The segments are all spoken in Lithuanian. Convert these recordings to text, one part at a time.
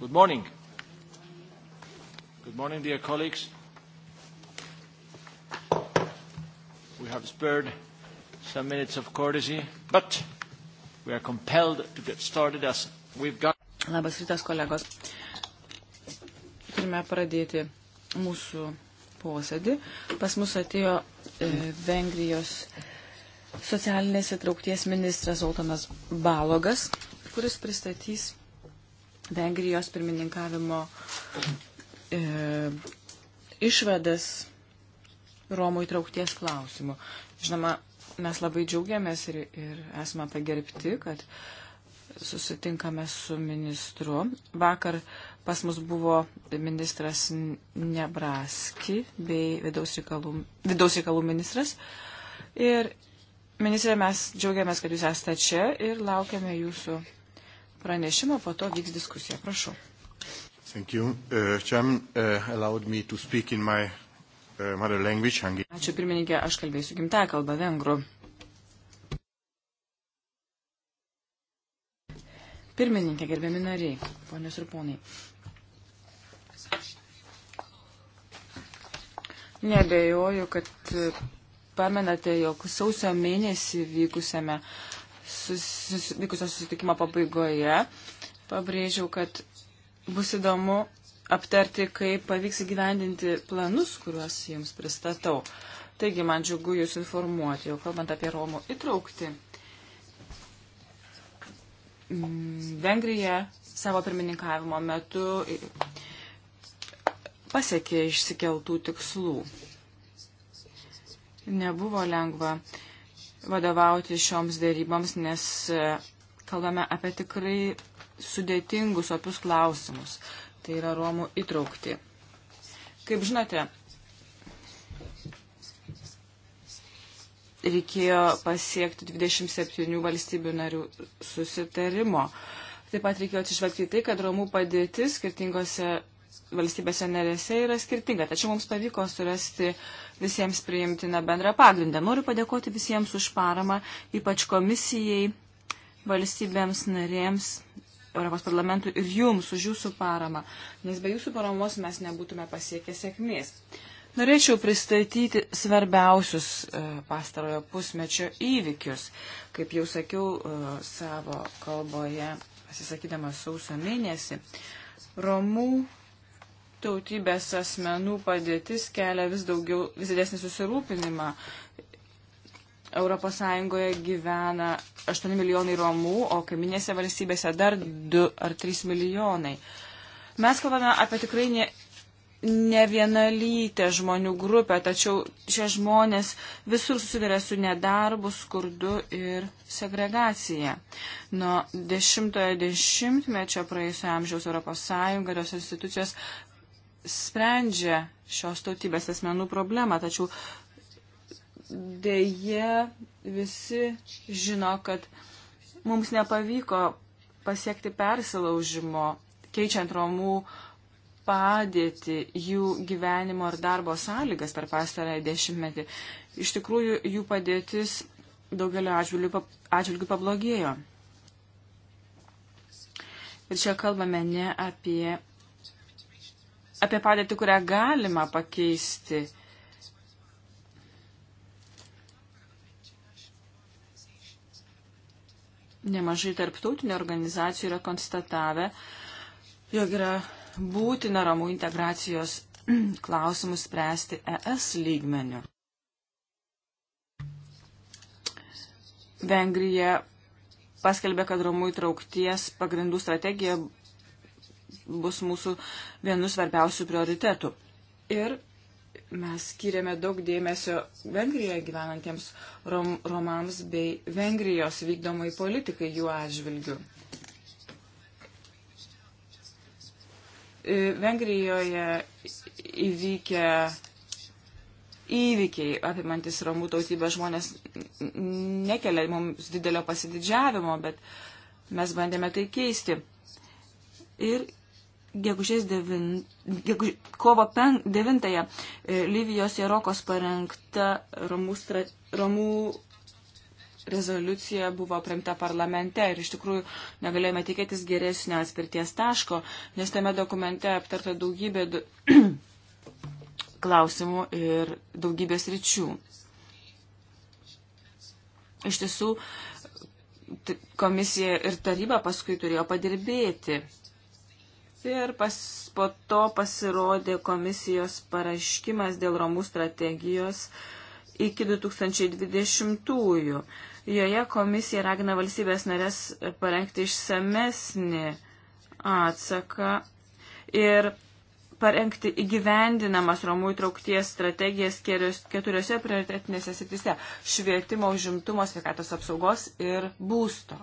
Good morning. Good morning, dear colleagues. We have spared some minutes of courtesy, but we are compelled to get started as we've got. Labas rytas, kolegos. Turime pradėti mūsų posėdį. Pas mus atėjo e, Vengrijos socialinės įtraukties ministras Altonas Balogas, kuris pristatys Vengrijos pirmininkavimo e, išvadas Romų įtraukties klausimų. Žinoma, mes labai džiaugiamės ir, ir esame pagerbti, kad susitinkame su ministru. Vakar pas mus buvo ministras Nebraski bei vidaus reikalų, vidaus reikalų ministras. Ir ministrė, mes džiaugiamės, kad jūs esate čia ir laukiame jūsų pranešimo, po to vyks diskusija. Prašau. Thank you. Uh, Chairman uh, allowed me to speak in my uh, mother language, Hungary. Ačiū pirmininkė, aš kalbėsiu gimtą kalbą vengrų. Pirmininkė, gerbiami nariai, ponios ir ponai. Nebejoju, kad pamenate, jog sausio mėnesį vykusiame uh, vykusio susitikimo pabaigoje pabrėžiau, kad bus įdomu aptarti, kaip pavyks įgyvendinti planus, kuriuos jums pristatau. Taigi man džiugu jūs informuoti, jau kalbant apie Romų įtraukti. Mm, Vengrija savo pirmininkavimo metu pasiekė išsikeltų tikslų. Nebuvo lengva vadovauti šioms dėryboms, nes e, kalbame apie tikrai sudėtingus opius klausimus. Tai yra Romų įtraukti. Kaip žinote, reikėjo pasiekti 27 valstybių narių susitarimo. Taip pat reikėjo atsižvelgti į tai, kad Romų padėtis skirtingose valstybėse narėse yra skirtinga. Tačiau mums pavyko surasti uh, visiems priimtiną bendrą pagrindą. Noriu padėkoti visiems už paramą, ypač komisijai, valstybėms narėms, Europos parlamentui ir jums už jūsų paramą, nes be jūsų paramos mes nebūtume pasiekę sėkmės. Norėčiau pristatyti svarbiausius e, pastarojo pusmečio įvykius. Kaip jau sakiau e, savo kalboje, pasisakydama sausio mėnesį, Romų tautybės asmenų padėtis kelia vis daugiau, vis didesnį susirūpinimą. ES gyvena 8 milijonai romų, o kaiminėse valstybėse dar 2 ar 3 milijonai. Mes kalbame apie tikrai ne, ne vienalytę žmonių grupę, tačiau šie žmonės visur susiduria su nedarbu, skurdu ir segregacija. Nuo 10-ojo dešimtmečio praėjusio amžiaus ES ir institucijos sprendžia šios tautybės asmenų problemą, tačiau dėje visi žino, kad mums nepavyko pasiekti persilaužimo, keičiant romų padėti jų gyvenimo ir darbo sąlygas per pastarąjį dešimtmetį. Iš tikrųjų, jų padėtis daugelio atžvilgių, atžvilgių pablogėjo. Ir čia kalbame ne apie apie padėtį, kurią galima pakeisti. Nemažai tarptautinių organizacijų yra konstatavę, jog yra būtina ramų integracijos klausimus spręsti ES lygmeniu. Vengrija paskelbė, kad Romų įtraukties pagrindų strategija bus mūsų vienu svarbiausių prioritetų. Ir mes skiriame daug dėmesio Vengrijoje gyvenantiems rom, romams bei Vengrijos vykdomai politikai jų atžvilgių. Vengrijoje įvykę įvykiai apimantis romų tautybę žmonės nekelia mums didelio pasididžiavimo, bet mes bandėme tai keisti. Ir gegužės 9, geguž, kovo 9-ąją e, Livijos Jerokos parengta ramų, stra, ramų rezoliucija buvo priimta parlamente ir iš tikrųjų negalėjome tikėtis geresnio atspirties taško, nes tame dokumente aptarta daugybė du... klausimų ir daugybės ryčių. Iš tiesų, komisija ir taryba paskui turėjo padirbėti Ir pas, po to pasirodė komisijos paraškimas dėl Romų strategijos iki 2020-ųjų. Joje komisija ragina valstybės narės parengti išsamesnį atsaką ir parengti įgyvendinamas Romų įtraukties strategijas keturiose prioritetinėse srityse - švietimo, užimtumo, sveikatos apsaugos ir būsto.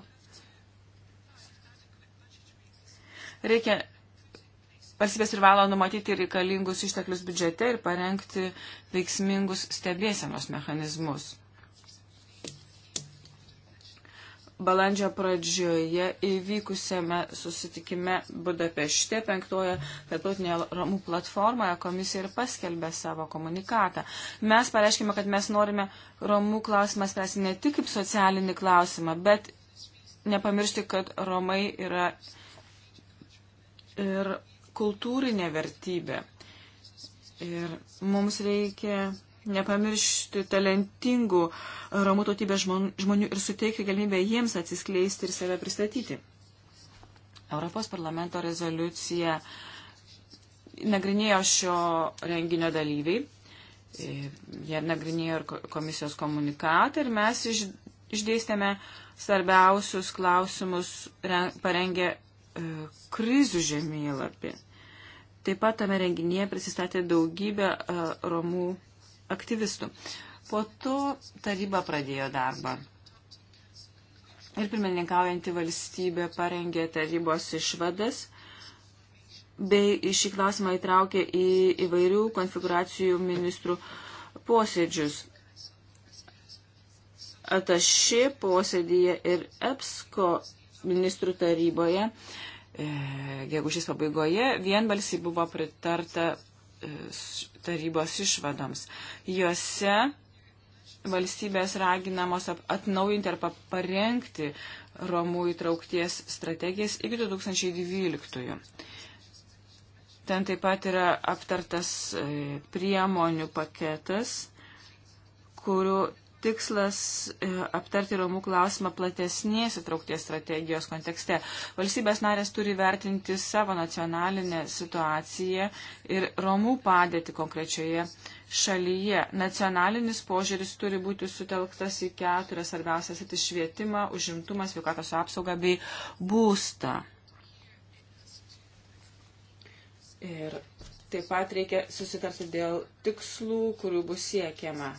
Reikia valstybės privalo numatyti reikalingus išteklius biudžete ir parengti veiksmingus stebėsenos mechanizmus. Balandžio pradžioje įvykusiame susitikime Budapešte penktoje tarptautinėje Romų platformoje komisija ir paskelbė savo komunikatą. Mes pareiškime, kad mes norime Romų klausimą spręsti ne tik kaip socialinį klausimą, bet nepamiršti, kad Romai yra ir kultūrinė vertybė. Ir mums reikia nepamiršti talentingų romų tautybės žmonių ir suteikti galimybę jiems atsiskleisti ir save pristatyti. Europos parlamento rezoliucija nagrinėjo šio renginio dalyviai, jie nagrinėjo ir komisijos komunikatą ir mes iš, išdėstėme svarbiausius klausimus, parengė e, krizių žemėlapį. Taip pat tame renginyje prisistatė daugybę e, Romų aktyvistų. Po to taryba pradėjo darbą. Ir pirmininkaujanti valstybė parengė tarybos išvadas bei šį klausimą įtraukė į įvairių konfiguracijų ministrų posėdžius. Atašė posėdėje ir EPSCO ministrų taryboje uh, E, gegužės pabaigoje vienbalsiai buvo pritarta e, tarybos išvadoms. Juose valstybės raginamos atnaujinti arba parengti Romų įtraukties strategijas iki 2012. Ten taip pat yra aptartas e, priemonių paketas, kurių tikslas e, aptarti Romų klausimą platesnės įtraukties strategijos kontekste. Valstybės narės turi vertinti savo nacionalinę situaciją ir Romų padėti konkrečioje šalyje. Nacionalinis požiūris turi būti sutelktas į keturias svarbiausias - švietimą, užimtumą, sveikatos apsaugą bei būstą. Ir taip pat reikia susitarti dėl tikslų, kurių bus siekiama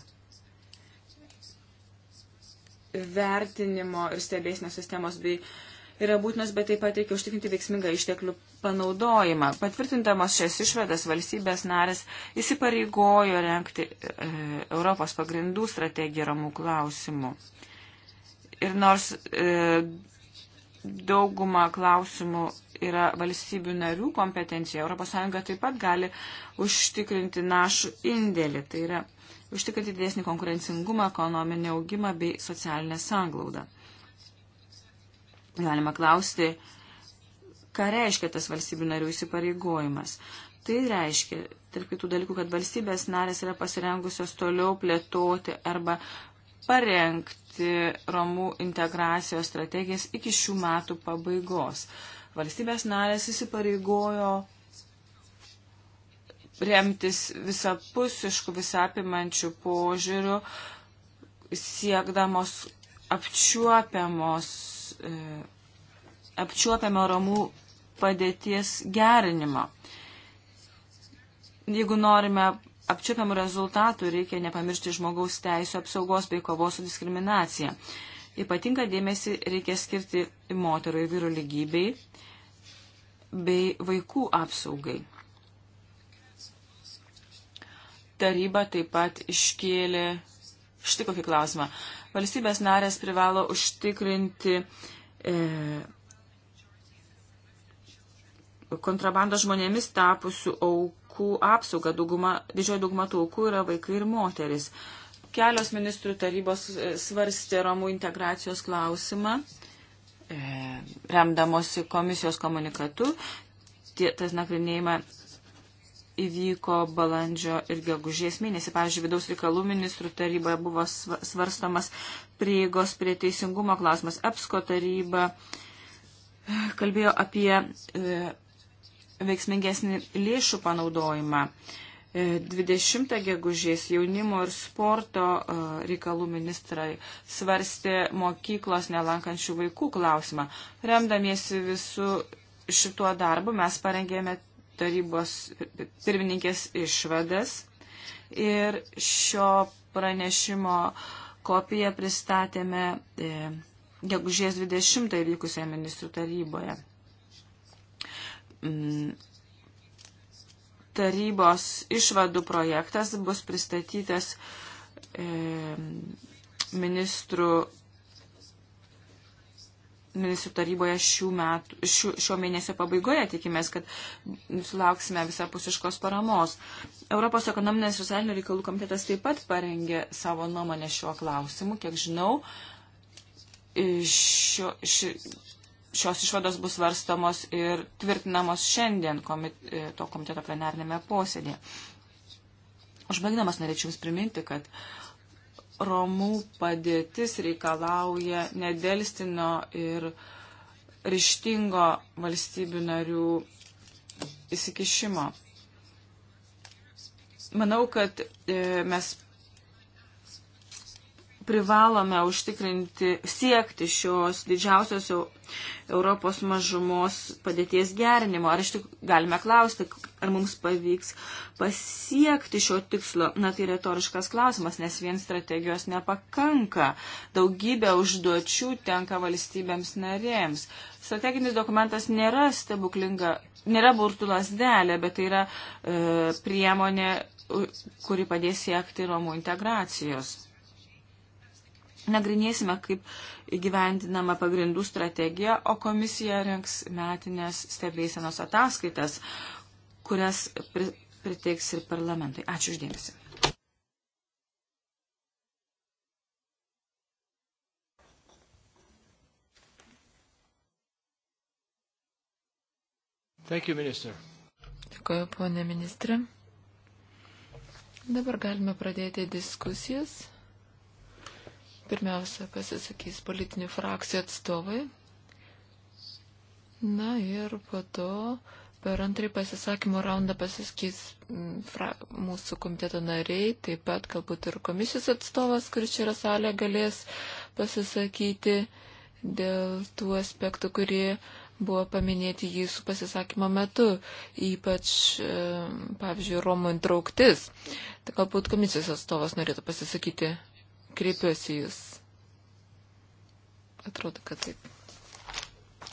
vertinimo ir stebėsinės sistemos bei yra būtinos, bet taip pat reikia užtikrinti veiksmingą išteklių panaudojimą. Patvirtintamos šias išvedas valstybės narės įsipareigojo renkti e, Europos pagrindų strategiją ramų klausimų. Ir nors e, dauguma klausimų yra valstybių narių kompetencija, ES taip pat gali užtikrinti našų indėlį. Tai yra užtikrinti didesnį konkurencingumą, ekonominį augimą bei socialinę sanglaudą. Galima klausti, ką reiškia tas valstybių narių įsipareigojimas. Tai reiškia, tarp kitų dalykų, kad valstybės narės yra pasirengusios toliau plėtoti arba parengti Romų integracijos strategijas iki šių metų pabaigos. Valstybės narės įsipareigojo remtis visapusišku, visapimančiu požiūriu, siekdamos apčiuopiamos, e, apčiuopiamo ramų padėties gerinimo. Jeigu norime apčiuopiamų rezultatų, reikia nepamiršti žmogaus teisų apsaugos bei kovos su diskriminacija. Ypatinga dėmesį reikia skirti moterų ir vyrų lygybei bei vaikų apsaugai taryba taip pat iškėlė štai kokį klausimą. Valstybės narės privalo užtikrinti e, kontrabandos žmonėmis tapusių aukų apsaugą. Dauguma, didžioji dauguma tų aukų yra vaikai ir moteris. Kelios ministrų tarybos e, svarstė Romų integracijos klausimą, e, remdamosi komisijos komunikatu. Tie, tas nagrinėjimą įvyko balandžio ir gegužės mėnesį. Pavyzdžiui, vidaus reikalų ministrų taryboje buvo svarstomas prieigos prie teisingumo klausimas. EPSCO taryba eh, kalbėjo apie e, veiksmingesnį lėšų panaudojimą. E, eh, 20 gegužės jaunimo ir sporto e, reikalų ministrai svarstė mokyklos nelankančių vaikų klausimą. Remdamiesi visų šituo darbu mes parengėme tarybos pirmininkės išvadas ir šio pranešimo kopiją pristatėme e, gegužės 20 vykusioje ministrų taryboje. Mm, tarybos išvadų projektas bus pristatytas e, ministrų ministrų taryboje šių metų, šių, šio mėnesio pabaigoje tikimės, kad sulauksime visapusiškos paramos. Europos ekonominės ir socialinių reikalų komitetas taip pat parengė savo nuomonę šiuo klausimu. Kiek žinau, šio, ši, šios išvados bus varstamos ir tvirtinamos šiandien komit, e, to komiteto plenarnėme posėdėje. Užbaigdamas norėčiau Jums priminti, kad uh, Romų padėtis reikalauja nedelstino ir ryštingo valstybių narių įsikišimo. Manau, kad e, mes privalome užtikrinti, siekti šios didžiausios Europos mažumos padėties gerinimo. Ar iš tikrųjų galime klausti, ar mums pavyks pasiekti šio tikslo? Na, tai retoriškas klausimas, nes vien strategijos nepakanka. Daugybė užduočių tenka valstybėms narėms. Strateginis dokumentas nėra stebuklinga, nėra burtų lasdelė, bet tai yra e, priemonė, kuri padės siekti Romų integracijos Nagrinėsime, kaip įgyvendinama pagrindų strategija, o komisija renks metinės stebėsenos ataskaitas, kurias pri, priteiks ir parlamentui. Ačiū uždėmesi. Thank you, minister. Dėkuoju, ponė ministrė. Dabar galime pradėti diskusijas. Pirmiausia, pasisakys politinių frakcijų atstovai. Na ir po to per antrąjį pasisakymo raundą pasiskys mm, fra, mūsų komiteto nariai, taip pat galbūt ir komisijos atstovas, kuris čia yra salė, galės pasisakyti dėl tų aspektų, kurie buvo paminėti jūsų pasisakymo metu, ypač, e, pavyzdžiui, Romų intrauktis. Tai galbūt komisijos atstovas norėtų pasisakyti Kreipiuosi jūs. Atrodo, kad taip.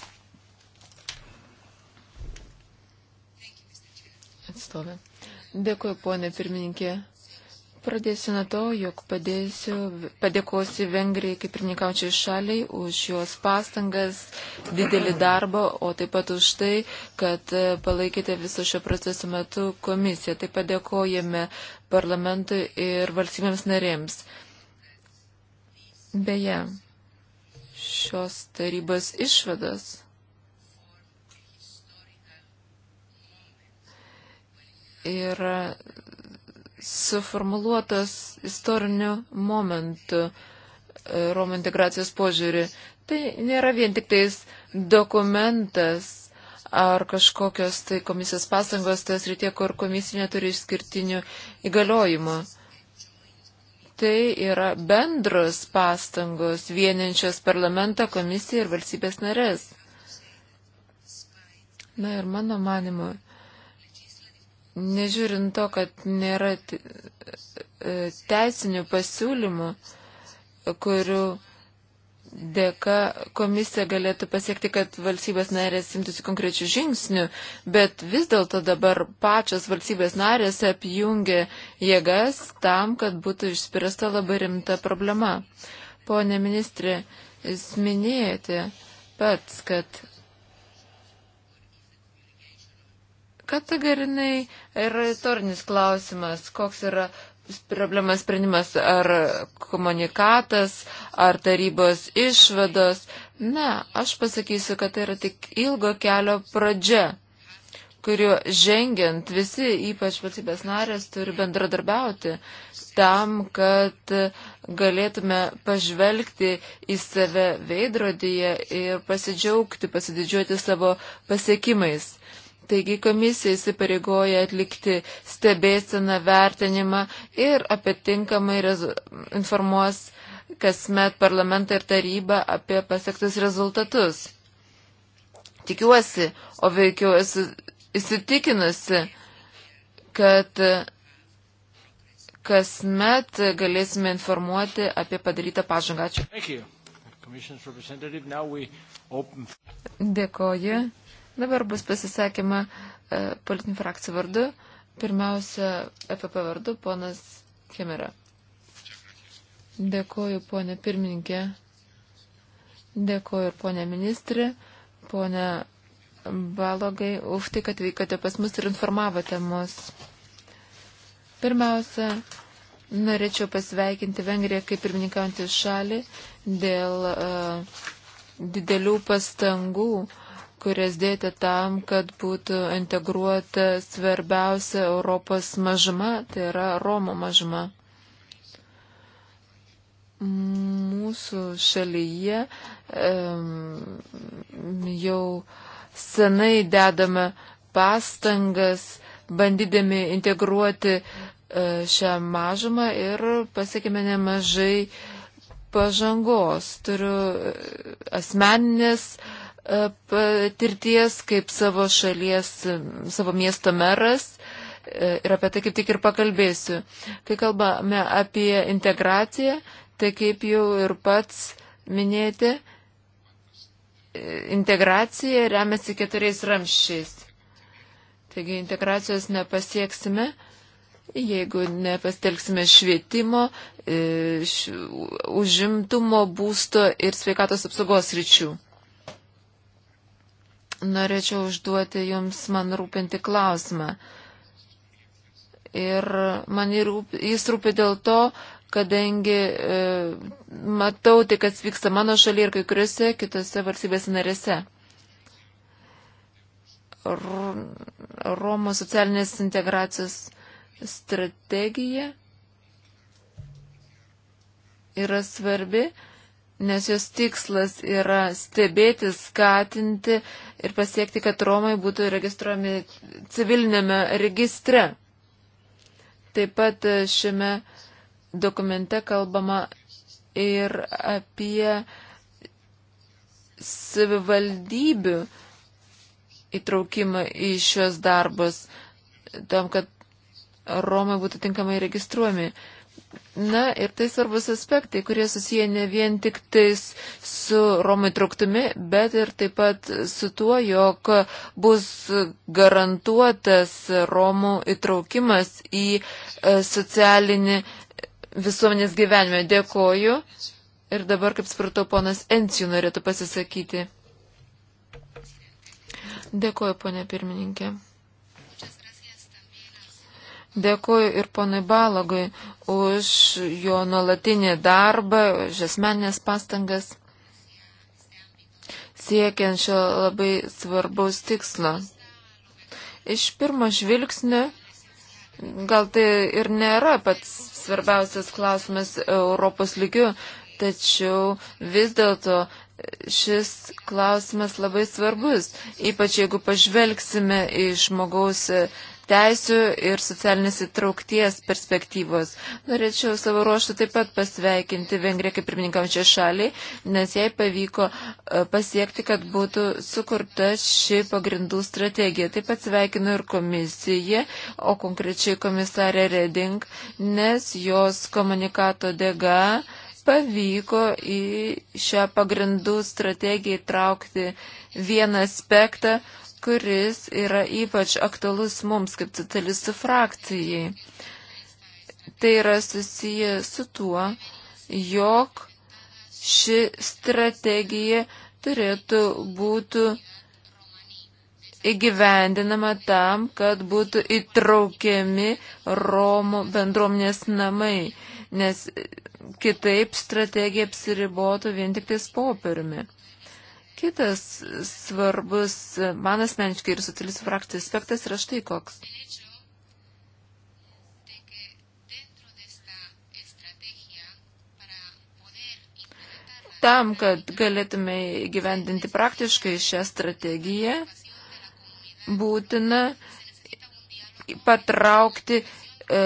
Atstovė. Dėkuoju, ponė pirmininkė. Pradėsiu nuo to, jog padėsiu, padėkosiu Vengrijai kaip ir nekaučiai šaliai už jos pastangas, didelį darbą, o taip pat už tai, kad e, palaikėte viso šio proceso metu komisiją. Taip padėkojame parlamentui ir valstybėms narėms. Beje, šios tarybos išvados yra suformuluotas istoriniu momentu e, Romų integracijos požiūrį. Tai nėra vien tik tais dokumentas ar kažkokios tai komisijos pastangos tas rytie, kur komisija neturi išskirtinių įgaliojimų tai yra bendros pastangos vieninčios parlamentą, komisiją ir valstybės narės. Na ir mano manimu, nežiūrint to, kad nėra e, teisinių pasiūlymų, kurių dėka komisija galėtų pasiekti, kad valstybės narės imtųsi konkrečių žingsnių, bet vis dėlto dabar pačios valstybės narės apjungia jėgas tam, kad būtų išspręsta labai rimta problema. Pone ministrė, jūs minėjote pats, kad Katagarinai yra retorinis klausimas, koks yra problemas sprendimas ar komunikatas, ar tarybos išvados. Ne, aš pasakysiu, kad tai yra tik ilgo kelio pradžia, kuriuo žengiant visi, ypač valstybės narės, turi bendradarbiauti tam, kad galėtume pažvelgti į save veidrodyje ir pasidžiaugti, pasididžiuoti savo pasiekimais. Taigi komisija įsipareigoja atlikti stebėsiną vertinimą ir apie tinkamai informuos kasmet parlamentą ir tarybą apie pasiektus rezultatus. Tikiuosi, o veikiau esu įsitikinusi, kad kasmet galėsime informuoti apie padarytą pažangą. Ačiū. Dėkoju. Dabar bus pasisakyma e, politinių frakcijų vardu. Pirmiausia, EPP vardu, ponas Kemera. Dėkoju, ponė pirmininkė. Dėkoju ir ponė ministrė, ponė Balogai, už tai, kad vykote pas mus ir informavote mus. Pirmiausia, norėčiau pasveikinti Vengriją kaip pirmininkaujantį šalį dėl uh, didelių pastangų uh, kurias dėti tam, kad būtų integruota svarbiausia Europos mažuma, tai yra Romo mažuma. Mūsų šalyje jau senai dedame pastangas, bandydami integruoti e, šią mažumą ir pasiekime nemažai pažangos. Turiu e, asmeninės uh, E, patirties kaip savo šalies, savo miesto meras e, ir apie tai kaip tik ir pakalbėsiu. Kai kalbame apie integraciją, tai kaip jau ir pats minėti, e, integracija remiasi keturiais ramščiais. Taigi integracijos nepasieksime, jeigu nepastelksime švietimo, š, užimtumo, būsto ir sveikatos apsaugos ryčių norėčiau užduoti jums man rūpinti klausimą. Ir man jis rūpi dėl to, kadangi e, matau tai, kas vyksta mano šalyje ir kai kuriuose kitose valstybės narėse. Romos socialinės integracijos strategija yra svarbi. E, nes jos tikslas yra stebėti, skatinti ir pasiekti, kad Romai būtų registruojami civilinėme registre. Taip pat e, šiame dokumente kalbama ir apie savivaldybių įtraukimą į šios darbus, tam, kad Romai būtų tinkamai registruojami. Na ir tai svarbus aspektai, kurie susiję ne vien tik tais su Romų įtrauktimi, bet ir taip pat su tuo, jog bus garantuotas Romų įtraukimas į e, socialinį visuomenės gyvenimą. Dėkoju. Ir dabar, kaip spratau, ponas Encijų norėtų pasisakyti. Dėkoju, ponė pirmininkė. Dėkuoju ir ponui Balagui už jo nuolatinį darbą, už asmenės pastangas siekiančio labai svarbaus tikslo. Iš pirmo žvilgsnio gal tai ir nėra pats svarbiausias klausimas Europos lygių, tačiau vis dėlto šis klausimas labai svarbus, ypač jeigu pažvelgsime į žmogaus teisų ir socialinės įtraukties perspektyvos. Norėčiau savo ruoštų taip pat pasveikinti Vengriją kaip pirmininkaujančią šalį, nes jai pavyko e, pasiekti, kad būtų sukurta ši pagrindų strategija. Taip pat sveikinu ir komisiją, o konkrečiai komisarę Reding, nes jos komunikato dėga pavyko į šią pagrindų strategiją įtraukti vieną aspektą, kuris yra ypač aktualus mums kaip socialistų frakcijai. Tai yra susiję su tuo, jog ši strategija turėtų būti įgyvendinama tam, kad būtų įtraukiami Romų bendruomenės namai, nes kitaip strategija apsiribotų vien tik tais popieriumi. Kitas svarbus man asmeniškai ir socialistų frakcijos aspektas yra štai koks. Tam, kad galėtume gyvendinti praktiškai šią strategiją, būtina patraukti e,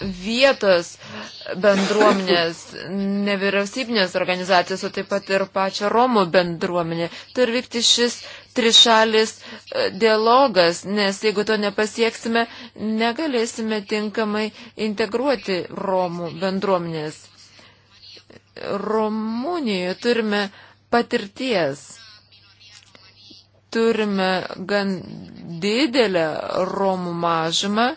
vietos bendruomenės, nevyriausybinės organizacijos, o taip pat ir pačią Romų bendruomenę. Turi vykti šis trišalis e, dialogas, nes jeigu to nepasieksime, negalėsime tinkamai integruoti Romų bendruomenės. Rumunijoje turime patirties. Turime gan didelę Romų mažumą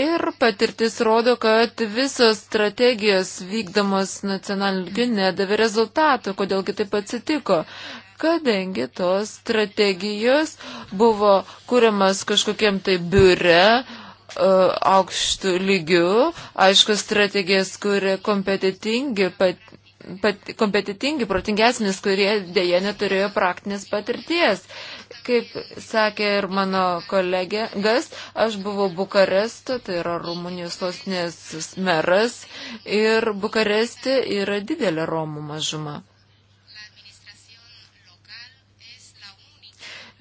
Ir patirtis rodo, kad visos strategijos vykdomos nacionaliniu nedavė rezultatų. Kodėl kitaip atsitiko? Kadangi tos strategijos buvo kūriamas kažkokiem tai biure, e, aukštų lygių, aišku, strategijas, kurie kompetitingi, pat, pat, kompetitingi protingesnis, kurie dėje neturėjo praktinės patirties. Uh, Kaip sakė ir mano kolegė Gas, aš buvau Bukaresto, tai yra Rumunijos sostinės meras, ir Bukarestė yra didelė Romų mažuma.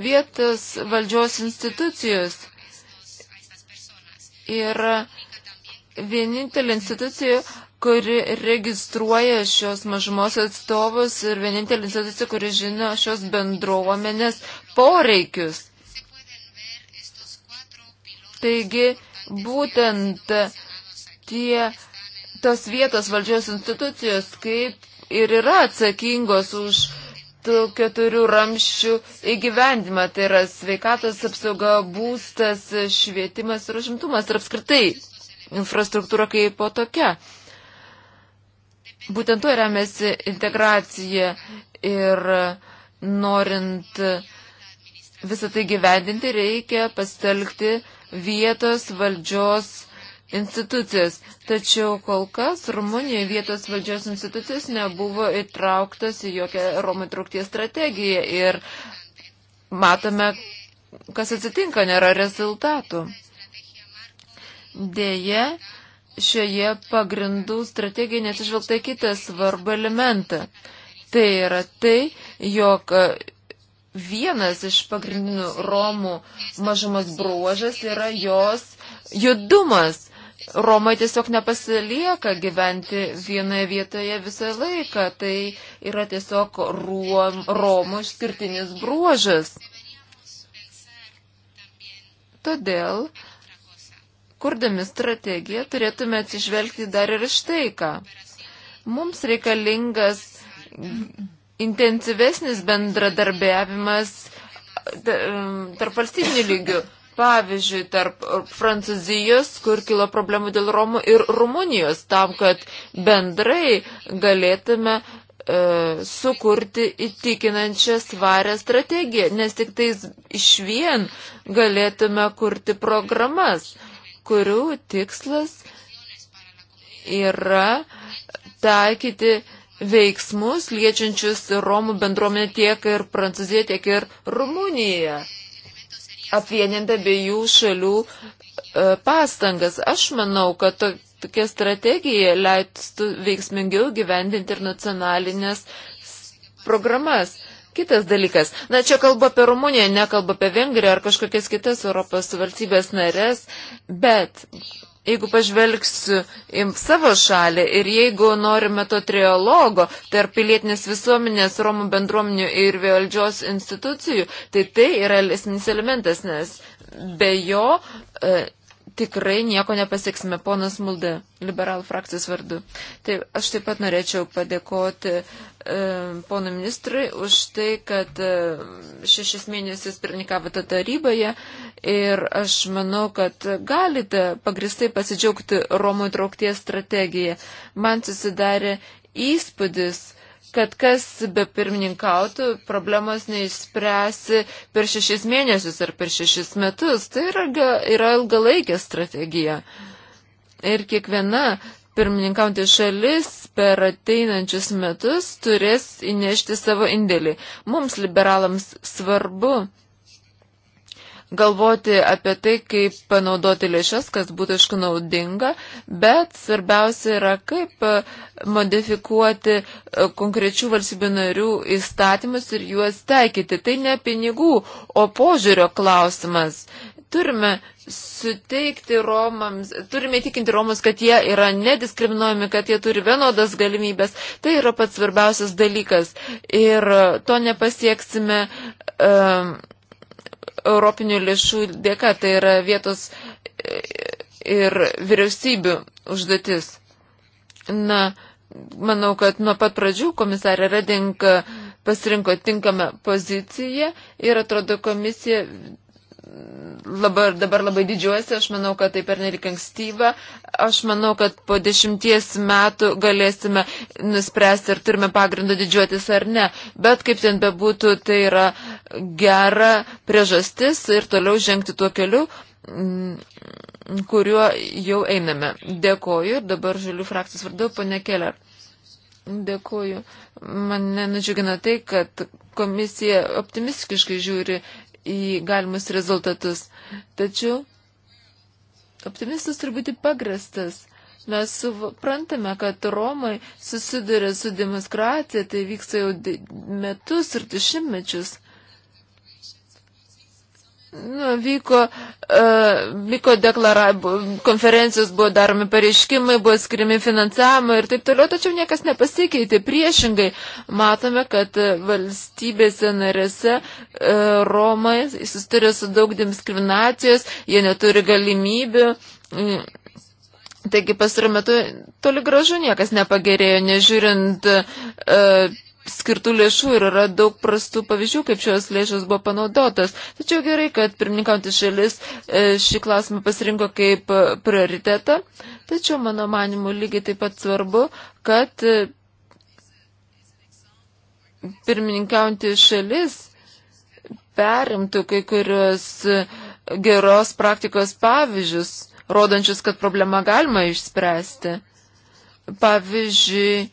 Vietos valdžios institucijos yra vienintelė institucija, kuri registruoja šios mažumos atstovus ir vienintelė institucija, kuri žino šios bendruomenės poreikius. Taigi, būtent tie, tos vietos valdžios institucijos kaip ir yra atsakingos už tų keturių ramščių įgyvendimą. Tai yra sveikatos apsauga, būstas, švietimas ir užimtumas ir apskritai infrastruktūra kaip po tokia. Būtent to remiasi integracija ir norint uh, visą tai gyvendinti, reikia pastelgti vietos valdžios institucijas. Tačiau kol kas Rumunijoje vietos valdžios institucijas nebuvo įtrauktas į jokią Romų įtraukties strategiją ir matome, kas atsitinka, nėra rezultatų. Deja, šioje pagrindų strategijoje nesižvelgta kitą svarbą elementą. Tai yra tai, jog vienas iš pagrindinių Romų mažumas bruožas yra jos judumas. Romai tiesiog nepasilieka gyventi vienoje vietoje visą laiką. Tai yra tiesiog ruom, Romų išskirtinis bruožas. Todėl, kurdami strategiją, turėtume atsižvelgti dar ir štai ką. Mums reikalingas intensyvesnis bendradarbiavimas um, tarp valstybinių lygių. Pavyzdžiui, tarp Prancūzijos, kur kilo problemų dėl Romų ir Rumunijos, tam, kad bendrai galėtume e, sukurti įtikinančią svarę strategiją, nes tik tais iš vien galėtume kurti programas, kurių tikslas yra taikyti e, veiksmus liečiančius Romų bendruomenę tiek ir Prancūziją, tiek ir Rumuniją, apvienint abiejų šalių e, pastangas. Aš manau, kad tokia strategija leistų veiksmingiau gyvendinti ir nacionalinės programas. Kitas dalykas. Na, čia kalba apie Rumuniją, nekalba apie Vengriją ar kažkokias kitas Europos valstybės narės, bet Jeigu pažvelgsiu į savo šalį ir jeigu norime to trialogo tarp pilietinės visuomenės, Romų bendruomenių ir valdžios institucijų, tai tai yra esminis elementas, nes be jo e, tikrai nieko nepasieksime. Ponas Mulde, liberalų frakcijos vardu. Tai aš taip pat norėčiau padėkoti E, ponui ministrui už tai, kad e, šešis mėnesius pirmininkavote taryboje ir aš manau, kad galite pagristai pasidžiaugti Romų įtraukties strategiją. Man susidarė įspūdis, kad kas be pirmininkautų, problemos neišspręsi per šešis mėnesius ar per šešis metus. Tai yra, yra ilgalaikė strategija. Ir kiekviena pirmininkaujantį šalis per ateinančius metus turės įnešti savo indėlį. Mums liberalams svarbu galvoti apie tai, kaip panaudoti lėšas, kas būtų aišku naudinga, bet svarbiausia yra, kaip e, modifikuoti e, konkrečių valstybių narių įstatymus ir juos taikyti. Tai ne pinigų, o požiūrio klausimas, Turime suteikti Romams, turime įtikinti Romus, kad jie yra nediskriminuojami, kad jie turi vienodas galimybės. Tai yra pats svarbiausias dalykas. Ir to nepasieksime um, europinių lėšų dėka. Tai yra vietos e, ir vyriausybių užduotis. Na, manau, kad nuo pat pradžių komisarė Reding pasirinko tinkamą poziciją ir atrodo komisija labar, dabar labai didžiuosi, aš manau, kad tai pernelik ankstyva. Aš manau, kad po dešimties metų galėsime nuspręsti, ar turime pagrindą didžiuotis ar ne. Bet kaip ten bebūtų, tai yra gera priežastis ir toliau žengti tuo keliu mm, kuriuo jau einame. Dėkoju ir dabar žalių frakcijos vardu, pane Keller. Dėkuoju. Mane nudžiugina tai, kad komisija optimistiškai žiūri į galimus rezultatus. Tačiau optimistas turi būti pagrastas. Mes suprantame, kad Romai susiduria su demokratija, tai vyksta jau metus ir dešimtmečius. Nu, vyko, uh, vyko deklaravimo, konferencijos buvo daromi pareiškimai, buvo skirimi finansavimo ir taip toliau, tačiau niekas nepasikeitė. Priešingai matome, kad valstybėse narėse uh, Romai susituria su daug diskriminacijos, jie neturi galimybių. Mm, taigi pasirų metu toli gražu niekas nepagerėjo, nežiūrint. Uh, skirtų lėšų ir yra daug prastų pavyzdžių, kaip šios lėšos buvo panaudotos. Tačiau gerai, kad pirmininkauti šalis e, šį klausimą pasirinko kaip e, prioritetą. Tačiau mano manimu lygiai taip pat svarbu, kad e, pirmininkauti šalis perimtų kai kurios geros praktikos pavyzdžius, rodančius, kad problemą galima išspręsti. Pavyzdžiui,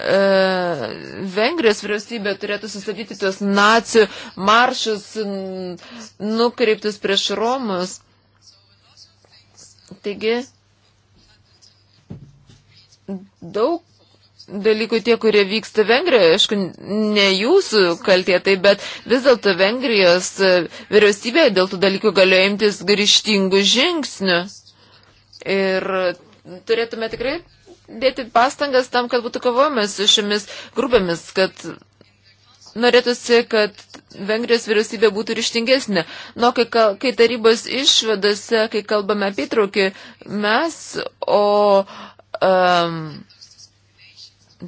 E, Vengrijos vyriausybė turėtų sustabdyti tuos nacijų maršus nukreiptus prieš Romus. Taigi, daug dalykų tie, kurie vyksta Vengrijoje, aišku, ne jūsų kaltė tai, bet vis dėlto Vengrijos e, vyriausybė dėl tų dalykų galėjo imtis grįžtingų žingsnių. Ir turėtume tikrai dėti pastangas tam, kad būtų kovojama su šiomis grupėmis, kad norėtųsi, kad Vengrijos vyriausybė būtų ryštingesnė. Nu, kai, kai tarybos išvadose, kai kalbame apie traukį, mes, o um,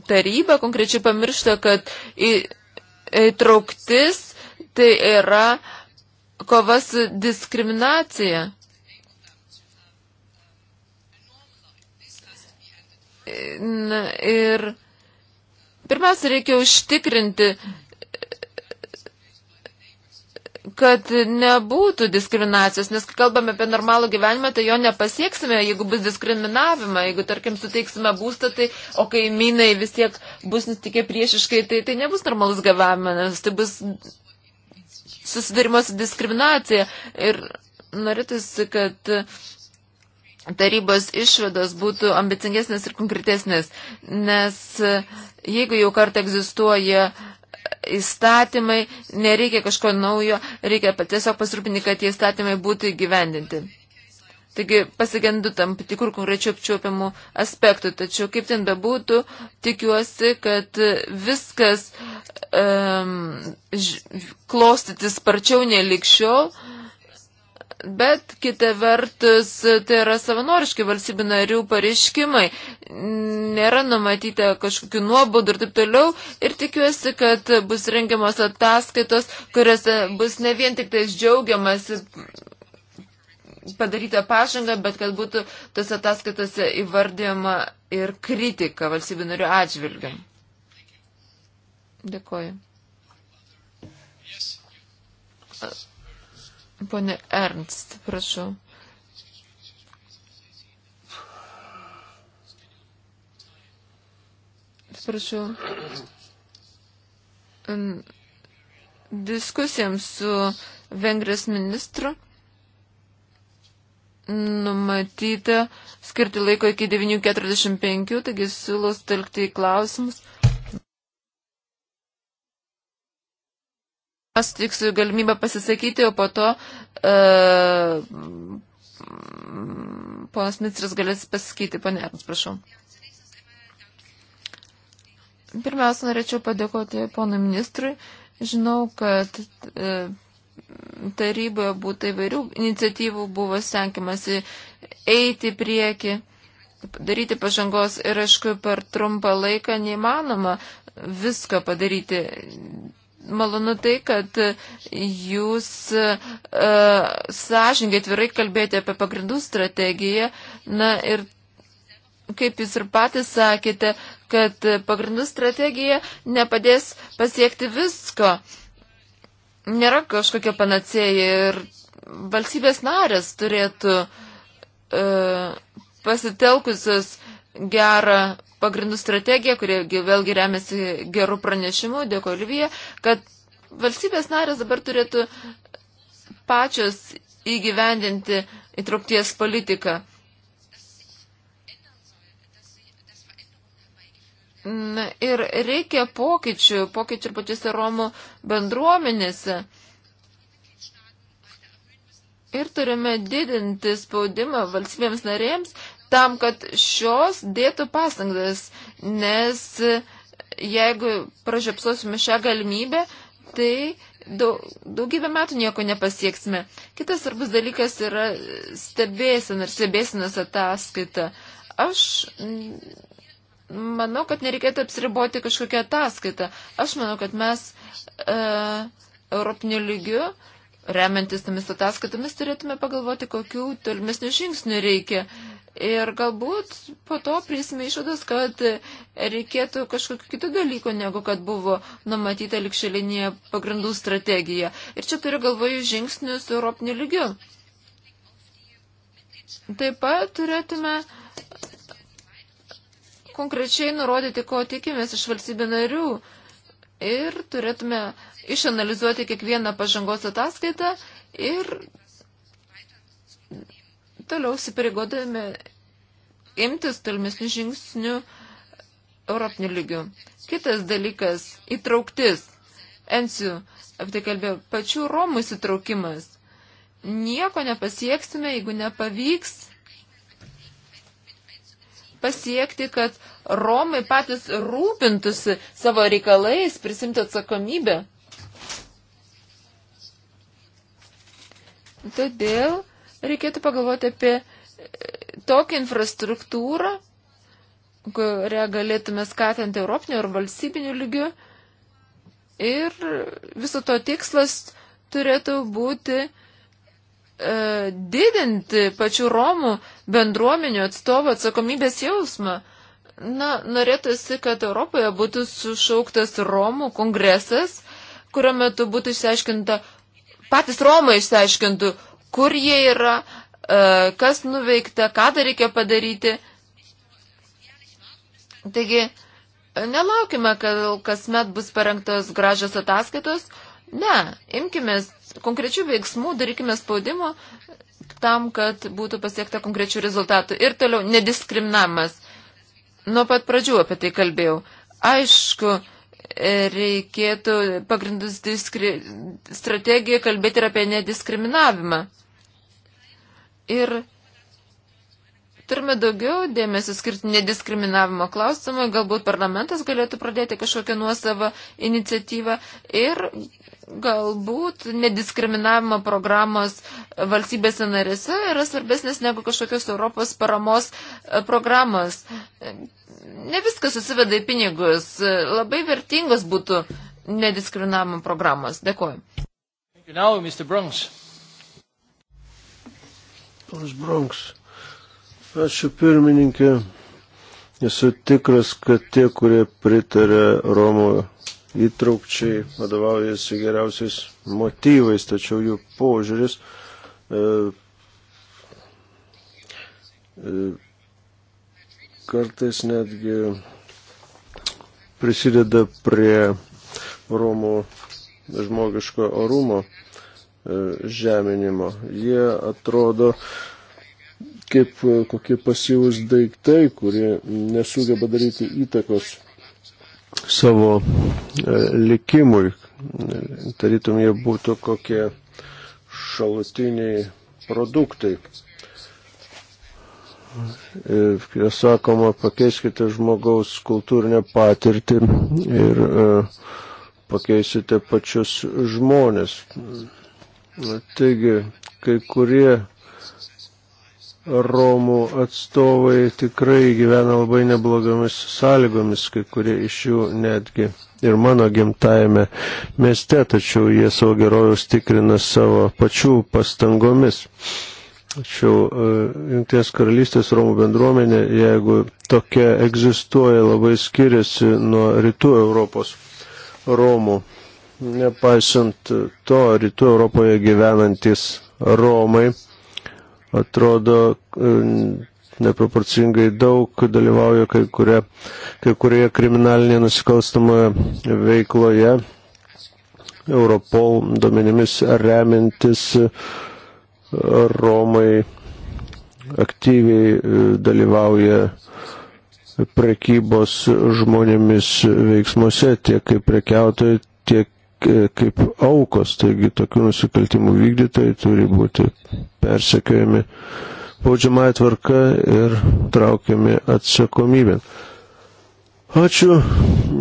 taryba konkrečiai pamiršta, kad įtrauktis tai yra kova su diskriminacija. Na, ir pirmiausia, reikia užtikrinti, kad nebūtų diskriminacijos, nes kai kalbame apie normalų gyvenimą, tai jo nepasieksime, jeigu bus diskriminavimą, jeigu, tarkim, suteiksime būstą, tai, o kaimynai vis tiek bus nutikė priešiškai, tai tai nebus normalus gyvenimas, tai bus susidarimas su diskriminacija. Ir norėtųsi, kad uh, tarybos išvados būtų ambicingesnės ir konkretesnės, nes e, jeigu jau kartą egzistuoja įstatymai, nereikia kažko naujo, reikia tiesiog pasirūpinti, kad tie įstatymai būtų įgyvendinti. Taigi pasigendu tam tikrų konkrečių apčiuopiamų aspektų, tačiau kaip ten bebūtų, tikiuosi, kad viskas um, klostytis sparčiau nelikščiau. Uh, Bet kita vertus, tai yra savanoriški valstybių narių pareiškimai, nėra numatyta kažkokių nuobaudų ir taip toliau. Ir tikiuosi, kad bus rengiamas ataskaitos, kuriuose bus ne vien tik tais džiaugiamas padaryta pažanga, bet kad būtų tas ataskaitose įvardėjama ir kritika valstybių narių atžvilgiam. Dėkuoju. Pone Ernst, prašau. Prašau. Diskusijams su Vengrijos ministru numatyta skirti laiko iki 9.45, taigi siūlau stelkti į klausimus. Aš tiksiu galimybę pasisakyti, o po to uh, ponas ministras galės pasakyti. Pane Ernas, prašau. Pirmiausia, norėčiau padėkoti ponui ministrui. Žinau, kad uh, taryboje būtų įvairių iniciatyvų, buvo stengiamasi eiti prieki, daryti pažangos ir, aišku, per trumpą laiką neįmanoma viską padaryti malonu tai, kad jūs uh, sąžingai atvirai kalbėjote apie pagrindų strategiją. Na ir kaip jūs ir patys sakėte, kad pagrindų strategija nepadės pasiekti visko. Nėra kažkokia panacėja ir valstybės narės turėtų uh, pasitelkusios gerą pagrindų strategiją, kurie vėlgi remiasi gerų pranešimų, dėkoju Olivija, kad valstybės narės dabar turėtų pačios įgyvendinti įtraukties politiką. Ir reikia pokyčių, pokyčių ir pačiose Romų bendruomenėse. Ir turime didinti spaudimą valstybėms narėms, tam, kad šios dėtų pastangas, nes jeigu pražiopsosime šią galimybę, tai daugybę metų nieko nepasieksime. Kitas svarbus dalykas yra stebėsina ir stebėsinas ataskaita. Aš manau, kad nereikėtų apsiriboti kažkokią ataskaitą. Aš manau, kad mes e, Europinių lygių, remiantis tomis ataskaitomis, turėtume pagalvoti, kokių tolimesnių žingsnių reikia. E, Ir galbūt po to prisime išvados, kad reikėtų kažkokiu kitų dalykų, negu kad buvo numatyta likšelinėje pagrindų strategija. Ir čia turiu galvoju žingsnius Europinių lygių. Taip pat turėtume konkrečiai nurodyti, ko tikimės iš valstybė narių. Ir turėtume išanalizuoti kiekvieną pažangos ataskaitą ir toliau įsipareigodami imtis tolimesnių žingsnių europinių lygių. Kitas dalykas - įtrauktis. Ensiu apie tai kalbėjau, pačių Romų įsitraukimas. Nieko nepasieksime, jeigu nepavyks pasiekti, kad Romai patys rūpintųsi savo reikalais, prisimti atsakomybę. Todėl reikėtų pagalvoti apie e, tokią infrastruktūrą, kurią galėtume skatinti europinių ar valstybinių lygių. Ir viso to tikslas turėtų būti e, didinti pačių Romų bendruomenių atstovų atsakomybės jausmą. Na, norėtųsi, kad Europoje būtų sušauktas Romų kongresas, kurio metu būtų išsiaiškinta, patys Romai išsiaiškintų, kur jie yra, e, kas nuveikta, ką dar reikia padaryti. Taigi, nelaukime, kad kasmet bus parengtos gražios ataskaitos. Ne, imkime konkrečių veiksmų, darykime spaudimo tam, kad būtų pasiekta konkrečių rezultatų. Ir toliau, nediskriminavimas. Nuo pat pradžių apie tai kalbėjau. Aišku, reikėtų pagrindus diskri... strategiją kalbėti ir apie nediskriminavimą. Ir turime daugiau dėmesio skirti nediskriminavimo klausimui, galbūt parlamentas galėtų pradėti kažkokią nuosavą iniciatyvą ir galbūt nediskriminavimo programos valstybėse narėse yra svarbesnės negu kažkokios Europos paramos e, programos. Ne viskas susiveda į pinigus. Labai vertingos būtų nediskriminavimo programos. Dėkuoju. Now, Mr. Bruns. Už Bronks. Ačiū pirmininkė. Esu tikras, kad tie, kurie pritarė Romo įtraukčiai, vadovaujasi geriausiais motyvais, tačiau jų požiūris e, e, kartais netgi prisideda prie Romo žmogiško orumo E, žeminimo. Jie atrodo kaip e, kokie pasyvus daiktai, kurie nesugeba daryti įtakos savo e, likimui. Tarytum jie būtų kokie šalutiniai produktai. Ir sakoma, pakeiskite žmogaus kultūrinę patirtį ir pakeisite pačius žmonės. Taigi, kai kurie Romų atstovai tikrai gyvena labai neblogomis sąlygomis, kai kurie iš jų netgi ir mano gimtajame mieste, tačiau jie savo gerojus tikrina savo pačių pastangomis. Tačiau e, Junktinės karalystės Romų bendruomenė, jeigu tokia egzistuoja, labai skiriasi nuo rytų Europos Romų Nepaisant to, rytų Europoje gyvenantis Romai atrodo e, neproporcingai daug dalyvauja kai, kurie, kai kurioje kriminalinėje nusikalstamoje veikloje. Europol duomenimis remintis e, Romai aktyviai e, dalyvauja prekybos žmonėmis veiksmuose, tiek kaip prekiautojai, tiek kaip aukos, taigi tokių nusikaltimų vykdytojai turi būti persekiojami baudžiamąją tvarką ir traukiami atsakomybė. Ačiū,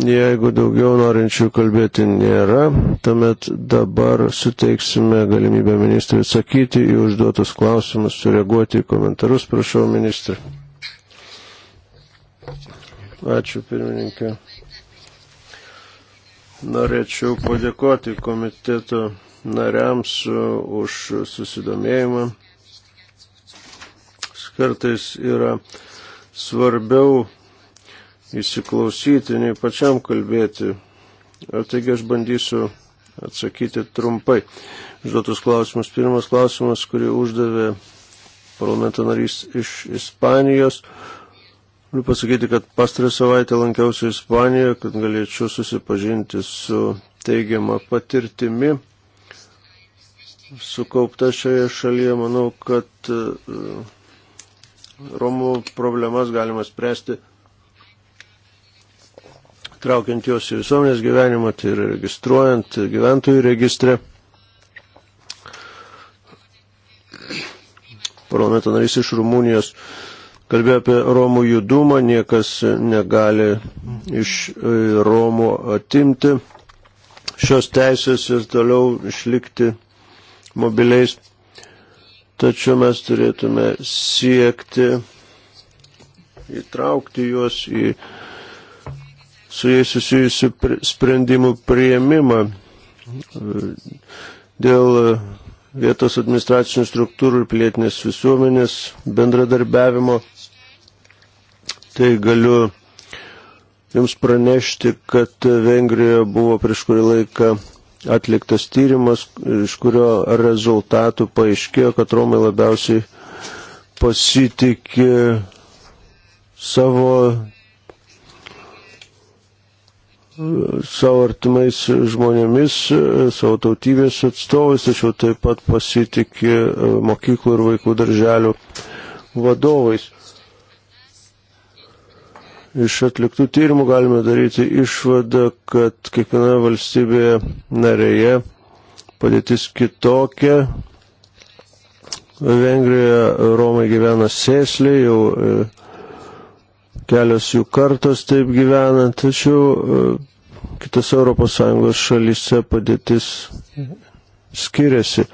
jeigu daugiau norinčių kalbėti nėra, tuomet dabar suteiksime galimybę ministrui atsakyti į užduotus klausimus, sureaguoti į komentarus, prašau ministrui. Ačiū, pirmininkė. Norėčiau padėkoti komiteto nariams e, už susidomėjimą. Kartais yra svarbiau įsiklausyti, nei pačiam kalbėti. O taigi aš bandysiu atsakyti trumpai. Žduotus klausimus. Pirmas klausimas, kurį uždavė parlamento narys iš Ispanijos. Uh, Galiu pasakyti, kad pastarą savaitę lankiausi Ispanijoje, kad galėčiau susipažinti su teigiama patirtimi sukaupta šioje šalyje. Manau, kad e, Romų problemas galima spręsti traukiant juos į visuomenės gyvenimą, tai yra registruojant gyventojų registrę. Parlamento narys iš Rumunijos kalbėjo apie Romų judumą, niekas negali iš e, Romų atimti šios teisės ir toliau išlikti mobiliais. Tačiau mes turėtume siekti įtraukti juos į su jais susijusių sprendimų prieimimą e, dėl e, vietos administracinių struktūrų ir pilietinės visuomenės bendradarbiavimo tai galiu Jums pranešti, kad Vengrijoje buvo prieš kurį laiką atliktas tyrimas, iš kurio rezultatų paaiškėjo, kad Romai labiausiai pasitikė savo, savo artimais žmonėmis, savo tautybės atstovais, tačiau taip pat pasitikė mokyklų ir vaikų darželių vadovais. Iš atliktų tyrimų galime daryti išvadą, kad kiekvienoje valstybėje narėje padėtis kitokia. Vengrijoje Romai gyvena sėsliai, jau e, kelios jų kartos taip gyvena, tačiau e, kitose ES šalyse padėtis skiriasi.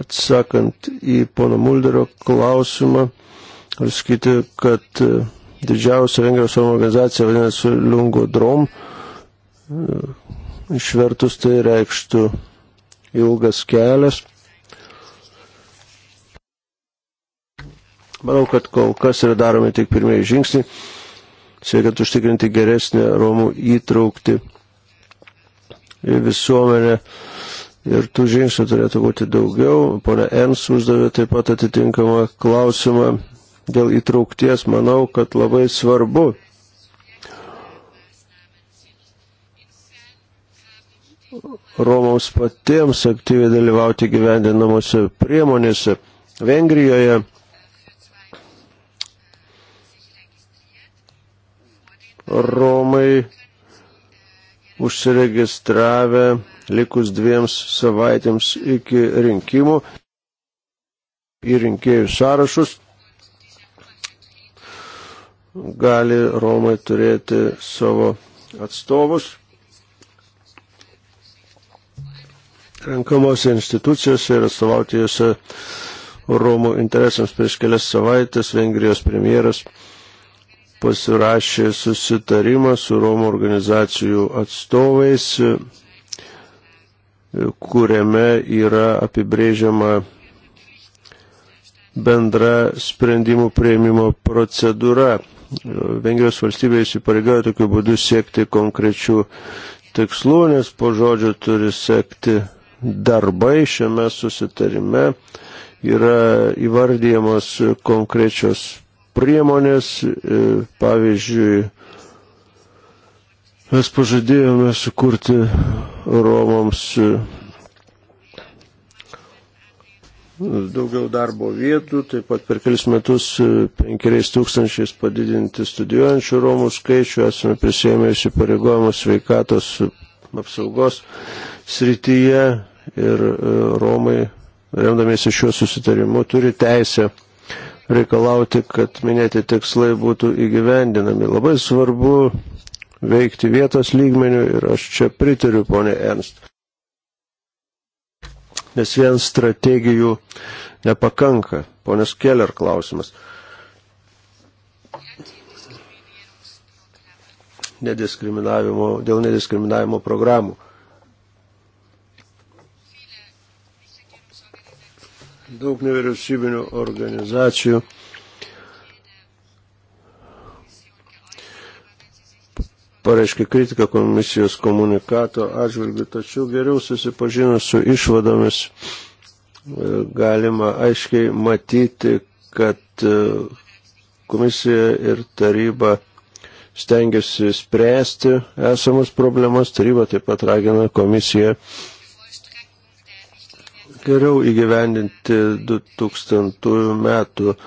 Atsakant į pono Mulderio klausimą, sakyti, kad e, didžiausia Vengrijos organizacija vadinasi Lungo Drom. E, išvertus tai reikštų ilgas kelias. Manau, kad kol kas yra daromi tik pirmieji žingsniai, siekiant užtikrinti geresnę Romų įtraukti į visuomenę. Ir tų žingsnių turėtų būti daugiau. Pone Ens uždavė taip pat atitinkamą klausimą dėl įtraukties, manau, kad labai svarbu. Romams patiems aktyviai dalyvauti gyvendinamuose priemonėse. Vengrijoje Romai užsiregistravę likus dviems savaitėms iki rinkimų į rinkėjų sąrašus gali Romai turėti savo atstovus renkamose institucijose ir atstovauti jose Romų interesams prieš kelias savaitės Vengrijos premjeras pasirašė susitarimą su Romų organizacijų atstovais, kuriame yra apibrėžiama bendra sprendimų prieimimo procedūra. Vengrijos valstybė įsipareigoja tokiu būdu siekti konkrečių tikslų, nes po žodžio turi sekti darbai šiame susitarime. Yra įvardyjamos konkrečios priemonės, e, pavyzdžiui, mes pažadėjome sukurti Romams daugiau darbo vietų, taip pat per kelis metus e, penkeriais tūkstančiais padidinti studijuojančių Romų skaičių, esame prisėmę įsipareigojimus sveikatos apsaugos srityje ir e, Romai, remdamiesi šiuo susitarimu, turi teisę reikalauti, kad minėti tikslai būtų įgyvendinami. Labai svarbu veikti vietos lygmenių ir aš čia pritariu, ponė Ernst nes vien strategijų nepakanka. Ponas Keller klausimas. Nediskriminavimo, dėl nediskriminavimo programų. Daug nevyriausybinių organizacijų pareiškė kritiką komisijos komunikato atžvilgių, tačiau geriau susipažinus su išvadomis e, galima aiškiai matyti, kad e, komisija ir taryba stengiasi spręsti esamas problemas, taryba taip pat ragina komisiją geriau įgyvendinti 2000 metų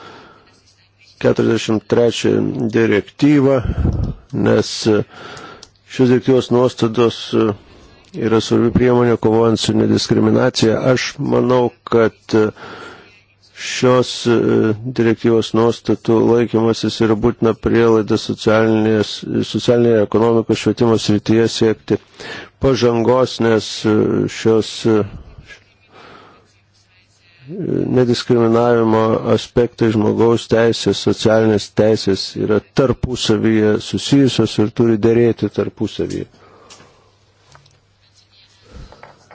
43 direktyvą nes e, šios direktyvos nuostatos e, yra svarbi priemonė kovojant su nediskriminacija. Aš manau, kad e, šios direktyvos nuostatų laikymasis yra būtina prielaida socialinėje ekonomikos švietimo srityje siekti pažangos, nes šios nediskriminavimo aspektai žmogaus teisės, socialinės teisės yra tarpusavyje susijusios ir turi dėrėti tarpusavyje.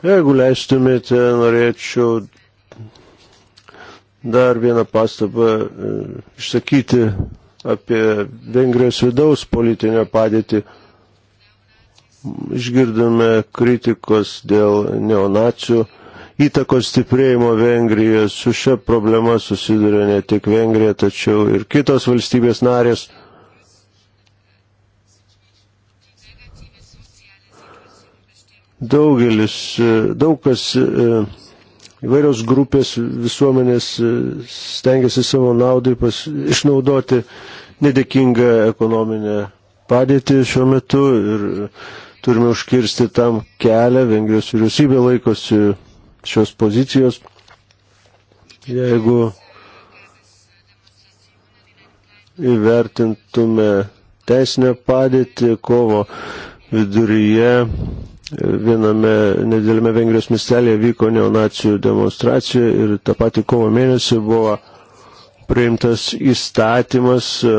Jeigu leistumėte, norėčiau dar vieną pastabą e, išsakyti apie Vengrijos vidaus politinę padėtį. Išgirdome kritikos dėl neonacijų įtakos stiprėjimo Vengrijoje. Su šia problema susiduria ne tik Vengrija, tačiau ir kitos valstybės narės. Daugelis, e, daug kas e, įvairios grupės visuomenės e, stengiasi savo naudai pas, išnaudoti nedėkingą ekonominę padėtį šiuo metu ir turime užkirsti tam kelią. Vengrijos vyriausybė laikosi šios pozicijos. Jeigu įvertintume teisinę padėtį kovo viduryje, viename nedėlėme Vengrijos miestelėje vyko neonacijų demonstracija ir tą patį kovo mėnesį buvo priimtas įstatymas e,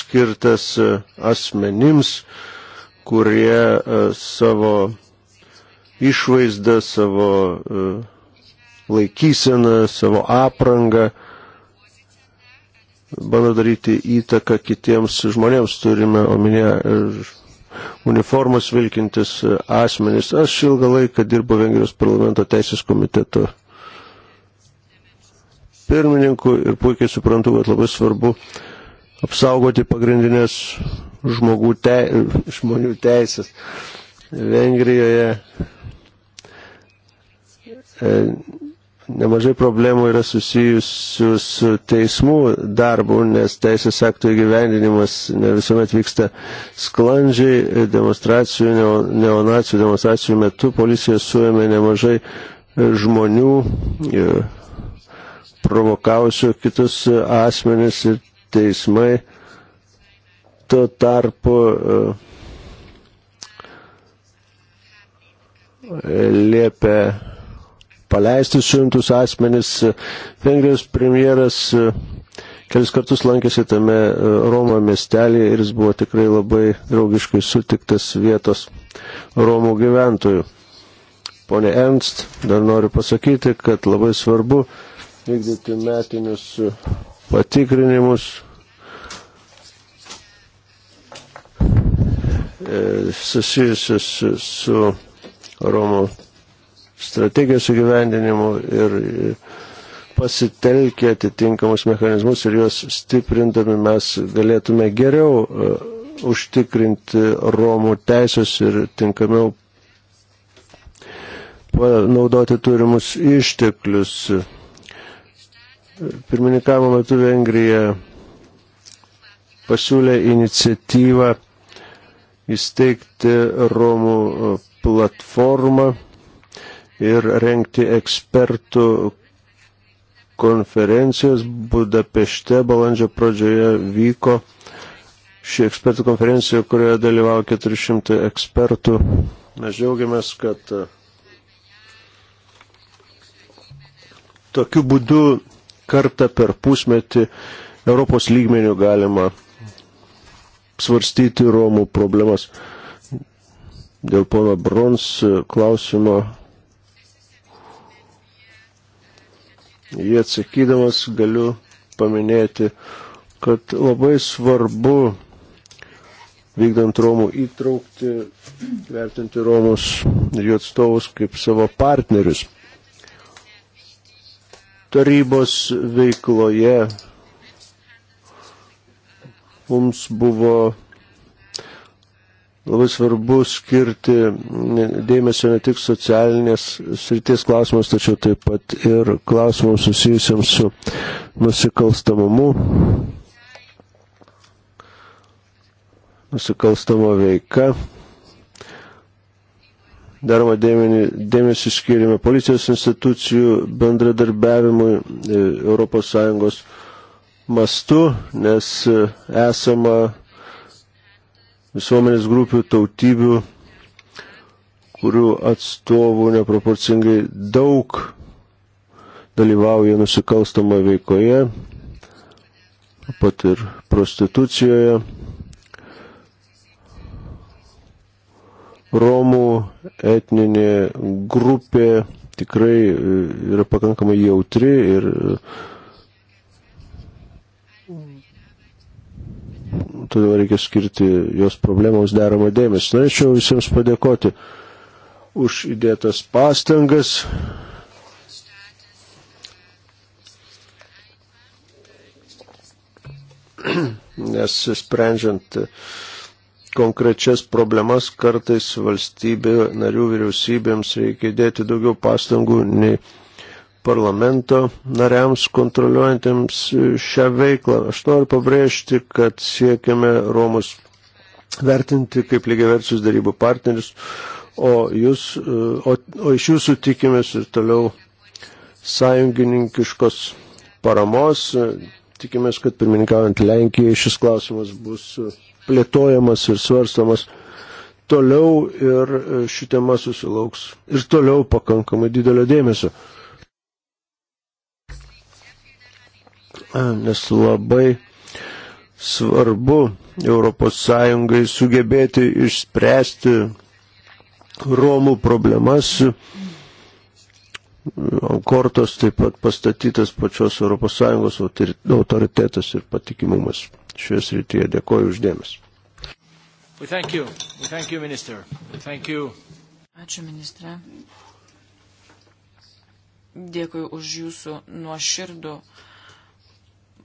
skirtas asmenims, kurie e, savo išvaizdą, savo e, laikyseną, savo aprangą bando daryti įtaką kitiems žmonėms. Turime omenyje e, uniformas vilkintis asmenys. Aš ilgą laiką dirbu Vengrijos parlamento teisės komiteto pirmininku ir puikiai suprantu, kad labai svarbu apsaugoti pagrindinės žmogų te, žmonių teisės. Vengrijoje e, nemažai problemų yra susijusių su teismų darbu, nes teisės aktų įgyvendinimas ne visuomet vyksta sklandžiai, demonstracijų, neonacijų demonstracijų metu policija suėmė nemažai e, žmonių, e, provokavusių kitus asmenis ir teismai Tuo tarpu e, liepia paleisti suimtus asmenis. Vengrijos premjeras e, kelis kartus lankėsi tame e, Romo miestelėje ir jis buvo tikrai labai draugiškai sutiktas vietos Romų gyventojų. Pone Ernst, dar noriu pasakyti, kad labai svarbu vykdyti metinius patikrinimus E, susijusius su Romų strategijos įgyvendinimu ir e, pasitelkę atitinkamus mechanizmus ir juos stiprindami mes galėtume geriau e, užtikrinti Romų teisės ir tinkamiau naudoti turimus išteklius. Pirmininkavimo metu Vengrija pasiūlė iniciatyvą įsteigti Romų e, platformą ir renkti ekspertų konferencijos Budapešte balandžio pradžioje vyko ši ekspertų konferencija, kurioje dalyvavo 400 ekspertų. Mes džiaugiamės, kad e, tokiu būdu kartą per pusmetį Europos lygmenių galima svarstyti Romų problemas. Dėl pono Brons klausimo. Jie atsakydamas galiu paminėti, kad labai svarbu vykdant Romų įtraukti, vertinti Romus ir jų atstovus kaip savo partnerius. Tarybos veikloje mums buvo labai svarbu skirti dėmesio ne tik socialinės srities klausimams, tačiau taip pat ir klausimams susijusiams su nusikalstamumu, nusikalstamo veika. Daroma dėmesį skirime policijos institucijų bendradarbiavimui ES mastu, nes e, esama visuomenės grupių tautybių, kurių atstovų neproporcingai daug dalyvauja nusikalstama veikoje, pat ir prostitucijoje. Romų etninė grupė tikrai e, yra pakankamai jautri ir uh, todėl reikia skirti jos problemams deramą dėmesį. Norėčiau visiems padėkoti už įdėtas pastangas. Nes sprendžiant konkrečias problemas kartais valstybių narių vyriausybėms reikia dėti daugiau pastangų nei parlamento nariams kontroliuojantiems šią veiklą. Aš noriu pabrėžti, kad siekiame Romus vertinti kaip lygiaverčius darybų partnerius, o, jūs, o, o iš jūsų tikimės ir toliau sąjungininkiškos paramos. Tikimės, kad pirmininkaujant Lenkijai šis klausimas bus plėtojamas ir svarstamas toliau ir ši tema susilauks ir toliau pakankamai didelio dėmesio. nes labai svarbu ES sugebėti išspręsti Romų problemas. Ant kortos taip pat pastatytas pačios ES autoritetas ir patikimumas. Šioje srityje dėkoju uždėmesi. Ačiū ministre. Dėkui už jūsų nuoširdų uh,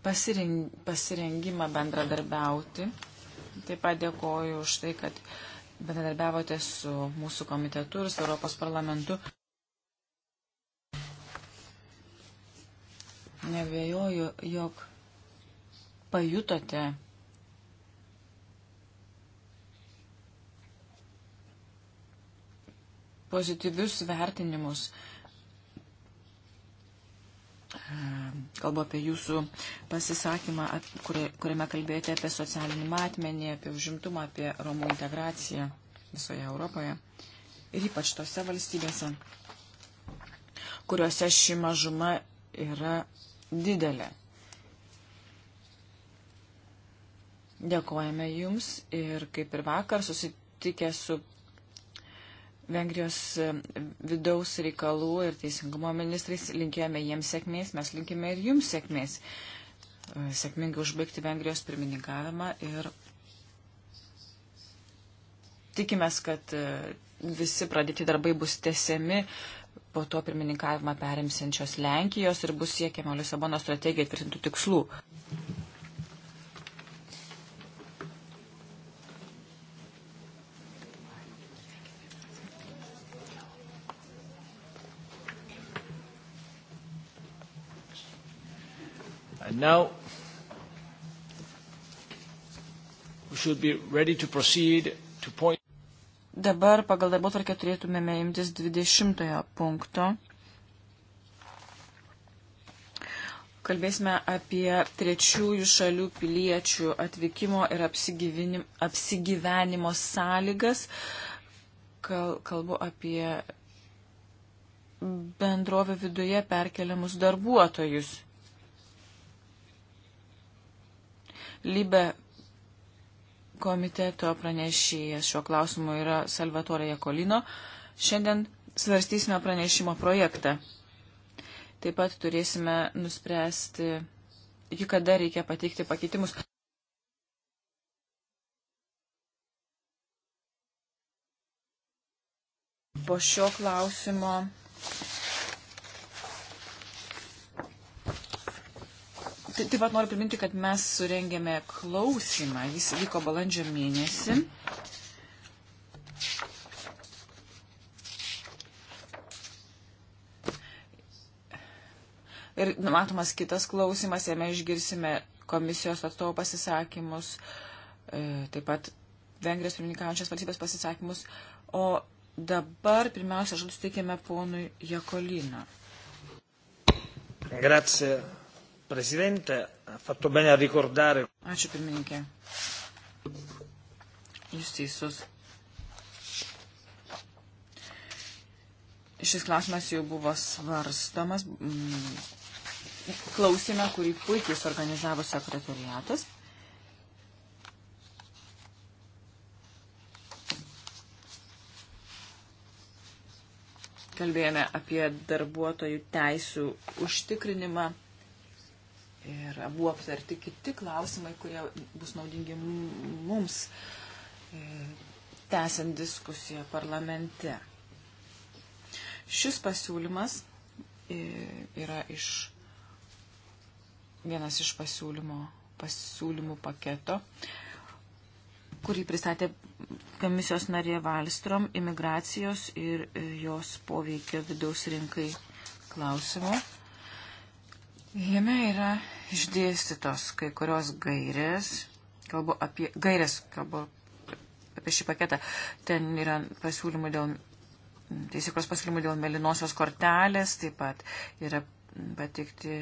pasirengimą bendradarbiauti. Taip pat dėkoju už tai, kad bendradarbiavote su mūsų komitetu ir su Europos parlamentu. Nevėjoju, jog pajutote pozityvius vertinimus Ehm, kalbu apie jūsų pasisakymą, kuriame kalbėjote apie socialinį matmenį, apie užimtumą, apie Romų integraciją visoje Europoje ir ypač tose valstybėse, kuriuose ši mažuma yra didelė. Dėkojame Jums ir kaip ir vakar susitikę su Vengrijos e, vidaus reikalų ir teisingumo ministrais. Linkėjome jiems sėkmės, mes linkime ir jums sėkmės. E, sėkmingai užbaigti Vengrijos pirmininkavimą ir tikimės, kad e, visi pradėti darbai bus tesiami. Po to pirmininkavimą perimsiančios Lenkijos ir bus siekiama Lisabono strategija tvirtintų tikslų. And now we should be ready to proceed to point. Dabar pagal darbo tvarkę turėtumėme imtis 20 punkto. Kalbėsime apie trečiųjų šalių piliečių atvykimo ir apsigyvenimo sąlygas. Kal, kalbu apie bendrovę viduje perkeliamus darbuotojus. Libe komiteto pranešėjas šiuo klausimu yra Salvatore Jakolino. Šiandien svarstysime pranešimo projektą. Taip pat turėsime nuspręsti, iki kada reikia pateikti pakeitimus. Po šio klausimo Taip pat tai noriu priminti, kad mes surengėme klausimą. Jis vyko balandžio mėnesį. Ir numatomas kitas klausimas, jame išgirsime komisijos atstovų pasisakymus, e, taip pat Vengrijos pirmininkaujančios valstybės pasisakymus. O dabar pirmiausia, žodžiu, teikėme ponui Jakolino. Grazie. Prezidentė, fatto bene a ricordare. Ačiū pirmininkė. Jūs teisus. Šis klausimas jau buvo svarstomas mm, klausime, kurį puikiai suorganizavo sekretariatas. Kalbėjome apie darbuotojų teisų užtikrinimą ir buvo aptarti kiti klausimai, kurie bus naudingi mums e, tęsiant diskusiją parlamente. Šis pasiūlymas e, yra iš vienas iš pasiūlymo, pasiūlymų paketo, kurį pristatė komisijos narė Valstrom imigracijos ir e, jos poveikio vidaus rinkai klausimu. Jame yra išdėstytos kai kurios gairės, kalbu apie gairės, kalbu apie šį paketą. Ten yra pasiūlymų dėl, teisikos pasiūlymų dėl melinosios kortelės, taip pat yra patikti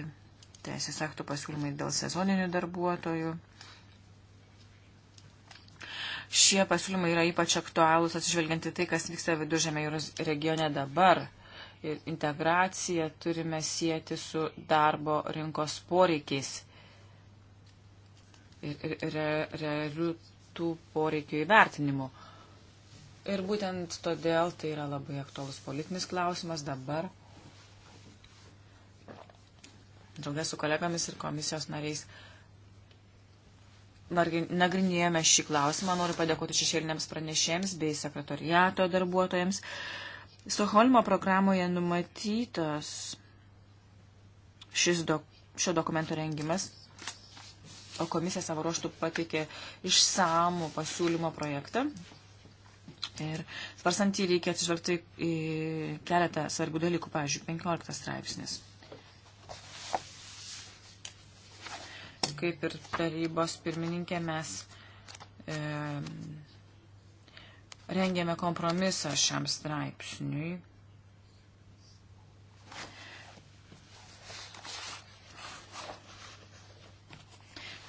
teisės aktų pasiūlymai dėl sezoninių darbuotojų. Šie pasiūlymai yra ypač aktualūs atsižvelgianti tai, kas vyksta viduržėme jūros regione dabar ir integraciją turime sieti su darbo rinkos poreikiais ir realių tų poreikių įvertinimu. Ir būtent todėl tai yra labai aktuolus politinis klausimas dabar. Draugės su kolegomis ir komisijos nariais nagrinėjame šį klausimą. Noriu padėkoti šešėliniams pranešėjams bei sekretoriato darbuotojams Stokholmo programoje numatytos šis dok, šio dokumento rengimas, o komisija savo ruoštų patikė išsamų pasiūlymo projektą. Ir svarstant jį reikia atsižvelgti į keletą svarbių dalykų, pavyzdžiui, 15 straipsnis. Kaip ir tarybos pirmininkė mes e, rengėme kompromisą šiam straipsniui.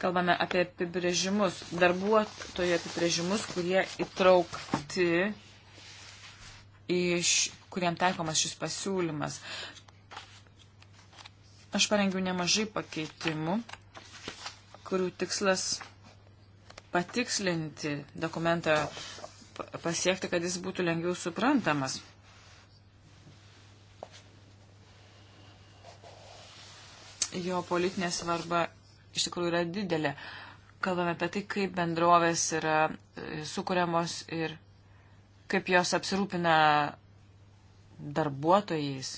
Kalbame apie apibrėžimus, darbuotojų apibrėžimus, kurie įtraukti, iš, kuriam taikomas šis pasiūlymas. Aš parengiau nemažai pakeitimų, kurių tikslas patikslinti dokumentą pasiekti, kad jis būtų lengviau suprantamas. Jo politinė svarba iš tikrųjų yra didelė. Kalbame apie tai, kaip bendrovės yra e, sukūriamos ir kaip jos apsirūpina darbuotojais.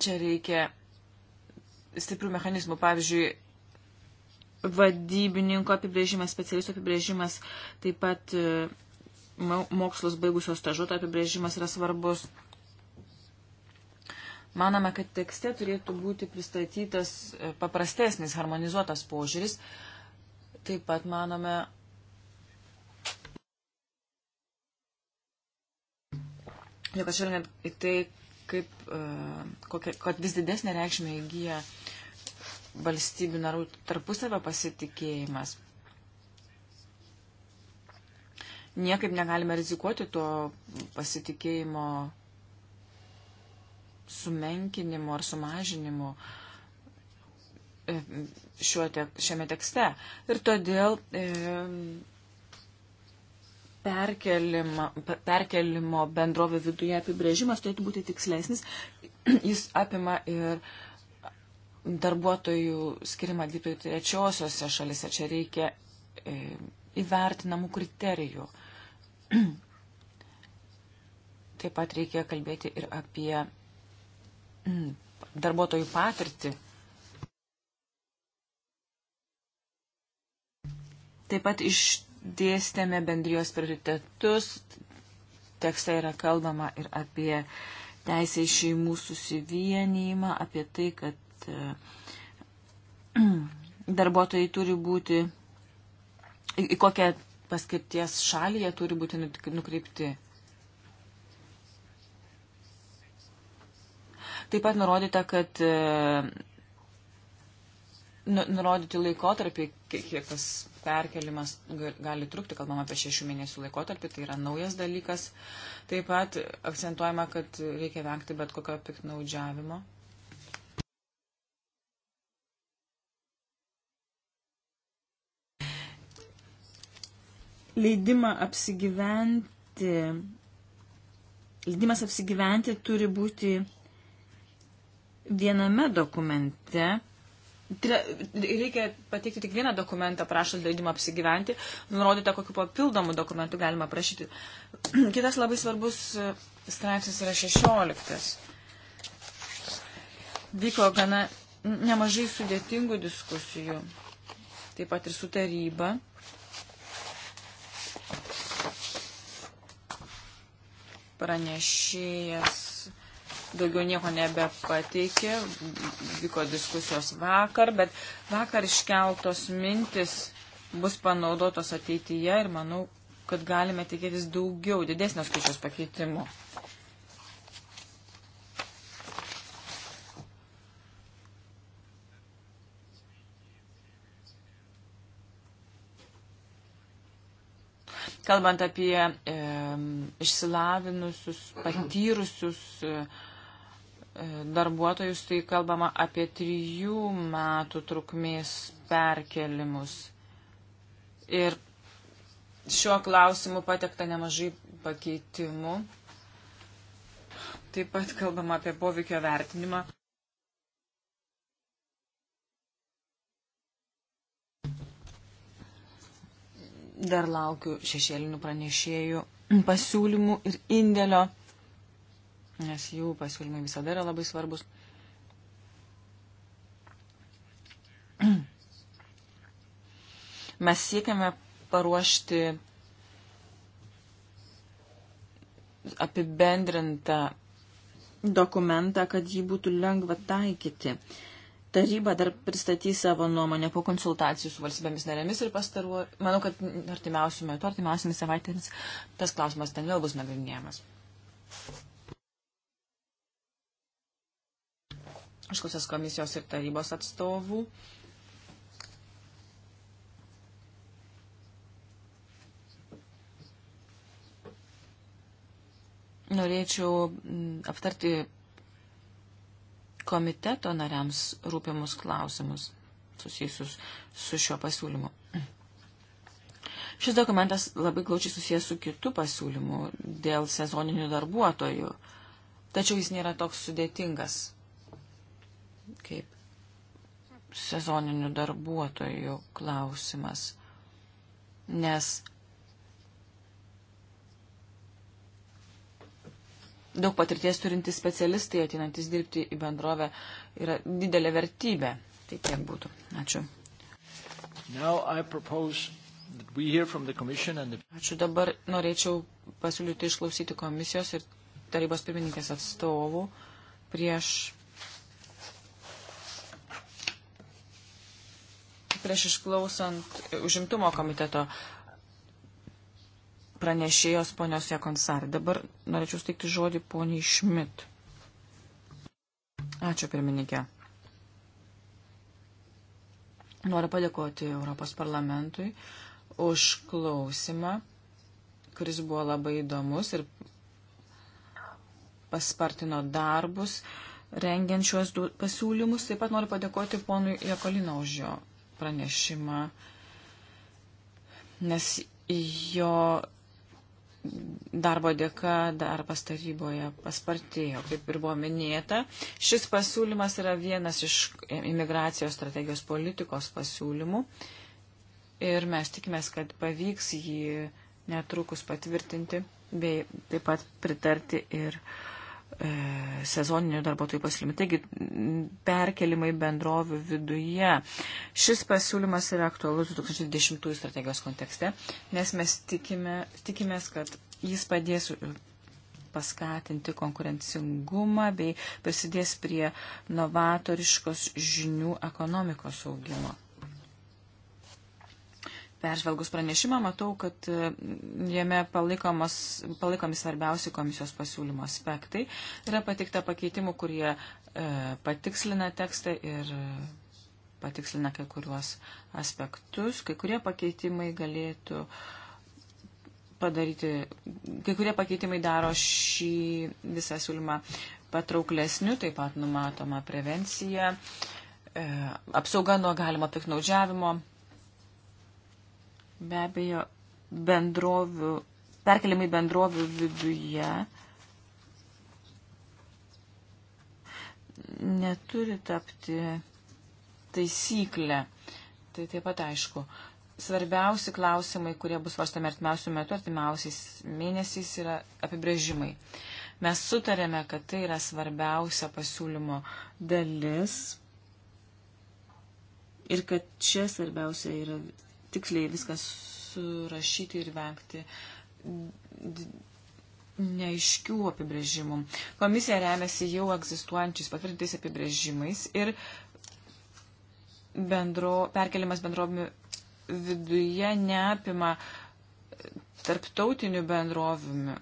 Čia reikia stiprių mechanizmų, pavyzdžiui, vadybininko apibrėžimas, specialisto apibrėžimas, taip pat e, mokslus baigusios stažuoto apibrėžimas yra svarbus. Manome, kad tekste turėtų būti pristatytas e, paprastesnis, harmonizuotas požiūris. Taip pat manome, jog atšvelgiant į tai, kaip, e, kokia, kad vis didesnė reikšmė įgyja uh, valstybių narų tarpusavio pasitikėjimas. Niekaip negalime rizikuoti to pasitikėjimo sumenkinimo ar sumažinimo e, tek, šiame tekste. Ir todėl e, perkelimo, perkelimo bendrovė viduje apibrėžimas turėtų būti tikslesnis. Jis apima ir e, darbuotojų skirimą dirbti trečiosiose šalise. Čia reikia e, įvertinamų kriterijų. Taip pat reikia kalbėti ir apie mm, darbuotojų patirtį. Taip pat išdėstėme bendrijos prioritetus. Tekste yra kalbama ir apie teisę į šeimų susivienijimą, apie tai, kad kad darbuotojai turi būti, į kokią paskirties šalį jie turi būti nukreipti. Taip pat nurodyta, kad nu, nurodyti laikotarpį, kiek tas perkelimas gali trukti, kalbam apie šešių mėnesių laikotarpį, tai yra naujas dalykas. Taip pat akcentuojama, kad reikia vengti bet kokio piknaudžiavimo. leidimą apsigyventi, leidimas apsigyventi turi būti viename dokumente. Reikia pateikti tik vieną dokumentą, prašant leidimą apsigyventi, nurodyta, kokiu papildomu dokumentu galima prašyti. Kitas labai svarbus e, straipsnis yra 16. Vyko gana nemažai sudėtingų diskusijų, taip pat ir su taryba. pranešėjas daugiau nieko nebepateikė, vyko diskusijos vakar, bet vakar iškeltos mintis bus panaudotos ateityje ir manau, kad galime tikėtis daugiau, didesnio skaičiaus pakeitimų. kalbant apie e, išsilavinusius, patyrusius e, e, darbuotojus, tai kalbama apie trijų metų trukmės perkelimus. Ir šiuo klausimu patekta nemažai pakeitimų. Taip pat kalbama apie poveikio vertinimą. dar laukiu šešėlinių pranešėjų pasiūlymų ir indėlio, nes jų pasiūlymai visada yra labai svarbus. Mes siekiame paruošti apibendrintą dokumentą, kad jį būtų lengva taikyti. Uh, taryba dar pristatys savo nuomonę po konsultacijų su valstybėmis narėmis ir pastaruo, manau, kad artimiausių metų, artimiausiamis savaitėmis tas klausimas ten vėl bus nagrinėjamas. Išklausęs komisijos ir tarybos atstovų. Norėčiau mm, aptarti komiteto nariams rūpimus klausimus susijusius su šiuo pasiūlymu. Šis dokumentas labai glaučiai susijęs su kitu pasiūlymu dėl sezoninių darbuotojų, tačiau jis nėra toks sudėtingas kaip sezoninių darbuotojų klausimas, nes daug patirties turintys specialistai ateinantis dirbti į bendrovę yra didelė vertybė. Tai tiek būtų. Ačiū. The... Ačiū dabar norėčiau pasiūlyti išklausyti komisijos ir tarybos pirmininkės atstovų prieš, prieš išklausant užimtumo komiteto pranešėjos ponios Jekonsarė. Dabar norėčiau steikti žodį poniai Šmit. Ačiū, pirmininkė. Noriu padėkoti Europos parlamentui už klausimą, kuris buvo labai įdomus ir paspartino darbus rengiant šiuos du pasiūlymus. Taip pat noriu padėkoti ponui Jekolino už jo pranešimą, nes jo darbo dėka darbas taryboje paspartėjo, kaip ir buvo minėta. Šis pasiūlymas yra vienas iš imigracijos strategijos politikos pasiūlymų ir mes tikimės, kad pavyks jį netrukus patvirtinti bei taip pat pritarti ir uh, E, sezoninių darbuotojų pasiūlymai. Taigi, perkelimai bendrovių viduje. Šis pasiūlymas yra aktualus 2010 strategijos kontekste, nes mes tikime, tikimės, kad jis padės paskatinti konkurencingumą bei prisidės prie novatoriškos žinių ekonomikos augimo. Peržvelgus pranešimą, matau, kad e, jame palaikomi svarbiausi komisijos pasiūlymo aspektai. Yra patikta pakeitimų, kurie e, patikslina tekstą ir patikslina kai kuriuos aspektus. Kai kurie pakeitimai galėtų padaryti, kai kurie pakeitimai daro šį visą siūlymą patrauklesniu, taip pat numatoma prevencija, e, apsauga nuo galimo piknaudžiavimo Be abejo, bendrovių, perkeliamai bendrovių viduje neturi tapti taisyklę. Tai taip pat aišku. Svarbiausi klausimai, kurie bus varstami artimiausių metų, artimiausiais mėnesiais yra apibrėžimai. Mes sutarėme, kad tai yra svarbiausia pasiūlymo dalis ir kad čia svarbiausia yra tiksliai viskas surašyti ir vengti neaiškių apibrėžimų. Komisija remiasi jau egzistuojančiais patvirtintais apibrėžimais ir bendro, perkelimas bendrovių viduje neapima tarptautinių bendrovių.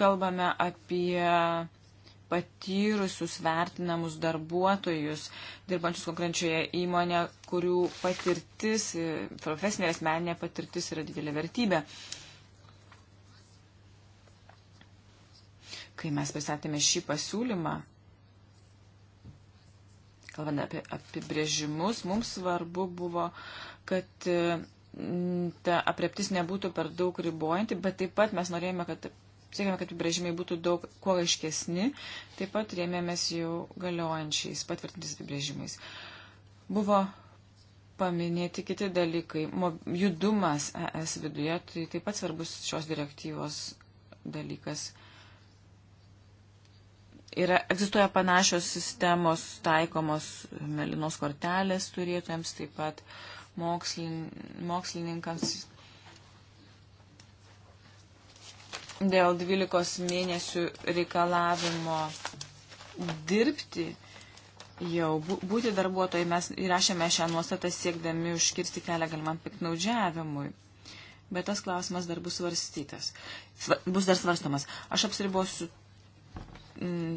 Kalbame apie patyrusius vertinamus darbuotojus, dirbančius konkrečioje įmonėje, kurių patirtis, e, profesinė ir asmeninė patirtis yra didelė vertybė. Kai mes pristatėme šį pasiūlymą, kalbant apie apibrėžimus, mums svarbu buvo, kad e, ta apreptis nebūtų per daug ribojanti, bet taip pat mes norėjome, kad siekime, kad apibrėžimai būtų daug kuo aiškesni, taip pat rėmėmės jau galiojančiais patvirtintis apibrėžimais. Buvo paminėti kiti dalykai. Judumas ES viduje, tai taip pat svarbus šios direktyvos dalykas. Yra, egzistuoja panašios sistemos taikomos melinos kortelės turėtojams, taip pat mokslin, mokslininkams, dėl 12 mėnesių reikalavimo dirbti jau būti darbuotojai, mes įrašėme šią nuostatą siekdami užkirsti kelią galimam piknaudžiavimui. Bet tas klausimas dar bus svarstytas. Sva, bus dar svarstomas. Aš apsiribosiu m, mm,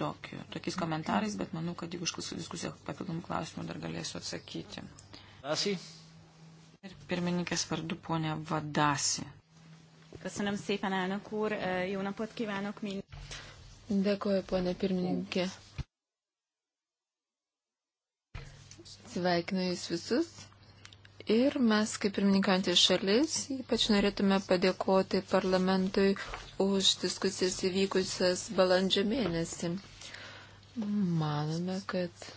tokiu, tokiais komentarais, bet manau, kad jeigu išklausau diskusiją papildomų klausimų, dar galėsiu atsakyti. Vadasi. Ir pirmininkės vardu ponė Vadasi. Köszönöm szépen, elnök úr. Jó napot kívánok mind. Dėkuoju, ponė pirmininkė. Sveikinu Jūs visus. Ir mes, kaip pirmininkantys šalis, ypač norėtume padėkoti parlamentui už diskusijas įvykusias balandžio mėnesį. Manome, kad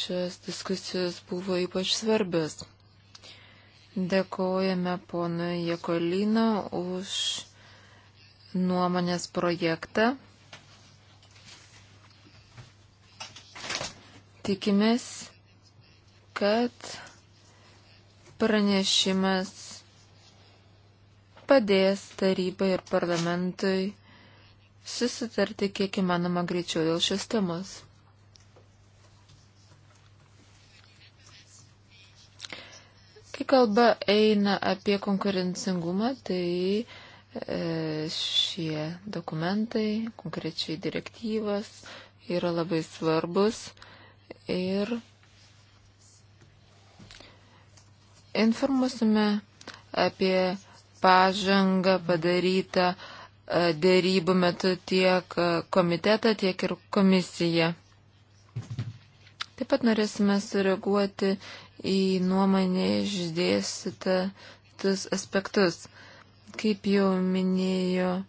šios diskusijos buvo ypač svarbios. Dėkojame ponui Jekolino už nuomonės projektą. Tikimės, kad pranešimas padės tarybai ir parlamentui susitarti kiek įmanoma greičiau dėl šios temos. Kai kalba eina apie konkurencingumą, tai e, šie dokumentai, konkrečiai direktyvas, yra labai svarbus ir informuosime apie pažangą padarytą e, dėrybų metu tiek komitetą, tiek ir komisiją. Taip pat norėsime sureaguoti į nuomonę išdėstytą tas aspektus. Kaip jau minėjo e,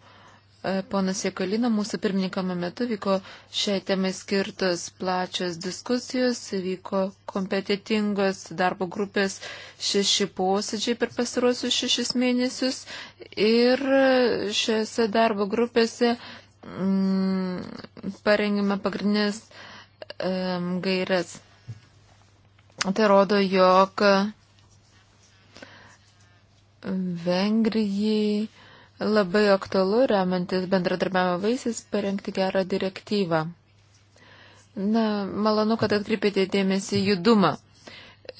ponas Jekalina, mūsų pirmininkame metu vyko šiai temai skirtos plačios diskusijos, vyko kompetitingos darbo grupės šeši posėdžiai per pasiruosius šešis mėnesius ir šiuose darbo grupėse mm, parengime pagrindinės mm, gairias. Tai rodo, jog Vengrijai labai aktualu, remiantis bendradarbiavimo vaisiais, parengti gerą direktyvą. Na, malonu, kad atkreipėte dėmesį judumą.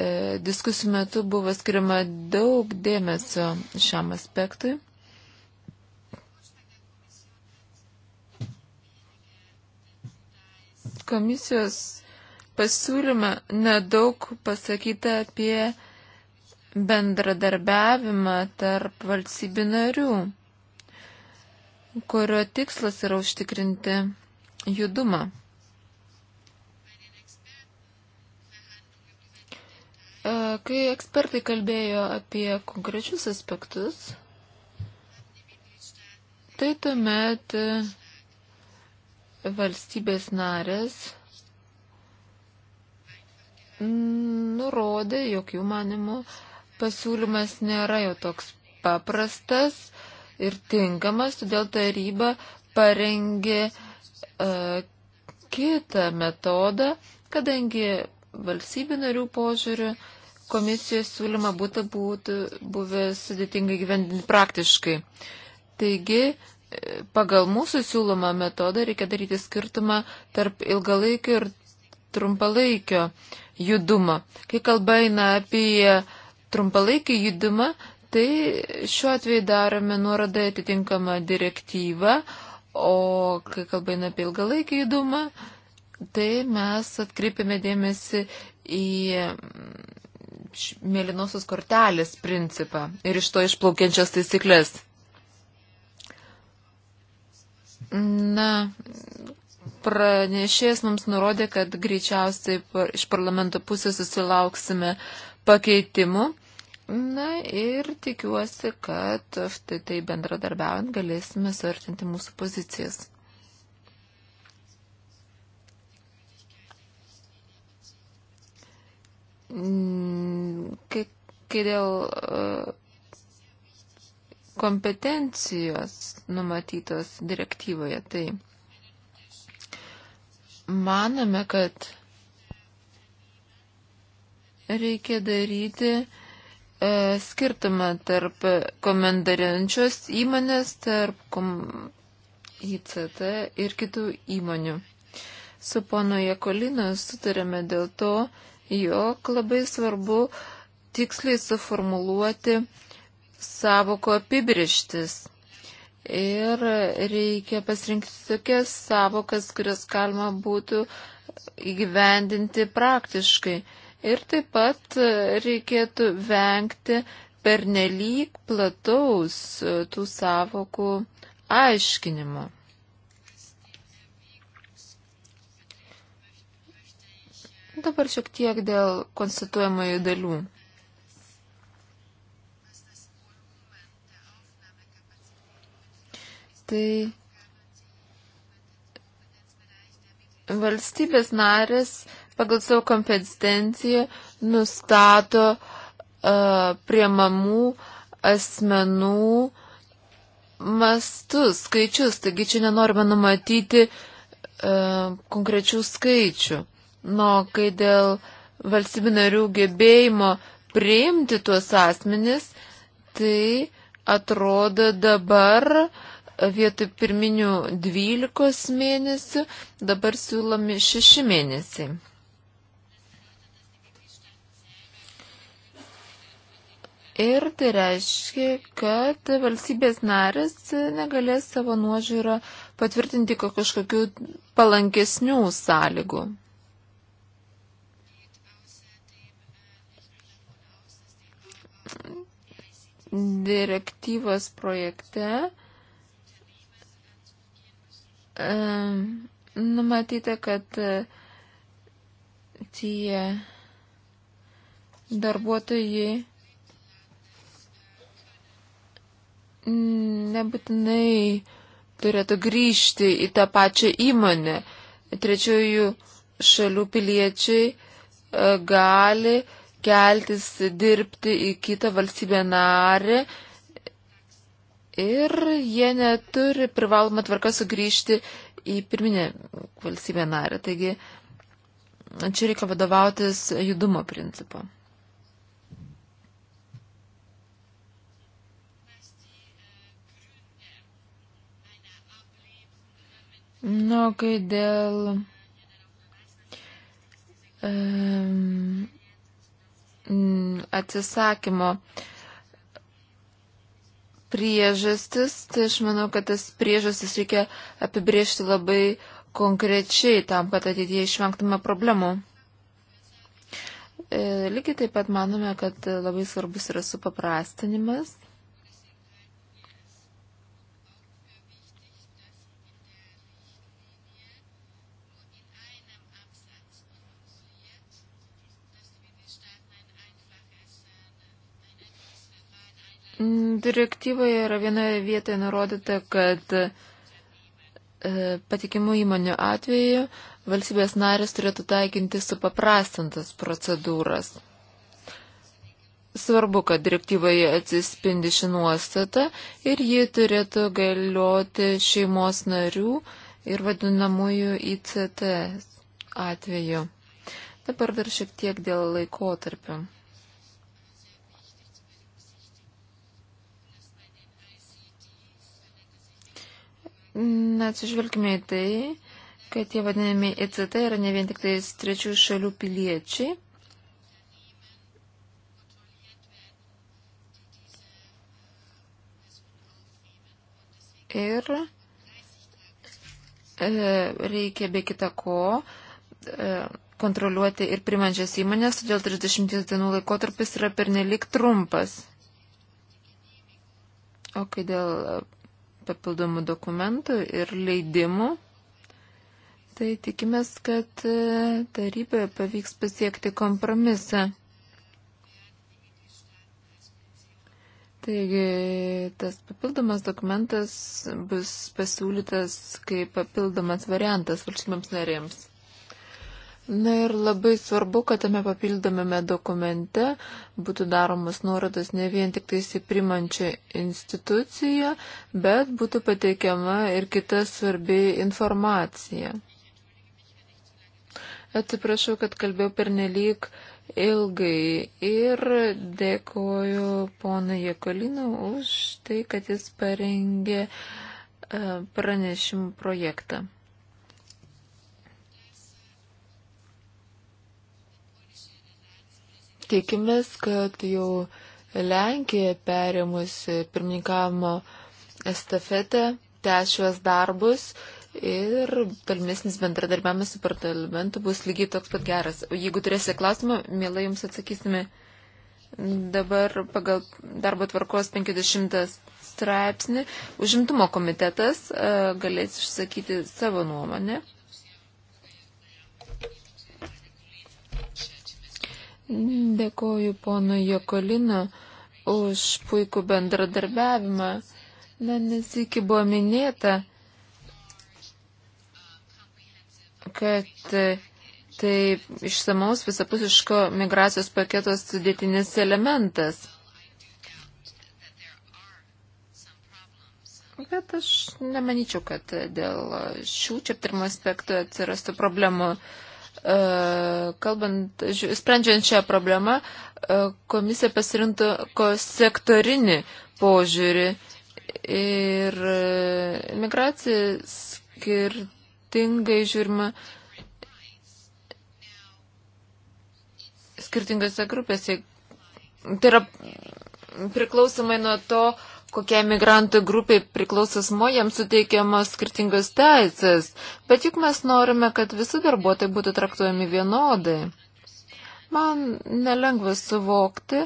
E, diskusijų metu buvo skirima daug dėmesio šiam aspektui. Komisijos pasiūlymą nedaug pasakyta apie bendradarbiavimą tarp valstybių narių, kurio tikslas yra užtikrinti judumą. E, kai ekspertai kalbėjo apie konkrečius aspektus, tai tuomet valstybės narės nurodė, jog jų manimų pasiūlymas nėra jau toks paprastas ir tinkamas, todėl taryba parengė uh, kitą metodą, kadangi valstybių narių požiūrių komisijos siūlymą būtų, būtų buvęs sudėtingai gyvendinti praktiškai. Taigi, e, pagal mūsų siūlomą metodą reikia daryti skirtumą tarp ilgalaikio ir trumpalaikio judumo. Kai kalba eina apie trumpalaikį judumą, tai šiuo atveju darome nuorodą atitinkamą direktyvą, o kai kalba eina apie ilgalaikį judumą, tai mes atkreipiame dėmesį į mm, mėlynosios kortelės principą ir iš to išplaukiančias taisyklės. Na, pranešėjas mums nurodė, kad greičiausiai iš parlamento pusės susilauksime pakeitimų. Na ir tikiuosi, kad štai tai bendradarbiaujant galėsime suartinti mūsų pozicijas. Mm, kai, kai dėl e, kompetencijos numatytos direktyvoje, tai manome, kad reikia daryti e, skirtumą tarp komendarinčios įmonės, tarp kom... ICT ir kitų įmonių. Su pono Jekolino sutarėme dėl to, jog labai svarbu tiksliai suformuluoti savoko apibrištis ir reikia pasirinkti tokias savokas, kurias galima būtų įgyvendinti praktiškai. Ir taip pat reikėtų vengti pernelyg plataus tų savokų aiškinimo. Dabar šiek tiek dėl konstatuojamojų dalių. tai valstybės narės pagal savo kompetenciją nustato uh, priemamų asmenų mastus, skaičius, taigi čia nenorime numatyti uh, konkrečių skaičių. Nu, kai dėl valstybinarių gebėjimo priimti tuos asmenis, tai atrodo dabar uh, vietoj pirminių 12 mėnesių dabar siūlomi 6 mėnesiai. Ir tai reiškia, kad valstybės narės negalės savo nuožiūrą patvirtinti kažkokių palankesnių sąlygų. Direktyvos projekte E, numatyta, kad e, tie darbuotojai nebūtinai turėtų grįžti į tą pačią įmonę. Trečiųjų šalių piliečiai e, gali keltis dirbti į kitą valstybę narį, ir jie neturi privalomą tvarką sugrįžti į pirminę valstybę narę. Taigi čia reikia vadovautis judumo principu. Na, nu, kai dėl. Um, atsisakymo uh, priežastis, tai aš manau, kad tas priežastis reikia apibriežti labai konkrečiai tam, kad ateityje išvengtume problemų. E, lygiai taip pat manome, kad labai svarbus yra supaprastinimas. Mm, direktyvoje yra vienoje vietoje nurodyta, kad e, patikimų įmonių atveju valstybės narės turėtų taikinti supaprastintas procedūras. Svarbu, kad direktyvoje atsispindi ši nuostata ir ji turėtų galioti šeimos narių ir vadinamųjų ICT atveju. Dabar dar šiek tiek dėl laikotarpio. Na, atsižvelgime į tai, kad tie vadinami ECT yra ne vien tik tais trečių šalių piliečiai. Ir e, reikia be kita ko e, kontroliuoti ir primančias įmonės, todėl 30 dienų laikotarpis yra pernelik trumpas. O kai dėl papildomų dokumentų ir leidimų. Tai tikimės, kad e, taryboje pavyks pasiekti kompromisą. Taigi, tas papildomas dokumentas bus pasiūlytas kaip papildomas variantas valstybėms narėms. Na ir labai svarbu, kad tame papildomame dokumente būtų daromas nuorodas ne vien tik tai įprimančią instituciją, bet būtų pateikiama ir kita svarbi informacija. Atsiprašau, kad kalbėjau pernelyg ilgai ir dėkoju ponui Jekolinu už tai, kad jis parengė e, pranešimų projektą. tikimės, kad jau Lenkija perėmusi pirmininkavimo estafetę tęs šios darbus ir tolimesnis bendradarbiavimas su parlamentu bus lygiai toks pat geras. O jeigu turėsite klausimą, mielai jums atsakysime. Dabar pagal darbo tvarkos 50 straipsnį užimtumo komitetas e, galės išsakyti savo nuomonę. Dėkoju pono Jokolino už puikų bendradarbiavimą. Na, nesikį buvo minėta, kad tai išsamaus visapusiško migracijos paketos sudėtinis elementas. Bet aš nemanyčiau, kad dėl šių čia pirmo aspektų atsirastų problemų. Uh, E, kalbant, sprendžiant šią problemą, e, komisija pasirinko sektorinį požiūrį ir e, migracija skirtingai žiūrima skirtingose grupėse. Tai yra priklausomai nuo to, kokie migrantų grupiai priklausosmo jam suteikiamos skirtingos teisės, bet juk mes norime, kad visi darbuotojai būtų traktuojami vienodai. Man nelengva suvokti,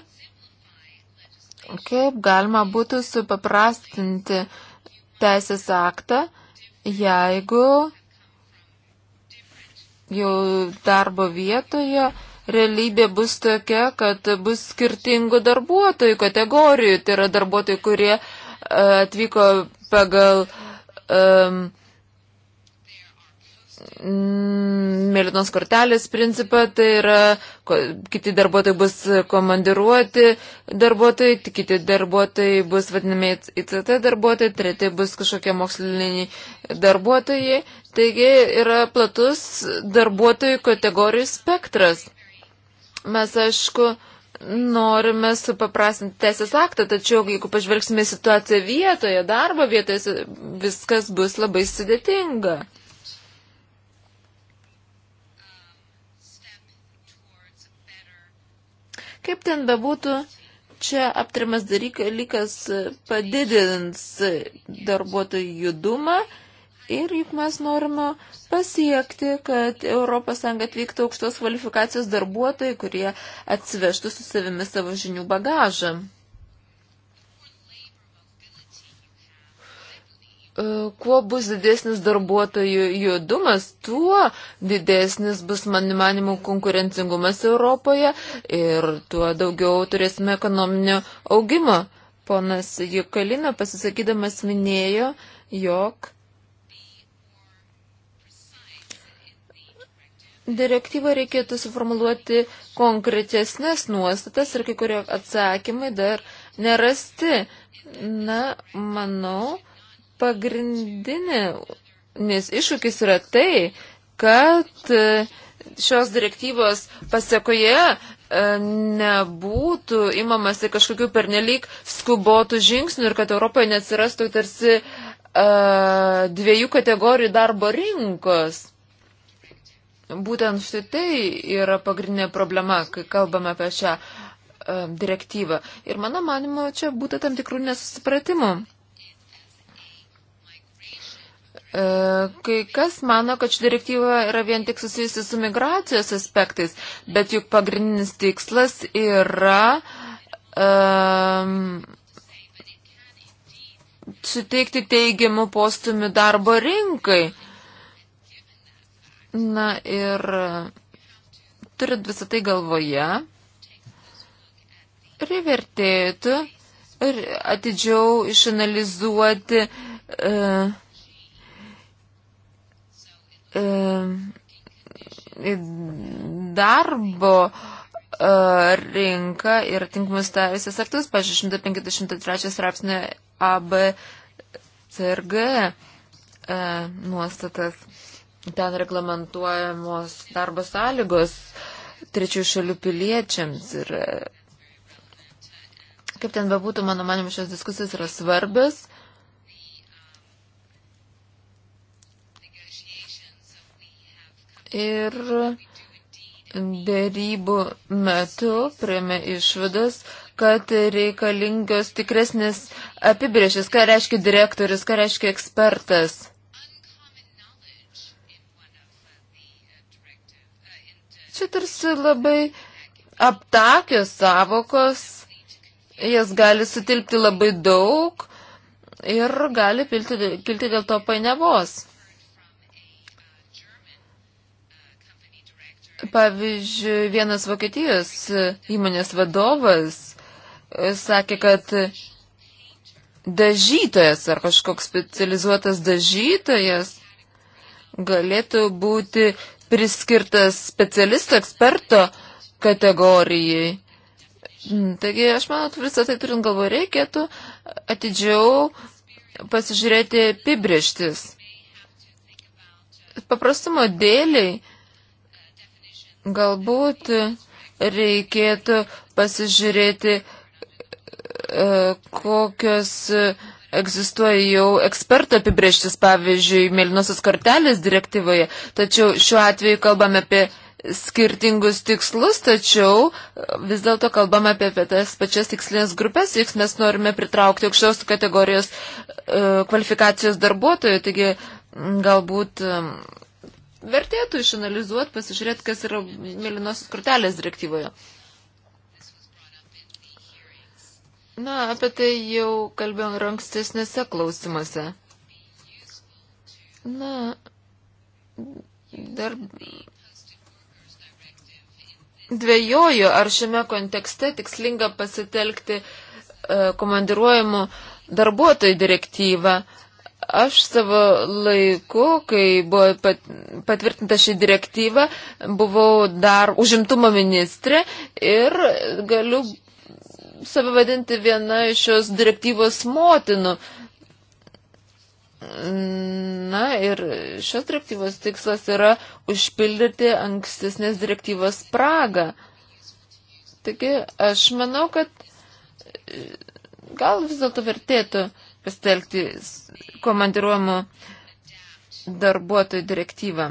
kaip galima būtų supaprastinti teisės aktą, jeigu jau darbo vietoje realybė bus tokia, kad bus skirtingų darbuotojų kategorijų. Tai yra darbuotojai, kurie e, atvyko pagal um, mėlynos kortelės principą, tai yra kiti darbuotojai bus komandiruoti darbuotojai, kiti darbuotojai bus vadinami ICT darbuotojai, treti bus kažkokie moksliniai darbuotojai. Taigi yra platus darbuotojų kategorijų spektras. Mes, aišku, norime supaprastinti teisės aktą, tačiau jeigu pažvelgsime situaciją vietoje, darbo vietoje, viskas bus labai sudėtinga. Kaip ten bebūtų, čia aptarimas dalykas padidins darbuotojų judumą Ir juk mes norime pasiekti, kad ES atvyktų aukštos kvalifikacijos darbuotojai, kurie atsivežtų su savimi savo žinių bagažą. E, kuo bus didesnis darbuotojų judumas, tuo didesnis bus, man manimų, konkurencingumas Europoje ir tuo daugiau turėsime ekonominio augimo. Ponas Jukalina pasisakydamas minėjo, jog direktyvą reikėtų suformuluoti konkrečesnės nuostatas ir kai kurie atsakymai dar nerasti. Na, manau, pagrindinė, nes iššūkis yra tai, kad e, šios direktyvos pasiekoje e, nebūtų imamasi kažkokių pernelyg skubotų žingsnių ir kad Europoje neatsirastų tarsi e, dviejų kategorijų darbo rinkos. Būtent štai tai yra pagrindinė problema, kai kalbame apie šią e, direktyvą. Ir mano manimo, čia būtų tam tikrų nesusipratimų. E, kai kas mano, kad ši direktyva yra vien tik susijusi su migracijos aspektais, bet juk pagrindinis tikslas yra um, suteikti teigiamų postumių darbo rinkai. Uh, Na ir turint visą tai galvoje, revertėtų ir atidžiau išanalizuoti e, e, darbo e, rinką ir tinkamus teisės aktus, pažiūrėjau, 153 straipsnė AB CRG e, nuostatas ten reglamentuojamos darbo sąlygos trečiųjų šalių piliečiams. Ir e, kaip ten bebūtų, mano manimu, šios diskusijos yra svarbios. Ir dėrybų metu priėmė išvadas, kad reikalingios tikresnės apibrėžės, ką reiškia direktorius, ką reiškia ekspertas. Čia tarsi labai aptakios savokos, jas gali sutilpti labai daug ir gali pilti, kilti dėl to painiavos. Pavyzdžiui, vienas Vokietijos įmonės vadovas e, sakė, kad dažytojas ar kažkoks specializuotas dažytojas galėtų būti priskirtas specialisto eksperto kategorijai. Mm, Taigi, aš manau, visą tai turint galvo, reikėtų atidžiau pasižiūrėti apibrieštis. Paprastumo dėliai galbūt reikėtų pasižiūrėti, e, kokios egzistuoja jau ekspertų apibrieštis, pavyzdžiui, mėlynosios kortelės direktyvoje, tačiau šiuo atveju kalbame apie skirtingus tikslus, tačiau e, vis dėlto kalbame apie, apie tas pačias tikslinės grupės, jeigu mes norime pritraukti aukščios kategorijos e, kvalifikacijos darbuotojų, taigi galbūt e, vertėtų išanalizuoti, pasižiūrėti, kas yra mėlynosios kortelės direktyvoje. Na, apie tai jau kalbėjom ir ankstesnėse klausimuose. Na, dar dvėjoju, ar šiame kontekste tikslinga pasitelkti e, komandiruojamų darbuotojų direktyvą. Aš savo laiku, kai buvo pat, patvirtinta ši direktyva, buvau dar užimtumo ministrė ir galiu save vadinti viena iš šios direktyvos motinų. Na ir šios direktyvos tikslas yra užpildyti ankstesnės direktyvos spragą. Taigi aš manau, kad e, gal vis dėlto vertėtų pastelgti komandiruojamų darbuotojų direktyvą.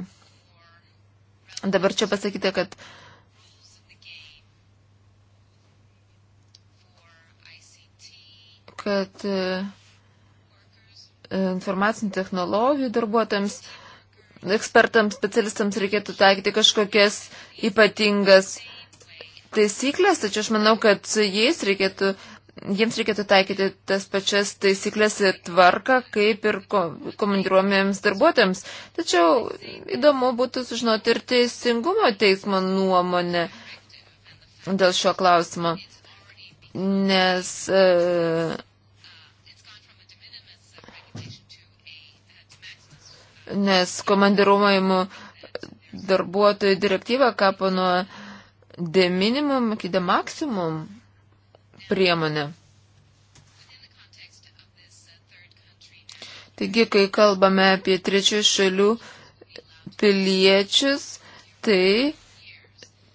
Dabar čia pasakyti, kad uh, kad e, informacinių technologijų darbuotojams, ekspertams, specialistams reikėtų taikyti kažkokias ypatingas taisyklės, tačiau aš manau, kad su jais reikėtų, jiems reikėtų taikyti tas pačias taisyklės ir tvarką, kaip ir komandiruomėms darbuotojams. Tačiau įdomu būtų sužinoti ir teisingumo teismo nuomonę dėl šio klausimo, nes. E, nes komandiruojimų darbuotojų direktyva kapo nuo de minimum iki de maksimum priemonė. Taigi, kai kalbame apie trečių šalių piliečius, tai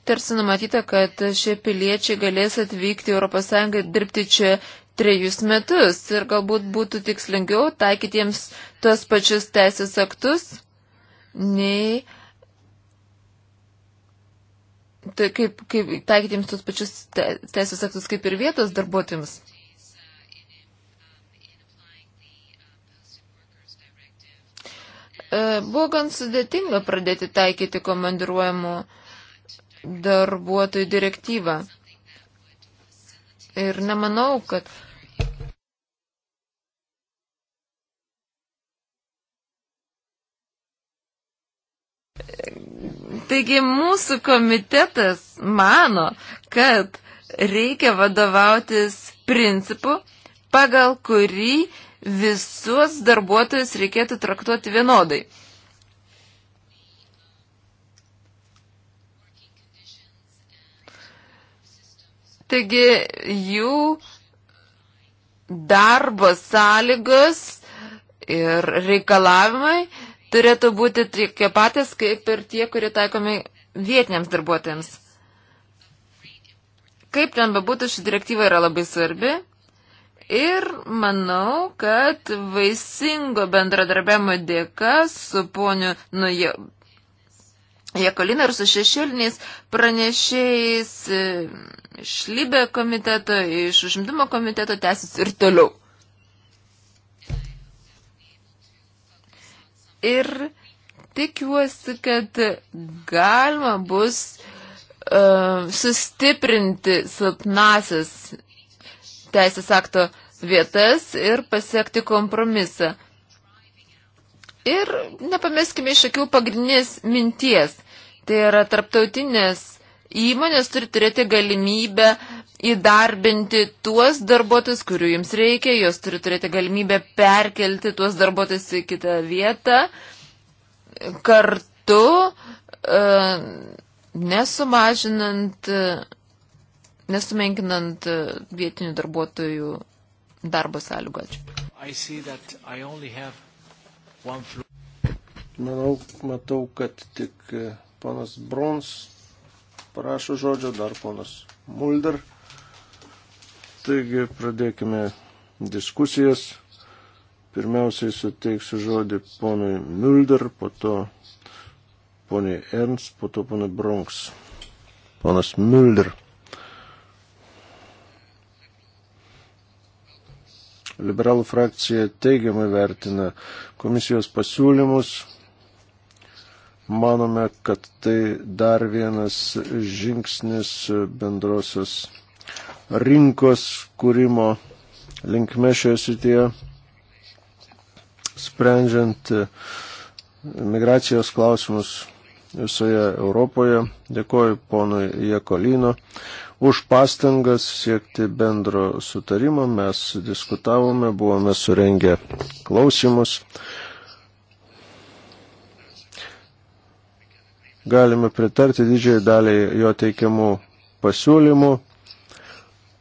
tarsi numatyta, kad šie piliečiai galės atvykti ES ir dirbti čia trejus metus ir galbūt būtų tikslingiau taikytiems tuos pačius teisės aktus, nei tai kaip, kaip taikytiems tuos pačius te, teisės aktus kaip ir vietos darbuotojams. E, buvo gan sudėtinga pradėti taikyti komandiruojamų darbuotojų direktyvą. Ir nemanau, kad Taigi mūsų komitetas mano, kad reikia vadovautis principu, pagal kurį visus darbuotojus reikėtų traktuoti vienodai. Taigi jų darbo sąlygos ir reikalavimai turėtų būti tokie patys, kaip ir tie, kurie taikomi vietiniams darbuotojams. Kaip ten bebūtų, ši direktyva yra labai svarbi. Ir manau, kad vaisingo bendradarbiavimo dėka su poniu Nuje Jekolina ir su šešėliniais pranešėjais e, šlybė komiteto iš užimtumo komiteto tęsis ir toliau. ir tikiuosi, kad galima bus uh, sustiprinti silpnasis teisės akto vietas ir pasiekti kompromisą. Ir nepameskime iš akių pagrindinės minties. Tai yra tarptautinės įmonės turi turėti galimybę uh, įdarbinti tuos darbuotojus, kurių jums reikia, jos turi turėti galimybę perkelti tuos darbuotojus į kitą vietą, kartu uh, nesumažinant, e, nesumenkinant e, vietinių darbuotojų darbo sąlygų. Ačiū. Manau, matau, kad tik ponas Brons prašo žodžio, dar ponas Mulder. Taigi pradėkime diskusijas. Pirmiausiai suteiksiu žodį ponui Mulder, po to poniai Ernst, po to ponui Bronx. Ponas Mulder. Liberalų frakcija teigiamai vertina komisijos pasiūlymus. Manome, kad tai dar vienas žingsnis bendrosios rinkos kūrimo linkme šioje srityje, sprendžiant e, migracijos klausimus visoje Europoje. Dėkoju ponui Jekolino už pastangas siekti bendro sutarimo. Mes diskutavome, buvome surengę klausimus. Galime pritarti didžiai daliai jo teikiamų pasiūlymų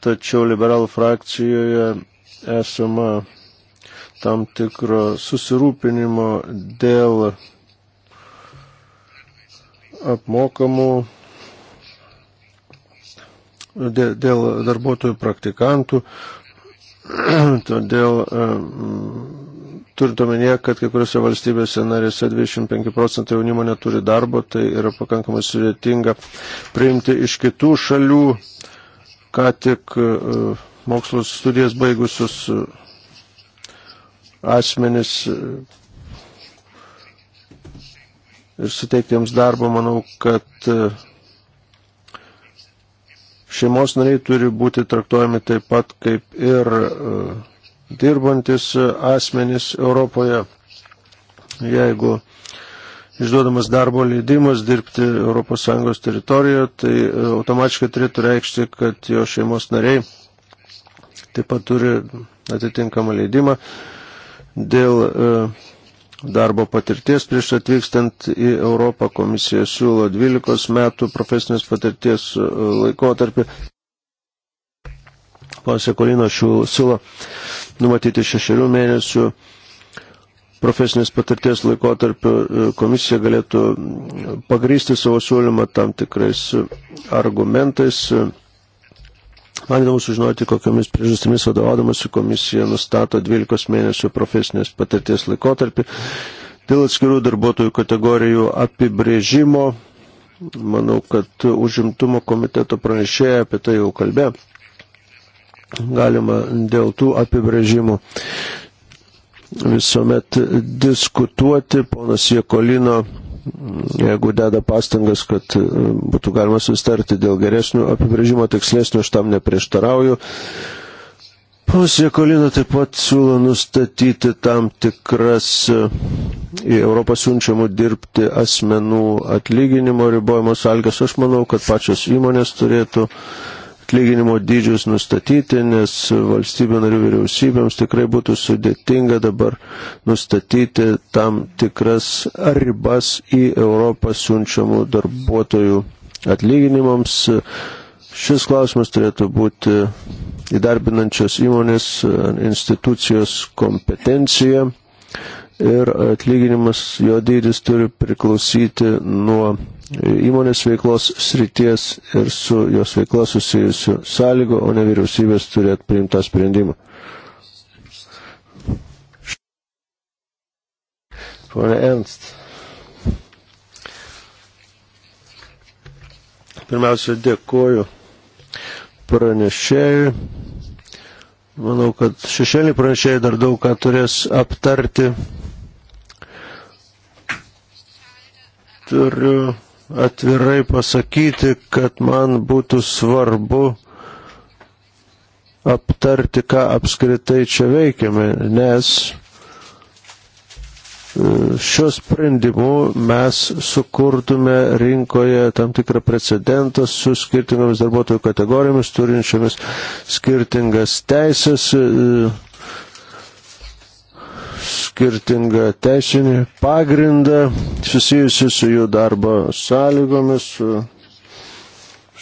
tačiau liberalų frakcijoje esama tam tikro susirūpinimo dėl apmokamų, dėl, dėl darbuotojų praktikantų, todėl e, turint omenyje, kad kai kuriuose valstybėse narėse 25 procentai jaunimo neturi darbo, tai yra pakankamai sudėtinga priimti iš kitų šalių ką tik e, mokslos studijas baigusius e, asmenis e, ir suteikti jiems darbą, manau, kad šeimos nariai turi būti traktuojami taip pat kaip ir dirbantis asmenys Europoje. Jeigu išduodamas darbo leidimas dirbti ES teritorijoje, tai e, automatiškai turėtų reikšti, kad jo šeimos nariai taip pat turi atitinkamą leidimą dėl e, darbo patirties prieš atvykstant į Europą. Komisija siūlo 12 metų profesinės patirties e, laikotarpį. Pone Sekolino siūlo numatyti šešerių mėnesių profesinės patirties laikotarpiu e, komisija galėtų pagrysti savo siūlymą tam tikrais e, argumentais. E, man įdomu sužinoti, kokiamis priežastimis vadovaudamasi komisija nustato 12 mėnesių profesinės patirties laikotarpį. Dėl atskirų darbuotojų kategorijų apibrėžimo, manau, kad užimtumo komiteto pranešėja apie tai jau kalbė, galima dėl tų apibrėžimų visuomet diskutuoti. Ponas Jekolino, jeigu deda pastangas, kad e, būtų galima sustarti dėl geresnių apibrėžimo, tikslesnių, aš tam neprieštarauju. Ponas Jekolino taip pat siūlo nustatyti tam tikras e, į Europą siunčiamų dirbti asmenų atlyginimo ribojimo sąlygas. Aš manau, kad pačios įmonės turėtų uh, atlyginimo dydžius nustatyti, nes valstybių narių vyriausybėms tikrai būtų sudėtinga dabar nustatyti tam tikras ribas į Europą siunčiamų darbuotojų atlyginimams. Šis klausimas turėtų būti įdarbinančios įmonės institucijos kompetencija ir atlyginimas jo dydis turi priklausyti nuo įmonės veiklos srities ir su jos veikla susijusių sąlygų, o ne vyriausybės turėtų priimtą sprendimą. Pone Ernst. Pirmiausia, dėkoju pranešėjui. Manau, kad šešėlį pranešėjai dar daug ką turės aptarti turiu atvirai pasakyti, kad man būtų svarbu aptarti, ką apskritai čia veikiame, nes e, šiuo sprendimu mes sukurtume rinkoje tam tikrą precedentą su skirtingomis darbuotojų kategorijomis, turinčiomis skirtingas teisės. E, skirtingą teisinį pagrindą susijusi su jų darbo sąlygomis,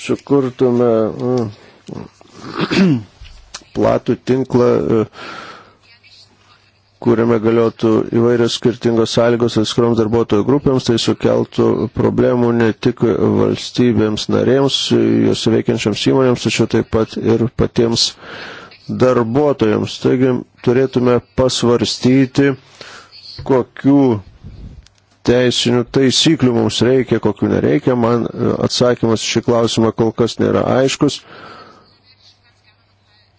sukurtume mm, platų tinklą, e, kuriame galėtų įvairios skirtingos sąlygos atskiroms darbuotojų grupėms, tai sukeltų problemų ne tik valstybėms narėms, jos veikiančiams įmonėms, tačiau taip pat ir patiems uh, darbuotojams. Taigi turėtume pasvarstyti, kokių teisinių taisyklių mums reikia, kokių nereikia. Man e, atsakymas šį klausimą kol kas nėra aiškus.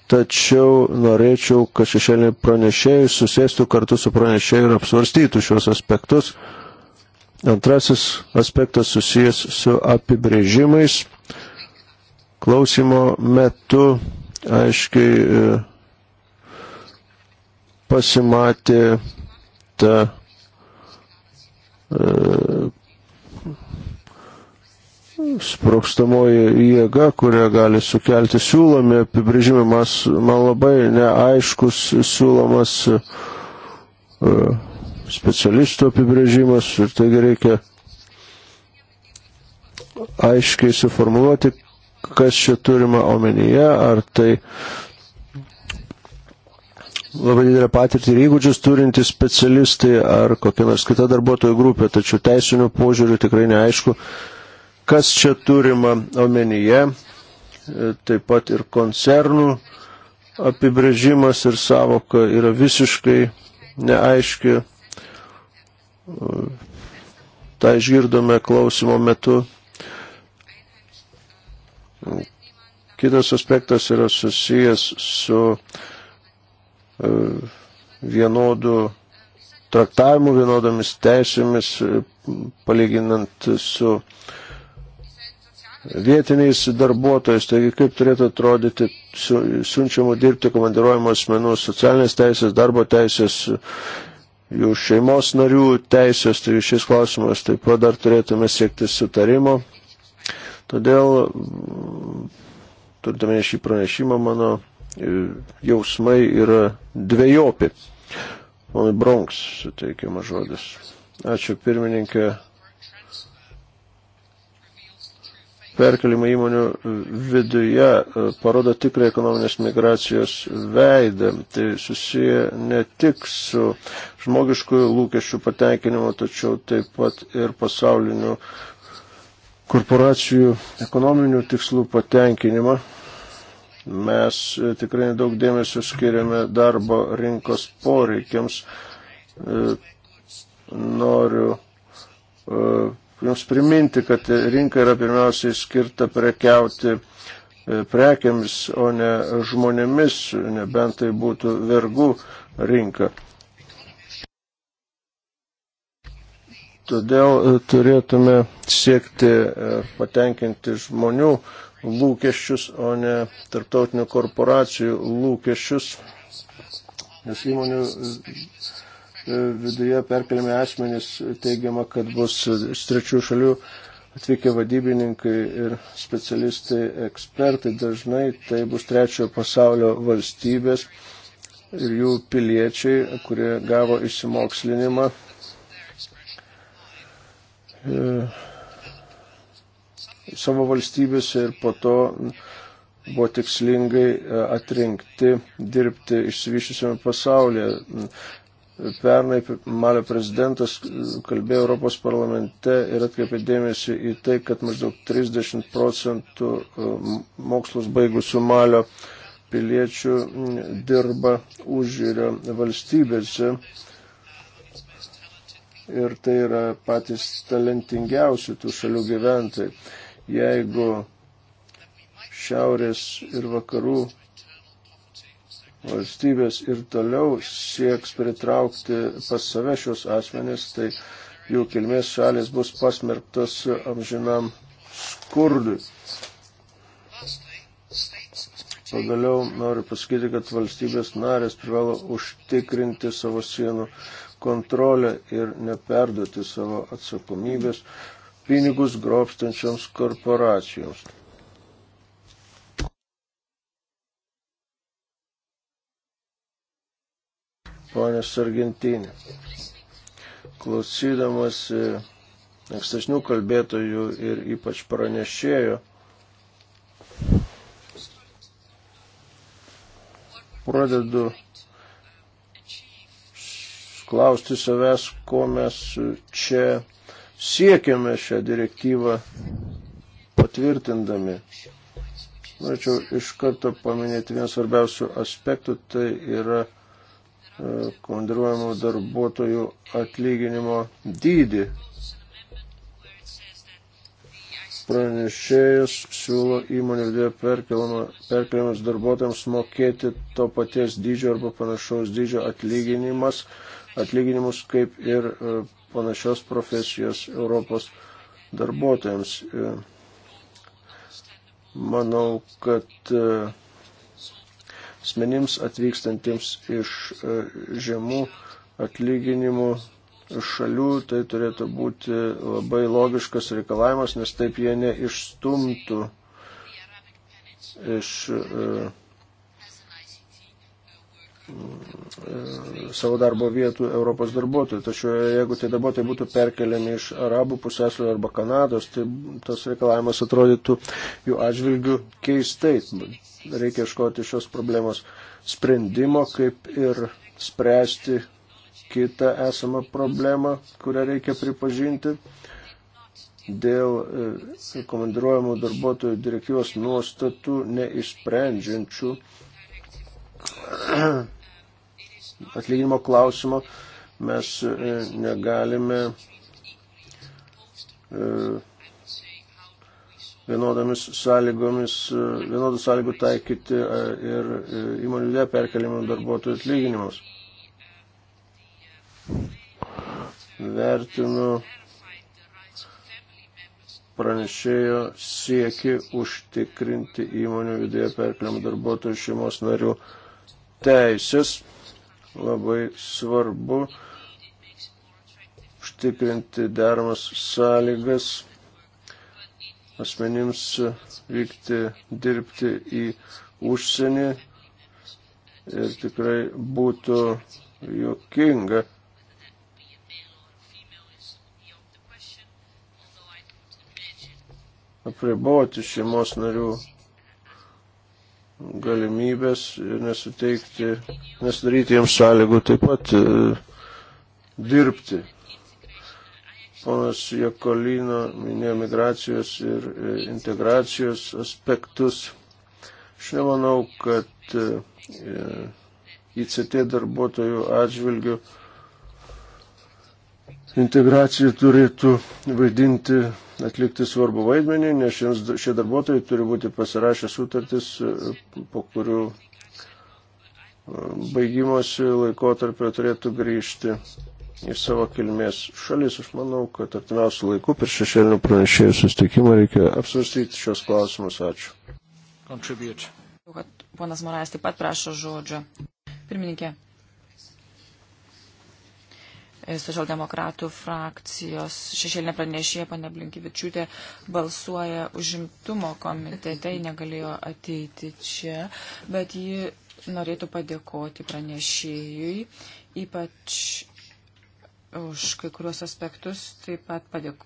Tačiau norėčiau, kad šešėlė pranešėjai susėstų kartu su pranešėjai ir apsvarstytų šios aspektus. Antrasis aspektas susijęs su apibrėžimais. Klausimo metu aiškiai e, pasimatė ta e, sprokstamoji jėga, kurią gali sukelti siūlomi apibrėžimai, man labai neaiškus siūlomas e, specialistų apibrėžimas ir taigi reikia aiškiai suformuoluoti, kas čia turima omenyje, ar tai labai didelę patirtį ir įgūdžius turintys specialistai ar kokia nors kita darbuotojų grupė, tačiau teisinių požiūrių tikrai neaišku, kas čia turima omenyje, e, taip pat ir koncernų apibrėžimas ir savoka yra visiškai neaiški. E, Ta išgirdome klausimo metu Kitas aspektas yra susijęs su e, vienodu traktavimu, vienodomis teisėmis, e, palyginant su vietiniais darbuotojais, taigi kaip turėtų atrodyti su, siunčiamų dirbti komandiruojimo asmenų socialinės teisės, darbo teisės, jų šeimos narių teisės, taigi šis klausimas taip pat dar turėtume siekti sutarimo. Todėl, turintame šį pranešimą, mano e, jausmai yra dviejopi. Ponai Bronks suteikiamas žodis. Ačiū pirmininkė. Perkelimai įmonių viduje e, parodo tikrą ekonominės migracijos veidą. Tai susiję ne tik su žmogiškųjų lūkesčių patenkinimu, tačiau taip pat ir pasauliniu korporacijų ekonominių tikslų patenkinimą. Mes e, tikrai daug dėmesio skiriame darbo rinkos poreikiams. E, noriu e, Jums priminti, kad rinka yra pirmiausiai skirta prekiauti prekiamis, o ne žmonėmis, nebent tai būtų vergų rinka. Todėl e, turėtume siekti e, patenkinti žmonių lūkesčius, o ne tarptautinių korporacijų lūkesčius, nes įmonių e, viduje perkeliami asmenys teigiama, kad bus iš trečių šalių atvykę vadybininkai ir specialistai, ekspertai dažnai tai bus trečiojo pasaulio valstybės ir jų piliečiai, kurie gavo išsimokslinimą E, savo valstybėse ir po to buvo tikslingai e, atrinkti dirbti išsivyščiusiame pasaulyje. Pernai Malio prezidentas e, kalbėjo Europos parlamente ir atkreipė dėmesį į tai, kad maždaug 30 procentų mokslus baigusių Malio piliečių dirba užžiūrio valstybėse ir tai yra patys talentingiausių tų šalių gyventojai. Jeigu šiaurės ir vakarų valstybės ir toliau sieks pritraukti pas save šios asmenys, tai jų kilmės šalis bus pasmerktos amžinam skurdui. Pagaliau noriu pasakyti, kad valstybės narės privalo užtikrinti savo sienų kontrolę ir neperduoti savo atsakomybės pinigus grobstančioms korporacijoms. Pone Sargentinė, klausydamas ankstesnių kalbėtojų ir ypač pranešėjo, pradedu klausti savęs, ko mes čia siekiame šią direktyvą patvirtindami. Norėčiau iš karto paminėti vieną svarbiausių aspektų, tai yra e, komandiruojamų darbuotojų atlyginimo dydį. Pranešėjas siūlo įmonių viduje perkeliamas darbuotojams mokėti to paties dydžio arba panašaus dydžio atlyginimas atlyginimus kaip ir e, panašios profesijos Europos darbuotojams. E, manau, kad e, asmenims atvykstantiems iš žemų atlyginimų šalių tai turėtų būti labai logiškas reikalavimas, nes taip jie neišstumtų iš. Uh, E, savo darbo vietų Europos darbuotojų. Tačiau jeigu tie darbuotojai būtų perkeliami iš Arabų pusėslio arba Kanados, tai tas reikalavimas atrodytų jų atžvilgių keistai. Reikia iškoti šios problemos sprendimo, kaip ir spręsti kitą esamą problemą, kurią reikia pripažinti dėl e, komandiruojamų darbuotojų direktyvos nuostatų neįsprendžiančių atlyginimo klausimo mes e, negalime e, vienodomis sąlygomis, e, vienodų sąlygų taikyti ir įmonių dėl perkelimų darbuotojų atlyginimus. Vertinu pranešėjo sieki užtikrinti įmonių viduje perkeliamų darbuotojų šeimos narių teisės labai svarbu užtikrinti deramas sąlygas asmenims vykti dirbti į užsienį ir tikrai būtų juokinga. Apriboti šeimos narių galimybės ir nesuteikti, nesudaryti jiems sąlygų taip pat e, dirbti. Ponas Jekolino minėjo migracijos ir e, integracijos aspektus. Aš nemanau, kad e, e, ICT darbuotojų atžvilgių integracija turėtų vaidinti, atlikti svarbu vaidmenį, nes šie darbuotojai turi būti pasirašę sutartis, e, po kurių e, baigimosi laikotarpio turėtų grįžti į savo kilmės šalis. Aš manau, kad artimiausių laikų per šešėlinių pranešėjų sustikimą reikia apsvarstyti šios klausimus. Ačiū. Contribute. Ponas Morais taip pat prašo žodžio. Pirmininkė socialdemokratų frakcijos šešėlinė pranešėja, pane Blinkivičiūtė, balsuoja užimtumo komitete, ji negalėjo ateiti čia, bet ji norėtų padėkoti pranešėjui, ypač už kai kuriuos aspektus, taip pat padėk...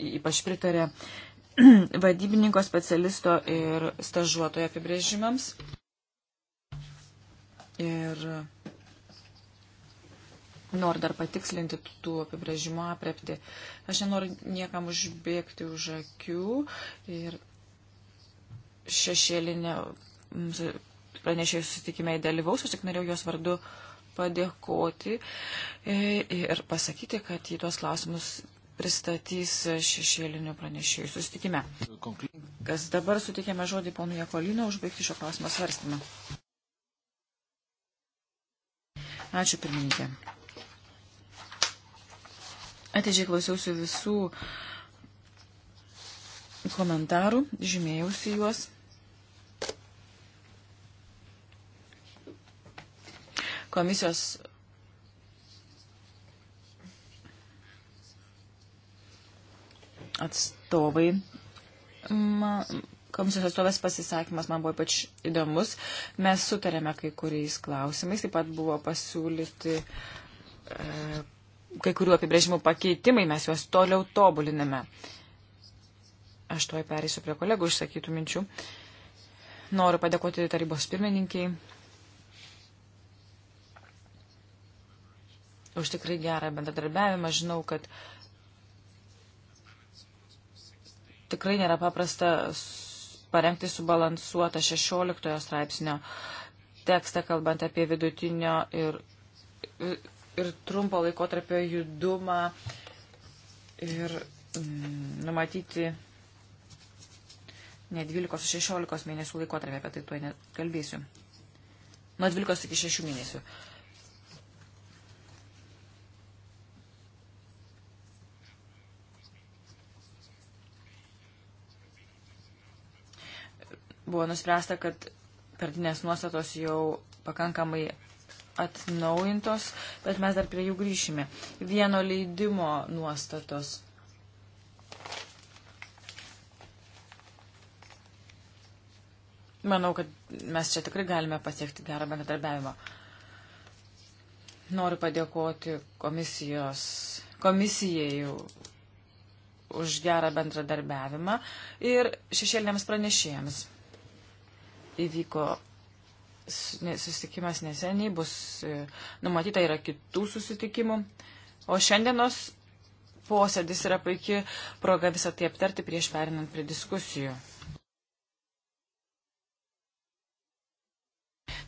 ypač pritarė vadybininko specialisto ir stažuotojo apibrėžimams. Ir Noriu dar patikslinti tų apibrėžimo aprepti. Aš nenoriu niekam užbėgti už akių ir šešėlinė mm, pranešėjų susitikime dalyvaus, aš tik norėjau jos vardu padėkoti e, ir pasakyti, kad į tuos klausimus pristatys šešėlinių pranešėjų susitikime. Kas dabar sutikėme žodį ponui Jekolino užbaigti šio klausimo svarstymą. Ačiū pirmininkė. Atežiai klausiausi visų komentarų, žymėjausi juos. Komisijos atstovai, man, komisijos atstovės pasisakymas man buvo ypač įdomus. Mes sutarėme kai kuriais klausimais, taip pat buvo pasiūlyti. E, kai kurių apibrėžimų pakeitimai, mes juos toliau tobuliname. Aš tuoj perėsiu prie kolegų išsakytų minčių. Noriu padėkoti tarybos pirmininkiai už tikrai gerą bendradarbiavimą. Žinau, kad tikrai nėra paprasta parengti subalansuotą 16 straipsnio tekstą, kalbant apie vidutinio ir ir trumpo laikotarpio judumą ir mm, numatyti ne 12-16 mėnesių laikotarpį, apie tai tuo nekalbėsiu. Nuo 12 iki 6 mėnesių. Buvo nuspręsta, kad perdinės nuostatos jau pakankamai atnaujintos, bet mes dar prie jų grįšime. Vieno leidimo nuostatos. Manau, kad mes čia tikrai galime pasiekti gerą bendradarbiavimą. Noriu padėkoti komisijos, komisijai už gerą bendradarbiavimą ir šešėliniams pranešėjams įvyko susitikimas neseniai, bus e, numatyta yra kitų susitikimų. O šiandienos posėdis yra puikia proga visą tai aptarti prieš perinant prie diskusijų.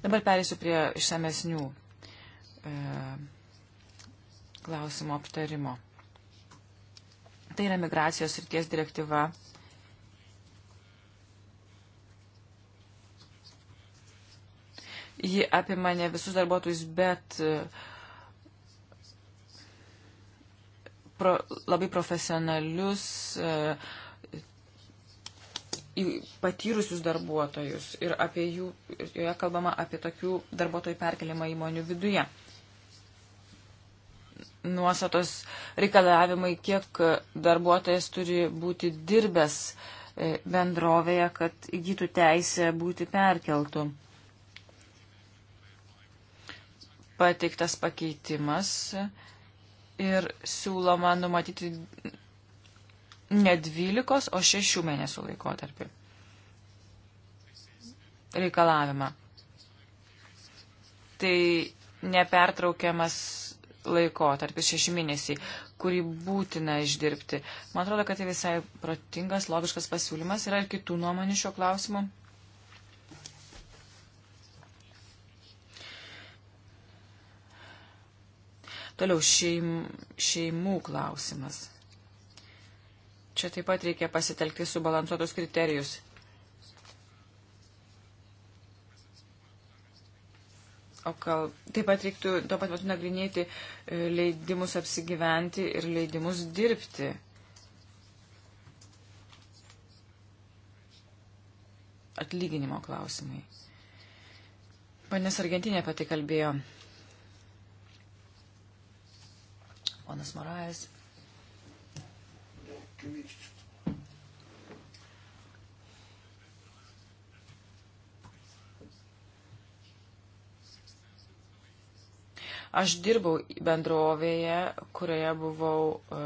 Dabar perėsiu prie išsamesnių e, klausimų aptarimo. Tai yra migracijos ir ties direktyva ji apima ne visus darbuotojus, bet e, pro, labai profesionalius, e, patyrusius darbuotojus ir apie jų, joje kalbama apie tokių darbuotojų perkelimą įmonių viduje. Nuostatos reikalavimai, kiek darbuotojas turi būti dirbęs e, bendrovėje, kad įgytų teisę būti perkeltų. pateiktas pakeitimas ir siūloma numatyti ne 12, o 6 mėnesių laikotarpį reikalavimą. Tai nepertraukiamas laikotarpis 6 mėnesiai, kurį būtina išdirbti. Man atrodo, kad tai visai protingas, logiškas pasiūlymas. Yra ir kitų nuomonių šiuo klausimu. Toliau šeim, šeimų klausimas. Čia taip pat reikia pasitelkti subalansuotus kriterijus. O kal... taip pat reiktų tuo pat metu nagrinėti e, leidimus apsigyventi ir leidimus dirbti. Atlyginimo klausimai. Panės Argentinė pati kalbėjo. ponas Morais. Aš dirbau bendrovėje, kurioje buvau uh,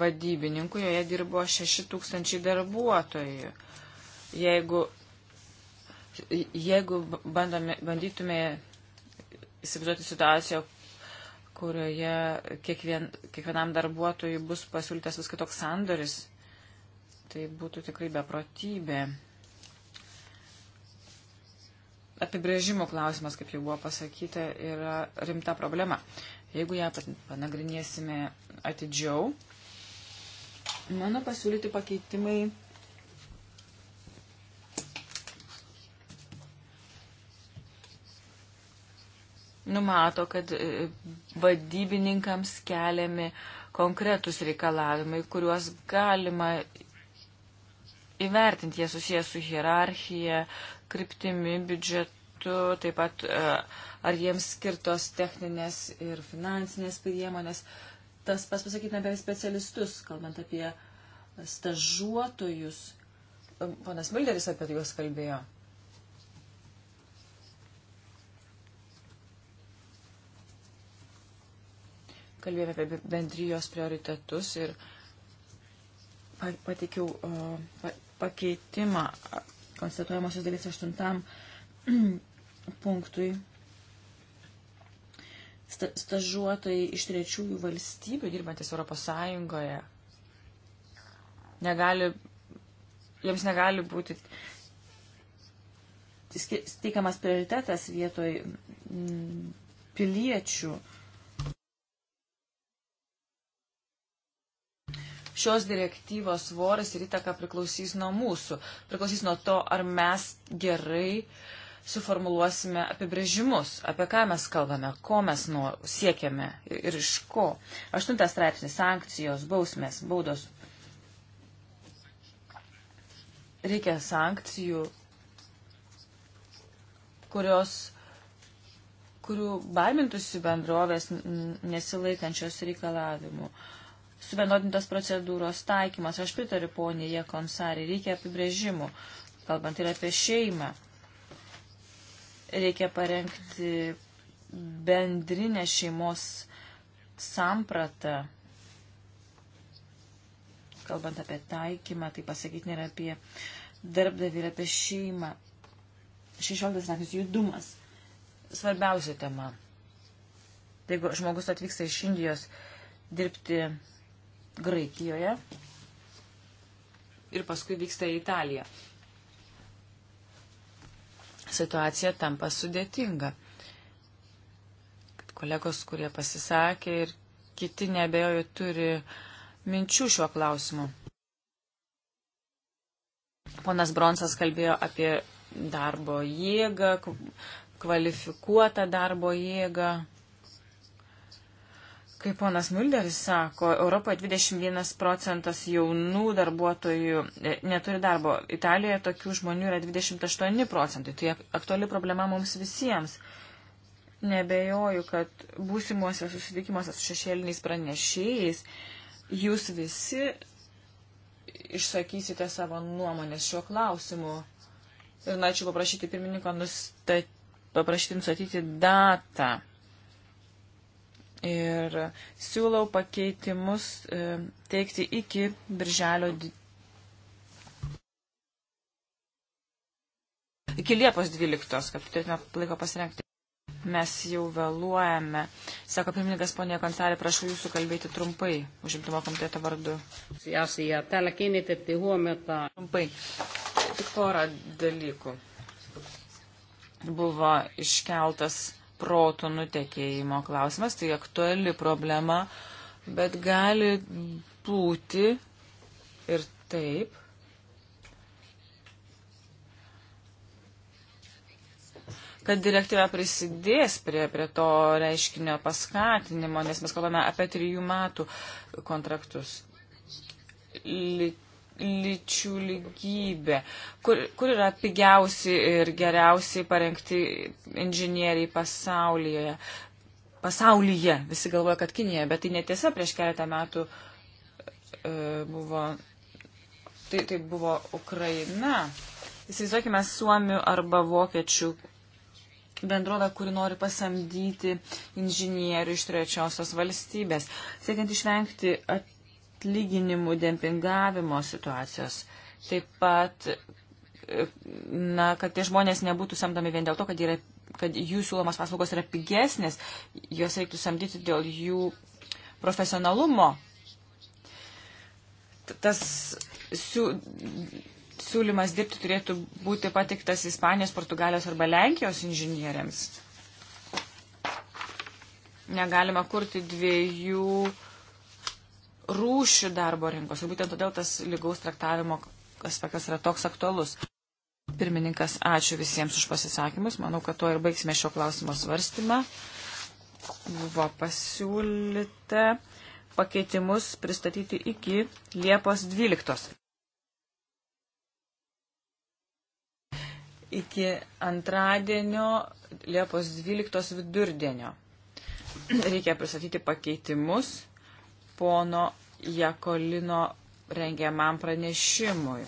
vadybininku, joje dirbo 6000 darbuotojų. Jeigu, jeigu bandome, bandytume įsivaizduoti situaciją, kurioje kiekvien, kiekvienam darbuotojui bus pasiūlytas vis kitoks sandoris, tai būtų tikrai beprotybė. Apibrėžimo klausimas, kaip jau buvo pasakyta, yra rimta problema. Jeigu ją panagrinėsime atidžiau, mano pasiūlyti pakeitimai numato, kad e, vadybininkams keliami konkretus reikalavimai, kuriuos galima įvertinti. Jie susijęs su hierarchija, kryptimi, biudžetu, taip pat e, ar jiems skirtos techninės ir finansinės priemonės. Tas pas pasakytina apie specialistus, kalbant apie stažuotojus. E, ponas Mulderis apie juos kalbėjo. kalbėjome apie bendrijos prioritetus ir pateikiau pakeitimą konstatuojamosios dalies aštuntam punktui. Stažuotojai iš trečiųjų valstybių dirbantis Europos Sąjungoje negali, jiems negali būti teikiamas prioritetas vietoj piliečių šios direktyvos svoris ir įtaka priklausys nuo mūsų, priklausys nuo to, ar mes gerai suformuluosime apibrėžimus, apie ką mes kalbame, ko mes nu, siekiame ir iš ko. Aštuntas straipsnis - sankcijos, bausmės, baudos. Reikia sankcijų, kurios kurių baimintųsi bendrovės nesilaikančios reikalavimų. Uh, suvienodintos procedūros taikymas. Aš pritariu poniai Jekonsarį, reikia apibrėžimų, kalbant ir apie šeimą. Reikia parengti bendrinę šeimos sampratą, kalbant apie taikymą, tai pasakyti nėra apie darbdavį ir apie šeimą. 16 straipsnis judumas. Svarbiausia tema. Jeigu žmogus atvyksta iš Indijos dirbti Graikijoje ir paskui vyksta į Italiją. Situacija tampa sudėtinga. Kolegos, kurie pasisakė ir kiti nebejoju turi minčių šiuo klausimu. Ponas Bronsas kalbėjo apie darbo jėgą, kvalifikuotą darbo jėgą. Kaip ponas Mulderis sako, Europoje 21 procentas jaunų darbuotojų e, neturi darbo. Italijoje tokių žmonių yra 28 procentai. Tai aktuali problema mums visiems. Nebejoju, kad būsimuose susitikimuose su šešėliniais pranešėjais jūs visi išsakysite savo nuomonės šiuo klausimu. Ir norėčiau paprašyti pirmininko nustat... paprašyti nustatyti datą ir siūlau pakeitimus e, teikti iki birželio. Iki Liepos 12, kad turėtume laiko pasirengti. Mes jau vėluojame. Sako pirmininkas ponė Kantarė, prašau jūsų kalbėti trumpai užimtumo komiteto vardu. Trumpai. Tik porą dalykų buvo iškeltas protų nutekėjimo klausimas, tai aktuali problema, bet gali būti ir taip. kad direktyva prisidės prie, prie to reiškinio paskatinimo, nes mes kalbame apie trijų metų kontraktus. Lit lyčių lygybė, kur, kur yra pigiausi ir geriausiai parengti inžinieriai pasaulyje. Pasaulyje visi galvoja, kad Kinija, bet tai netiesa prieš keletą metų e, buvo, tai, tai buvo Ukraina. Įsivaizduokime suomių arba vokiečių bendrovę, kuri nori pasamdyti inžinierių iš trečiosios valstybės. Siekiant išvengti at atlyginimų dempingavimo situacijos. Taip pat, na, kad tie žmonės nebūtų samdomi vien dėl to, kad, yra, kad jų siūlomas paslaugos yra pigesnės, juos reiktų samdyti dėl jų profesionalumo. Tas siū, siūlymas dirbti turėtų būti patiktas Ispanijos, Portugalijos arba Lenkijos inžinieriams. Negalima kurti dviejų rūšių darbo rinkos. Ir būtent todėl tas lygaus traktavimo aspektas yra toks aktualus. Pirmininkas, ačiū visiems už pasisakymus. Manau, kad to ir baigsime šio klausimo svarstymą. Buvo pasiūlyta pakeitimus pristatyti iki Liepos 12. Iki antradienio Liepos 12 vidurdienio. Reikia pristatyti pakeitimus pono Jakolino rengiamam pranešimui.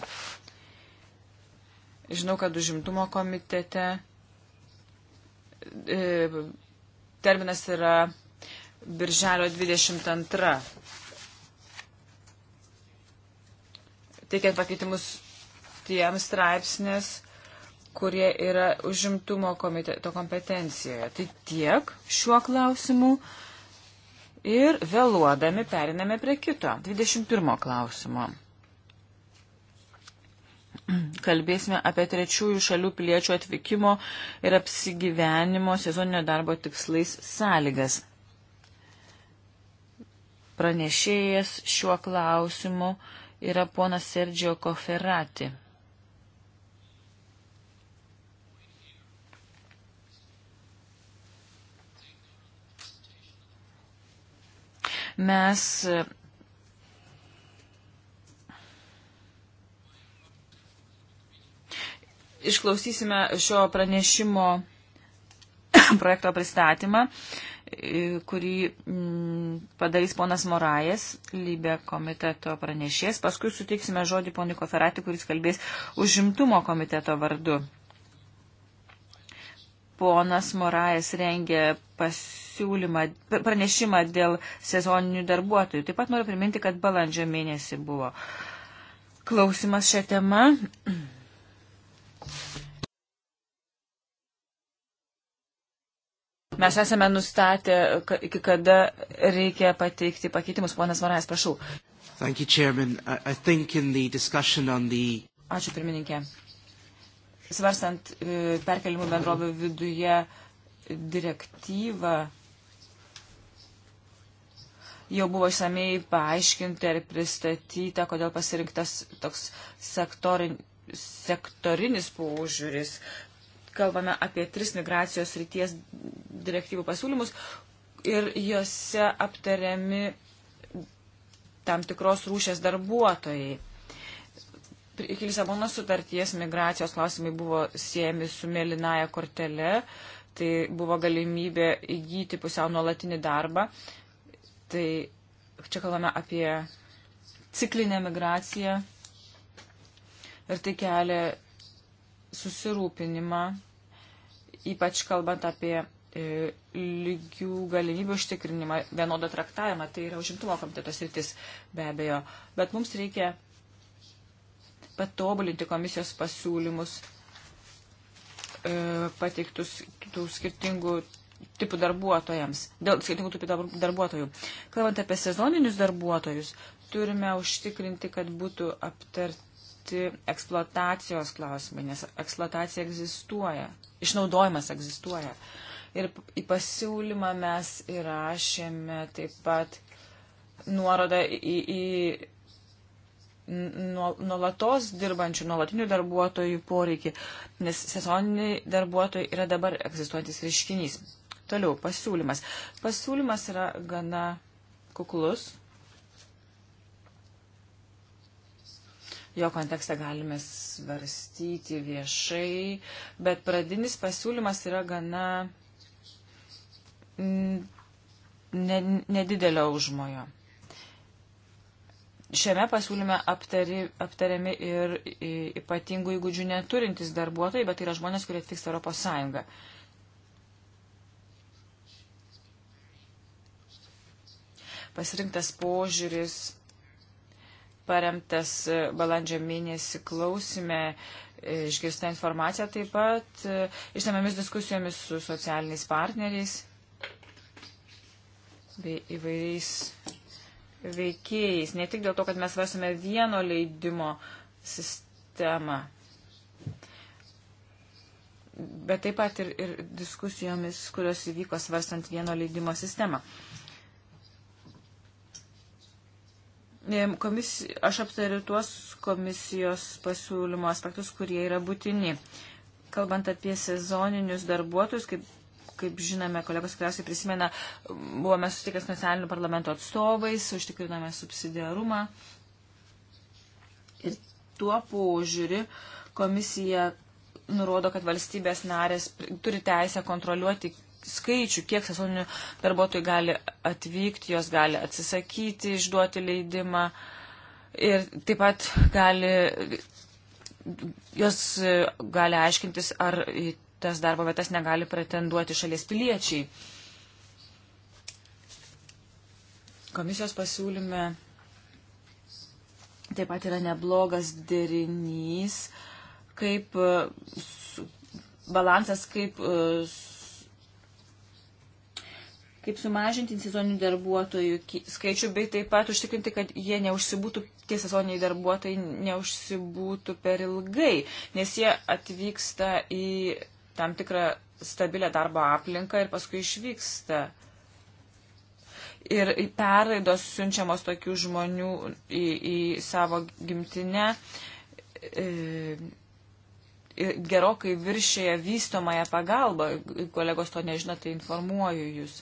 Žinau, kad užimtumo komitete e, terminas yra birželio 22. Teikiant pakeitimus tiems straipsnės, kurie yra užimtumo komiteto kompetencijoje. Tai tiek šiuo klausimu ir vėluodami periname prie kito, 21 klausimo. Kalbėsime apie trečiųjų šalių piliečių atvykimo ir apsigyvenimo sezoninio darbo tikslais sąlygas. Pranešėjas šiuo klausimu yra ponas Sergio Koferati. Mes e, išklausysime šio pranešimo projekto pristatymą, e, kurį mm, padarys ponas Morajas, lybė komiteto pranešės. Paskui sutiksime žodį ponui Koferatį, kuris kalbės užimtumo komiteto vardu. Ponas Morajas rengė pasiūlymą pasiūlymą, pranešimą dėl sezoninių darbuotojų. Taip pat noriu priminti, kad balandžio mėnesį buvo klausimas šią temą. Mes esame nustatę, iki kada reikia pateikti pakeitimus. Ponas Varais, prašau. Thank you, Chairman. I think in the discussion on the... Ačiū, pirmininkė. Svarstant e, perkelimų bendrovių viduje direktyvą, jau buvo išsamei paaiškinta ir pristatyta, kodėl pasirinktas toks sektorin, sektorinis paužiūris. Kalbame apie tris migracijos ryties direktyvų pasiūlymus ir juose aptariami tam tikros rūšės darbuotojai. Iki Lisabono sutarties migracijos klausimai buvo siejami su mėlynaja kortele, tai buvo galimybė įgyti pusiau nuolatinį darbą. Tai čia kalbame apie ciklinę migraciją ir tai kelia susirūpinimą, ypač kalbant apie e, lygių galimybių užtikrinimą, vienodą traktavimą, tai yra užimtumo komitetos rytis be abejo. Bet mums reikia patobulinti komisijos pasiūlymus e, pateiktus tų skirtingų tipų darbuotojams, dėl skirtingų tipų darbuotojų. Kalbant apie sezoninius darbuotojus, turime užtikrinti, kad būtų aptarti eksploatacijos klausimai, nes eksploatacija egzistuoja, išnaudojimas egzistuoja. Ir į pasiūlymą mes įrašėme taip pat nuorodą į, į nuolatos dirbančių, nuolatinių darbuotojų poreikį, nes sezoniniai darbuotojai yra dabar egzistuojantis reiškinys. Toliau, pasiūlymas. Pasiūlymas yra gana kuklus. Jo kontekstą galime svarstyti viešai, bet pradinis pasiūlymas yra gana nedidelio užmojo. Šiame pasiūlyme aptari, aptariami ir ypatingų įgūdžių neturintys darbuotojai, bet tai yra žmonės, kurie atvyks Europos Sąjungą. Uh, pasirinktas požiūris paremtas balandžio mėnesį klausime e, išgirsta informacija taip pat e, išsamiamis diskusijomis su socialiniais partneriais bei įvairiais veikėjais. Ne tik dėl to, kad mes varsime vieno leidimo sistemą, bet taip pat ir, ir diskusijomis, kurios įvyko svarstant vieno leidimo sistemą. Uh, Komisi... Aš aptariu tuos komisijos pasiūlymo aspektus, kurie yra būtini. Kalbant apie sezoninius darbuotojus, kaip, kaip žinome, kolegos tikriausiai prisimena, buvome susitikę su nacionaliniu parlamento atstovais, užtikrinome subsidiarumą. Ir tuo požiūriu komisija nurodo, kad valstybės narės turi teisę kontroliuoti skaičių, kiek sezoninių darbuotojų gali atvykti, jos gali atsisakyti, išduoti leidimą ir taip pat gali, jos e, gali aiškintis, ar tas darbo vietas negali pretenduoti šalies piliečiai. Komisijos pasiūlyme taip pat yra neblogas derinys, kaip e, balansas, kaip su e, kaip sumažinti sezoninių darbuotojų skaičių, bei taip pat užtikrinti, kad jie neužsibūtų, tie sezoniniai darbuotojai neužsibūtų per ilgai, nes jie atvyksta į tam tikrą stabilę darbo aplinką ir paskui išvyksta. Ir perlaidos siunčiamos tokių žmonių į, į savo gimtinę. E, gerokai viršėja vystomąją pagalbą. Kolegos to nežino, tai informuoju jūs.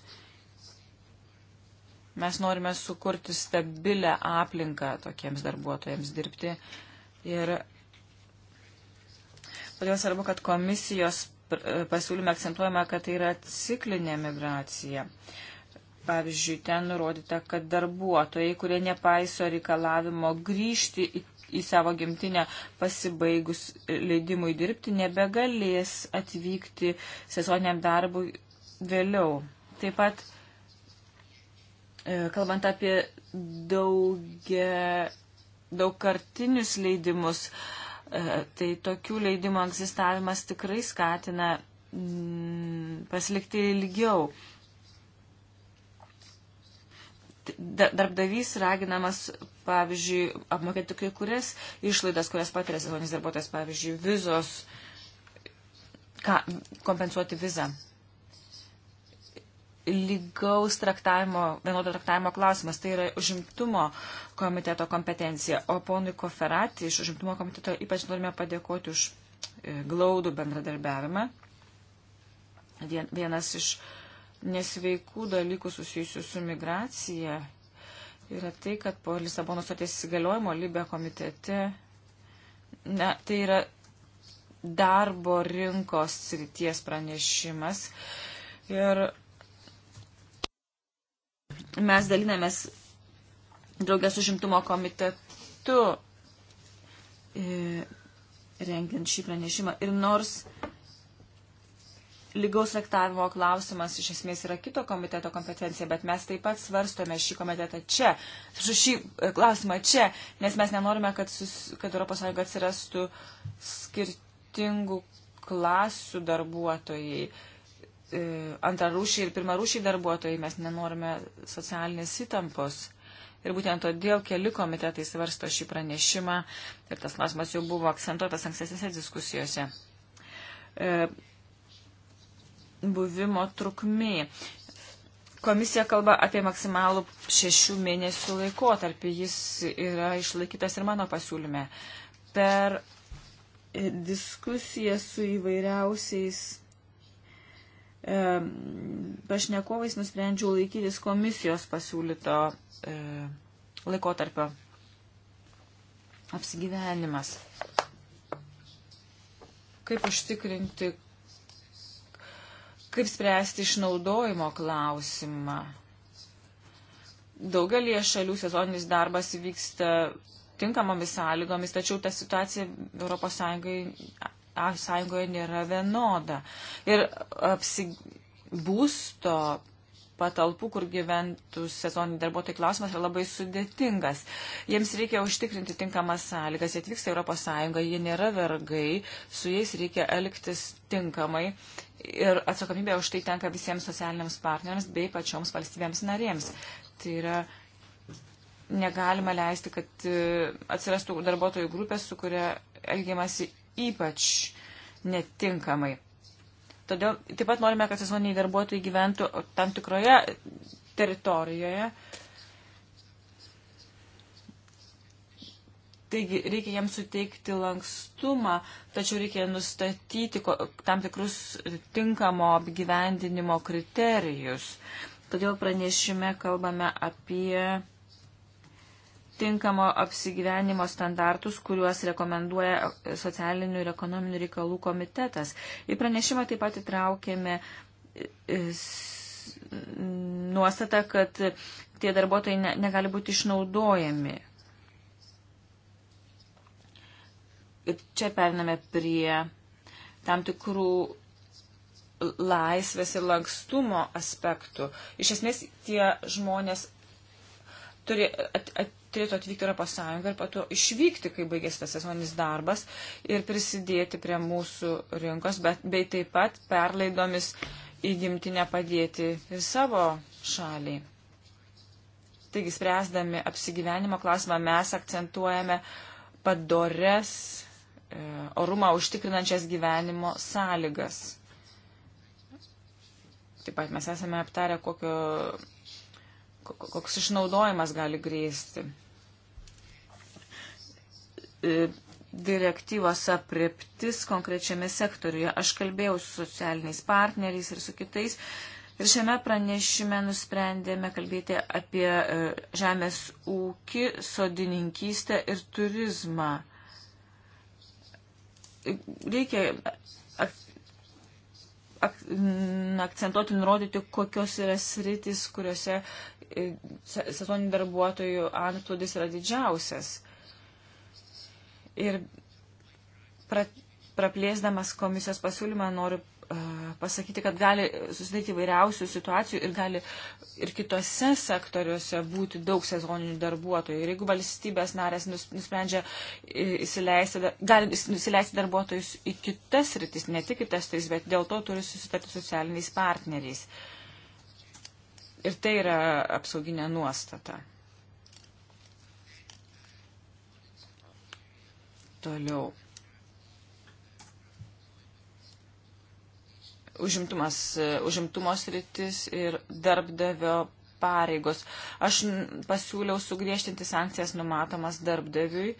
Mes norime sukurti stabilę aplinką tokiems darbuotojams dirbti. Ir todėl svarbu, kad komisijos pasiūlyme akcentuojama, kad tai yra ciklinė migracija. Pavyzdžiui, ten nurodyta, kad darbuotojai, kurie nepaiso reikalavimo grįžti į, į savo gimtinę pasibaigus leidimui dirbti, nebegalės atvykti sezoniniam darbui vėliau. Taip pat E, kalbant apie daugia, daugkartinius leidimus, e, tai tokių leidimų egzistavimas tikrai skatina mm, pasilikti ilgiau. Darbdavys raginamas, pavyzdžiui, apmokėti kai kurias išlaidas, kurias patiria sezoninis darbuotojas, pavyzdžiui, vizos, ką, kompensuoti vizą lygaus traktavimo, vienodo traktavimo klausimas, tai yra užimtumo komiteto kompetencija. O ponui Koferati iš užimtumo komiteto ypač norime padėkoti už e, glaudų bendradarbiavimą. Vienas iš nesveikų dalykų susijusių su migracija yra tai, kad po Lisabono stoties įsigaliojimo Libė komitete, na, tai yra darbo rinkos srities pranešimas. Ir mes dalinamės draugės užimtumo komitetu e, rengiant šį pranešimą. Ir nors lygaus traktavimo klausimas iš esmės yra kito komiteto kompetencija, bet mes taip pat svarstome šį komitetą čia, su šį e, klausimą čia, nes mes nenorime, kad, sus, kad ES atsirastų skirtingų klasių darbuotojai. E, E, antrarūšiai ir pirmarūšiai darbuotojai, mes nenorime socialinės įtampos. Ir būtent todėl keli komitetai svarsto šį pranešimą ir tas klausimas jau buvo akcentuotas ankstesnėse diskusijose. E, buvimo trukmė. Komisija kalba apie maksimalų šešių mėnesių laikotarpį. Jis yra išlaikytas ir mano pasiūlyme. Per e, diskusiją su įvairiausiais E, pašnekovais nusprendžiau laikytis komisijos pasiūlyto e, laikotarpio apsigyvenimas. Kaip užtikrinti, kaip spręsti išnaudojimo klausimą. Daugelie šalių sezoninis darbas vyksta tinkamomis sąlygomis, tačiau ta situacija ES sąjungoje nėra vienoda. Ir apsi, būsto patalpų, kur gyventų sezoniniai darbuotojai klausimas yra labai sudėtingas. Jiems reikia užtikrinti tinkamas sąlygas, jie atvyksta Europos Sąjungą, jie nėra vergai, su jais reikia elgtis tinkamai ir atsakomybė už tai tenka visiems socialiniams partneriams bei pačioms valstybėms narėms. Tai yra negalima leisti, kad e, atsirastų darbuotojų grupės, su kuria elgiamasi ypač netinkamai. Todėl taip pat norime, kad sezoniniai darbuotojai gyventų tam tikroje teritorijoje. Taigi reikia jiems suteikti lankstumą, tačiau reikia nustatyti tam tikrus tinkamo apgyvendinimo kriterijus. Todėl pranešime kalbame apie tinkamo apsigyvenimo standartus, kuriuos rekomenduoja socialinių ir ekonominių reikalų komitetas. Į pranešimą taip pat įtraukėme e, nuostatą, kad tie darbuotojai ne, negali būti išnaudojami. Ir čia periname prie tam tikrų laisvės ir lankstumo aspektų. Iš esmės tie žmonės turi at, at, turėtų atvykti Europos Sąjungą ir pato išvykti, kai baigėsi tas sezoninis darbas ir prisidėti prie mūsų rinkos, bet, bei taip pat perlaidomis į gimtinę padėti ir savo šaliai. Taigi, spręsdami apsigyvenimo klausimą, mes akcentuojame padores e, orumą užtikrinančias gyvenimo sąlygas. Taip pat mes esame aptarę, kokio, koks išnaudojimas gali grėsti. E, direktyvos apreptis konkrečiame sektoriuje. Aš kalbėjau su socialiniais partneriais ir su kitais. Ir šiame pranešime nusprendėme kalbėti apie e, žemės ūkį, sodininkystę ir turizmą. Reikia ak ak akcentuoti, nurodyti, kokios yra sritis, kuriuose e, sezoninių darbuotojų antplūdis yra didžiausias. Ir pra, praplėsdamas komisijos pasiūlymą noriu uh, pasakyti, kad gali susidaryti įvairiausių situacijų ir gali ir kitose sektoriuose būti daug sezoninių darbuotojų. Ir jeigu valstybės narės nusprendžia įsileisti, gali nusileisti darbuotojus į kitas rytis, ne tik kitas rytis, bet dėl to turi susitarti socialiniais partneriais. Ir tai yra apsauginė nuostata. Toliau. Užimtumas, užimtumos rytis ir darbdavio pareigos. Aš pasiūliau sugriežtinti sankcijas numatomas darbdaviui,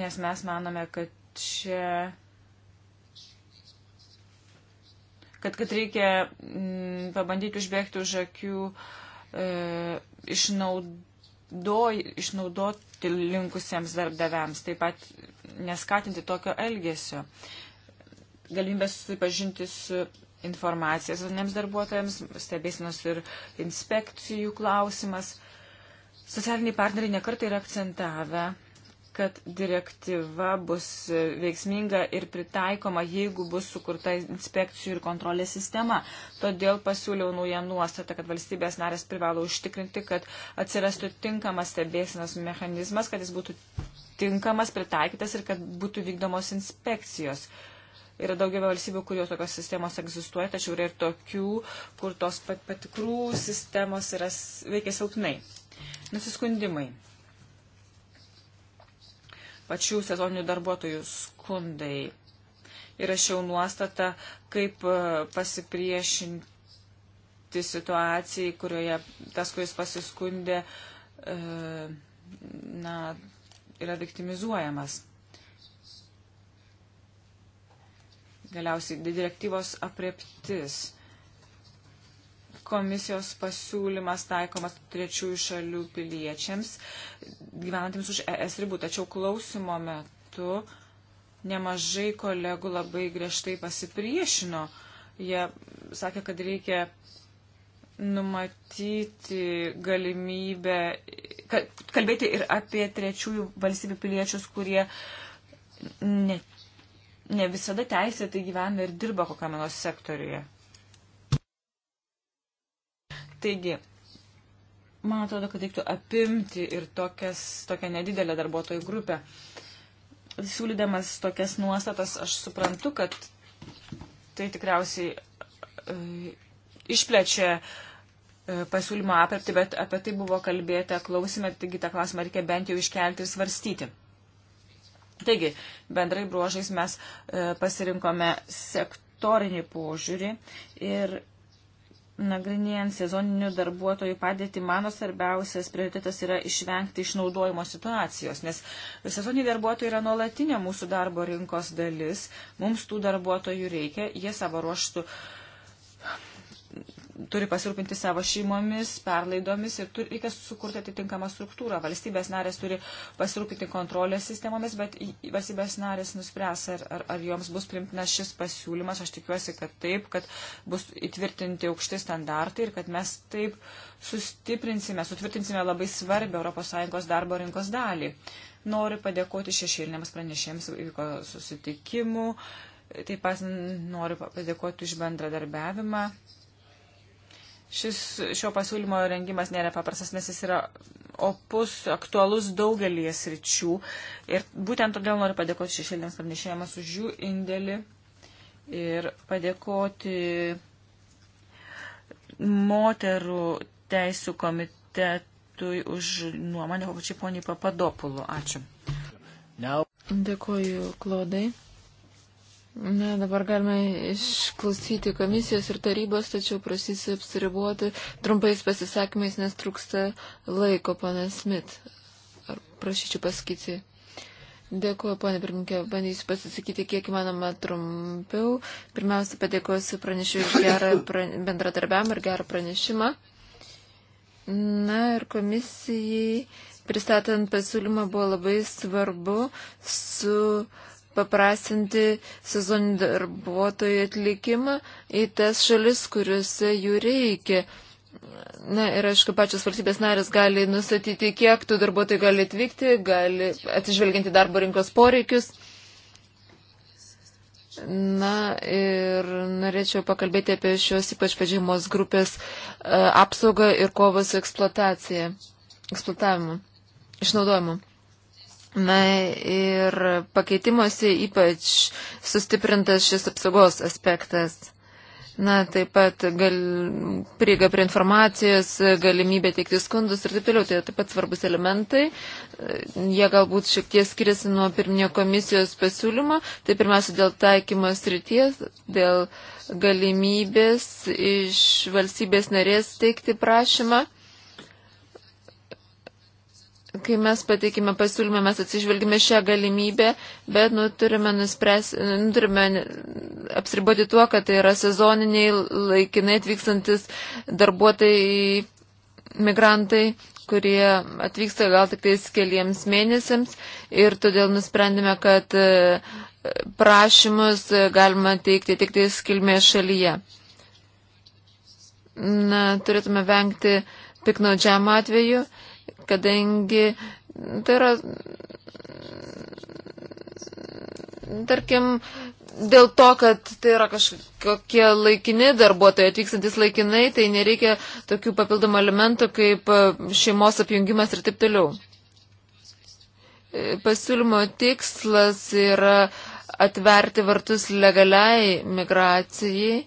nes mes manome, kad čia kad, kad reikia m, pabandyti užbėgti už akių e, išnaudoti išnaudoti linkusiems darbdaviams, taip pat neskatinti tokio elgesio. Galimybės susipažinti su informacija sezoniems darbuotojams, stebėsinos ir inspekcijų klausimas. Socialiniai partneriai nekartai yra akcentavę kad direktyva bus veiksminga ir pritaikoma, jeigu bus sukurta inspekcijų ir kontrolės sistema. Todėl pasiūliau naują nuostatą, kad valstybės narės privalo užtikrinti, kad atsirastų tinkamas stebėsinas mechanizmas, kad jis būtų tinkamas, pritaikytas ir kad būtų vykdomos inspekcijos. Yra daugybė valstybių, kurio tokios sistemos egzistuoja, tačiau yra ir tokių, kur tos patikrų sistemos yra, veikia silpnai. Nusiskundimai pačių sezoninių darbuotojų skundai. Įrašiau nuostatą, kaip e, pasipriešinti situacijai, kurioje tas, kuris pasiskundė, e, na, yra viktimizuojamas. Galiausiai direktyvos apreptis komisijos pasiūlymas taikomas trečiųjų šalių piliečiams gyvenantiems už ES ribų. Tačiau klausimo metu nemažai kolegų labai griežtai pasipriešino. Jie sakė, kad reikia numatyti galimybę kalbėti ir apie trečiųjų valstybių piliečius, kurie ne, ne visada teisėtai gyvena ir dirba kokiame nors sektoriuje. Taigi, man atrodo, kad reiktų apimti ir tokias, tokią nedidelę darbuotojų grupę. Siūlydamas tokias nuostatas, aš suprantu, kad tai tikriausiai e, išplečia e, pasiūlymo apertį, bet apie tai buvo kalbėta klausime, taigi tą klausimą reikia bent jau iškelti ir svarstyti. Taigi, bendrai bruožais mes e, pasirinkom sektorinį požiūrį ir nagrinėjant sezoninių darbuotojų padėtį, mano svarbiausias prioritetas yra išvengti išnaudojimo situacijos, nes sezoniniai darbuotojai yra nuolatinė mūsų darbo rinkos dalis, mums tų darbuotojų reikia, jie savo ruoštų uh, turi pasirūpinti savo šeimomis, perlaidomis ir turi, reikia sukurti atitinkamą struktūrą. Valstybės narės turi pasirūpinti kontrolės sistemomis, bet valstybės narės nuspręs, ar, ar, ar joms bus primtinas šis pasiūlymas. Aš tikiuosi, kad taip, kad bus įtvirtinti aukšti standartai ir kad mes taip sustiprinsime, sutvirtinsime labai svarbę ES darbo rinkos dalį. Noriu padėkoti šešėlinėms pranešėjams, vyko susitikimų. Taip pat noriu padėkoti už bendradarbiavimą Šis šio pasiūlymo rengimas nėra paprastas, nes jis yra opus, aktualus daugelį sričių. Ir būtent todėl noriu padėkoti šešėlėms pranešėjams už jų indėlį ir padėkoti moterų teisų komitetui už nuomonę, kokiai poniai Papadopulo. Ačiū. Now. Dėkuoju, Klodai. Na, dabar galime išklausyti komisijos ir tarybos, tačiau prašysiu apsiribuoti trumpais pasisakymais, nes trūksta laiko, pana Smith. Ar prašyčiau pasakyti? Dėkuoju, ponė pirminkė, bandysiu pasisakyti kiek įmanoma trumpiau. Pirmiausia, padėkosiu pranešiu už gerą pran... bendradarbiavimą ir gerą pranešimą. Na ir komisijai pristatant pasiūlymą buvo labai svarbu su. Uh, paprasinti sezoninių darbuotojų atlikimą į tas šalis, kuriuose jų reikia. Na ir aišku, pačios valstybės narės gali nustatyti, kiek tų darbuotojų gali atvykti, gali atsižvelginti darbo rinkos poreikius. Na ir norėčiau pakalbėti apie šios ypač pažymos grupės e, apsaugą ir kovą su eksploatacija, eksploatavimu, išnaudojimu. Na ir pakeitimuose ypač sustiprintas šis apsaugos aspektas. Na, taip pat gal, prieiga prie informacijos, galimybė teikti skundus ir taip toliau, tai taip pat svarbus elementai. Jie galbūt šiek tiek skiriasi nuo pirminio komisijos pasiūlymo. Tai pirmiausia dėl taikymo srities, dėl galimybės iš valstybės narės teikti prašymą. Kai mes pateikime pasiūlymą, mes atsižvelgime šią galimybę, bet nu, turime, nuspręs, nu, turime apsiriboti tuo, kad tai yra sezoniniai, laikinai atvykstantis darbuotojai, migrantai, kurie atvyksta gal tik tais keliems mėnesiams ir todėl nusprendėme, kad e, prašymus galima teikti tik tais kilmės šalyje. Na, turėtume vengti piknaudžiam atveju kadangi tai yra, tarkim, dėl to, kad tai yra kažkokie laikini darbuotojai atvykstantis laikinai, tai nereikia tokių papildomų elementų kaip e, šeimos apjungimas ir taip toliau. E, pasiūlymo tikslas yra atverti vartus legaliai migracijai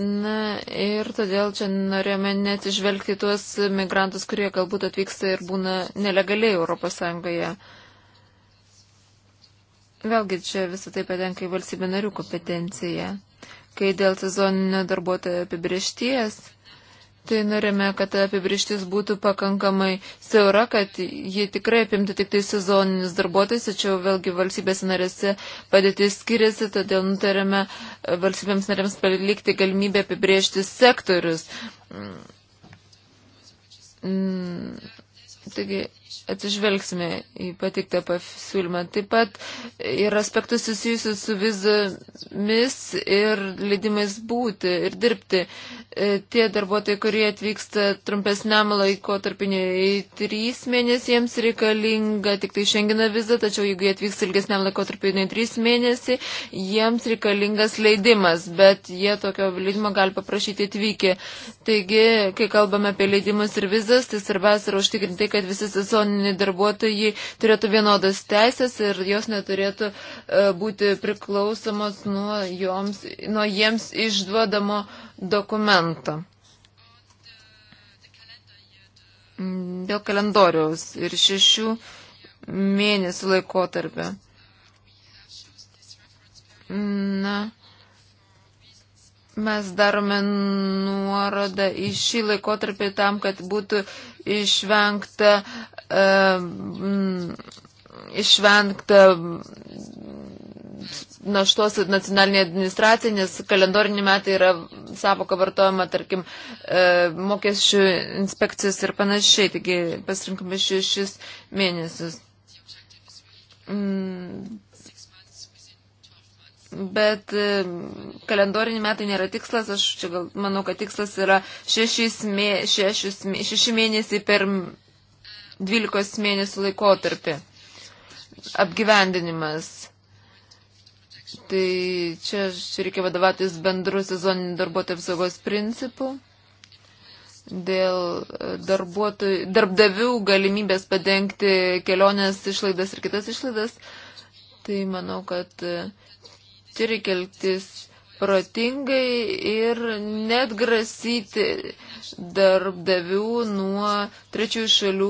Na ir todėl čia norėjome net išvelgti tuos migrantus, kurie galbūt atvyksta ir būna nelegaliai Europos Sąjungoje. Vėlgi čia visą tai patenka į valstybę narių kompetenciją. Kai dėl sezoninio darbuotojo apibriešties, Tai norime, kad apibrištis būtų pakankamai siaura, kad ji tikrai apimtų tik tai sezoninius darbuotojus, tačiau vėlgi valstybės narėse padėtis skiriasi, todėl nutarėme valstybėms narėms palikti galimybę apibriežti sektorius. Mm. Taigi, atsižvelgsime į patiktą pasiūlymą. Taip pat yra aspektų susijusių su vizomis ir leidimais būti ir dirbti. E, tie darbuotojai, kurie atvyksta trumpesniam laiko tarpiniai trys mėnesiai, jiems reikalinga tik tai šengina viza, tačiau jeigu jie atvyks ilgesniam laiko tarpiniai trys mėnesiai, jiems reikalingas leidimas, bet jie tokio leidimo gali paprašyti atvykę. Taigi, kai kalbame apie leidimus ir vizas, tai svarbiausia yra užtikrinti, kad visi sezoniniai sezoniniai darbuotojai turėtų vienodas teisės ir jos neturėtų e, būti priklausomos nuo, joms, nuo jiems išduodamo dokumento. Dėl kalendoriaus ir šešių mėnesių laikotarpio. Na, Mes darome nuorodą į šį laikotarpį tam, kad būtų išvengta, uh, išvengta naštos nacionalinė administracija, nes kalendorinį metą yra savoka vartojama, tarkim, e, mokesčių inspekcijos ir panašiai, taigi pasirinkime šešis mėnesius. Mm, Bet e, kalendoriniai metai nėra tikslas, aš čia gal, manau, kad tikslas yra šešis mė, šešis, šeši mėnesiai per 12 mėnesių laikotarpį. Apgyvendinimas. Tai čia, čia reikia vadovautis bendru sezoniniu darbuotojų apsaugos principu. Dėl e, darbdavių galimybės padengti kelionės išlaidas ir kitas išlaidas. Tai manau, kad e, turi keltis protingai ir net grasyti darbdavių nuo trečiųjų šalių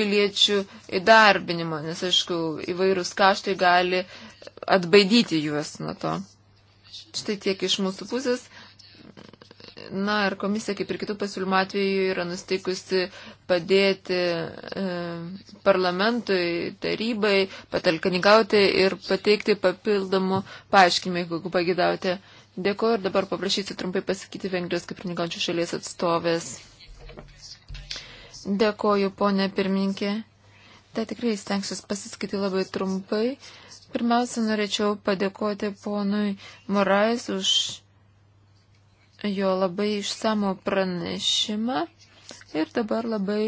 piliečių įdarbinimo, nes, aišku, įvairūs kaštai gali atbaidyti juos nuo to. Štai tiek iš mūsų pusės. Na ir komisija, kaip ir kitų pasiūlymų atveju, yra nusteikusi padėti e, parlamentui, tarybai, patalkanigauti ir pateikti papildomų paaiškinimų, jeigu pagidavote. Dėkuoju ir dabar paprašysiu trumpai pasakyti Vengrijos kaip pirmininkančių šalies atstovės. Dėkuoju, ponė pirmininkė. Tai tikrai stengsiu pasiskyti labai trumpai. Pirmiausia, norėčiau padėkoti ponui Morais už jo labai išsamų pranešimą ir dabar labai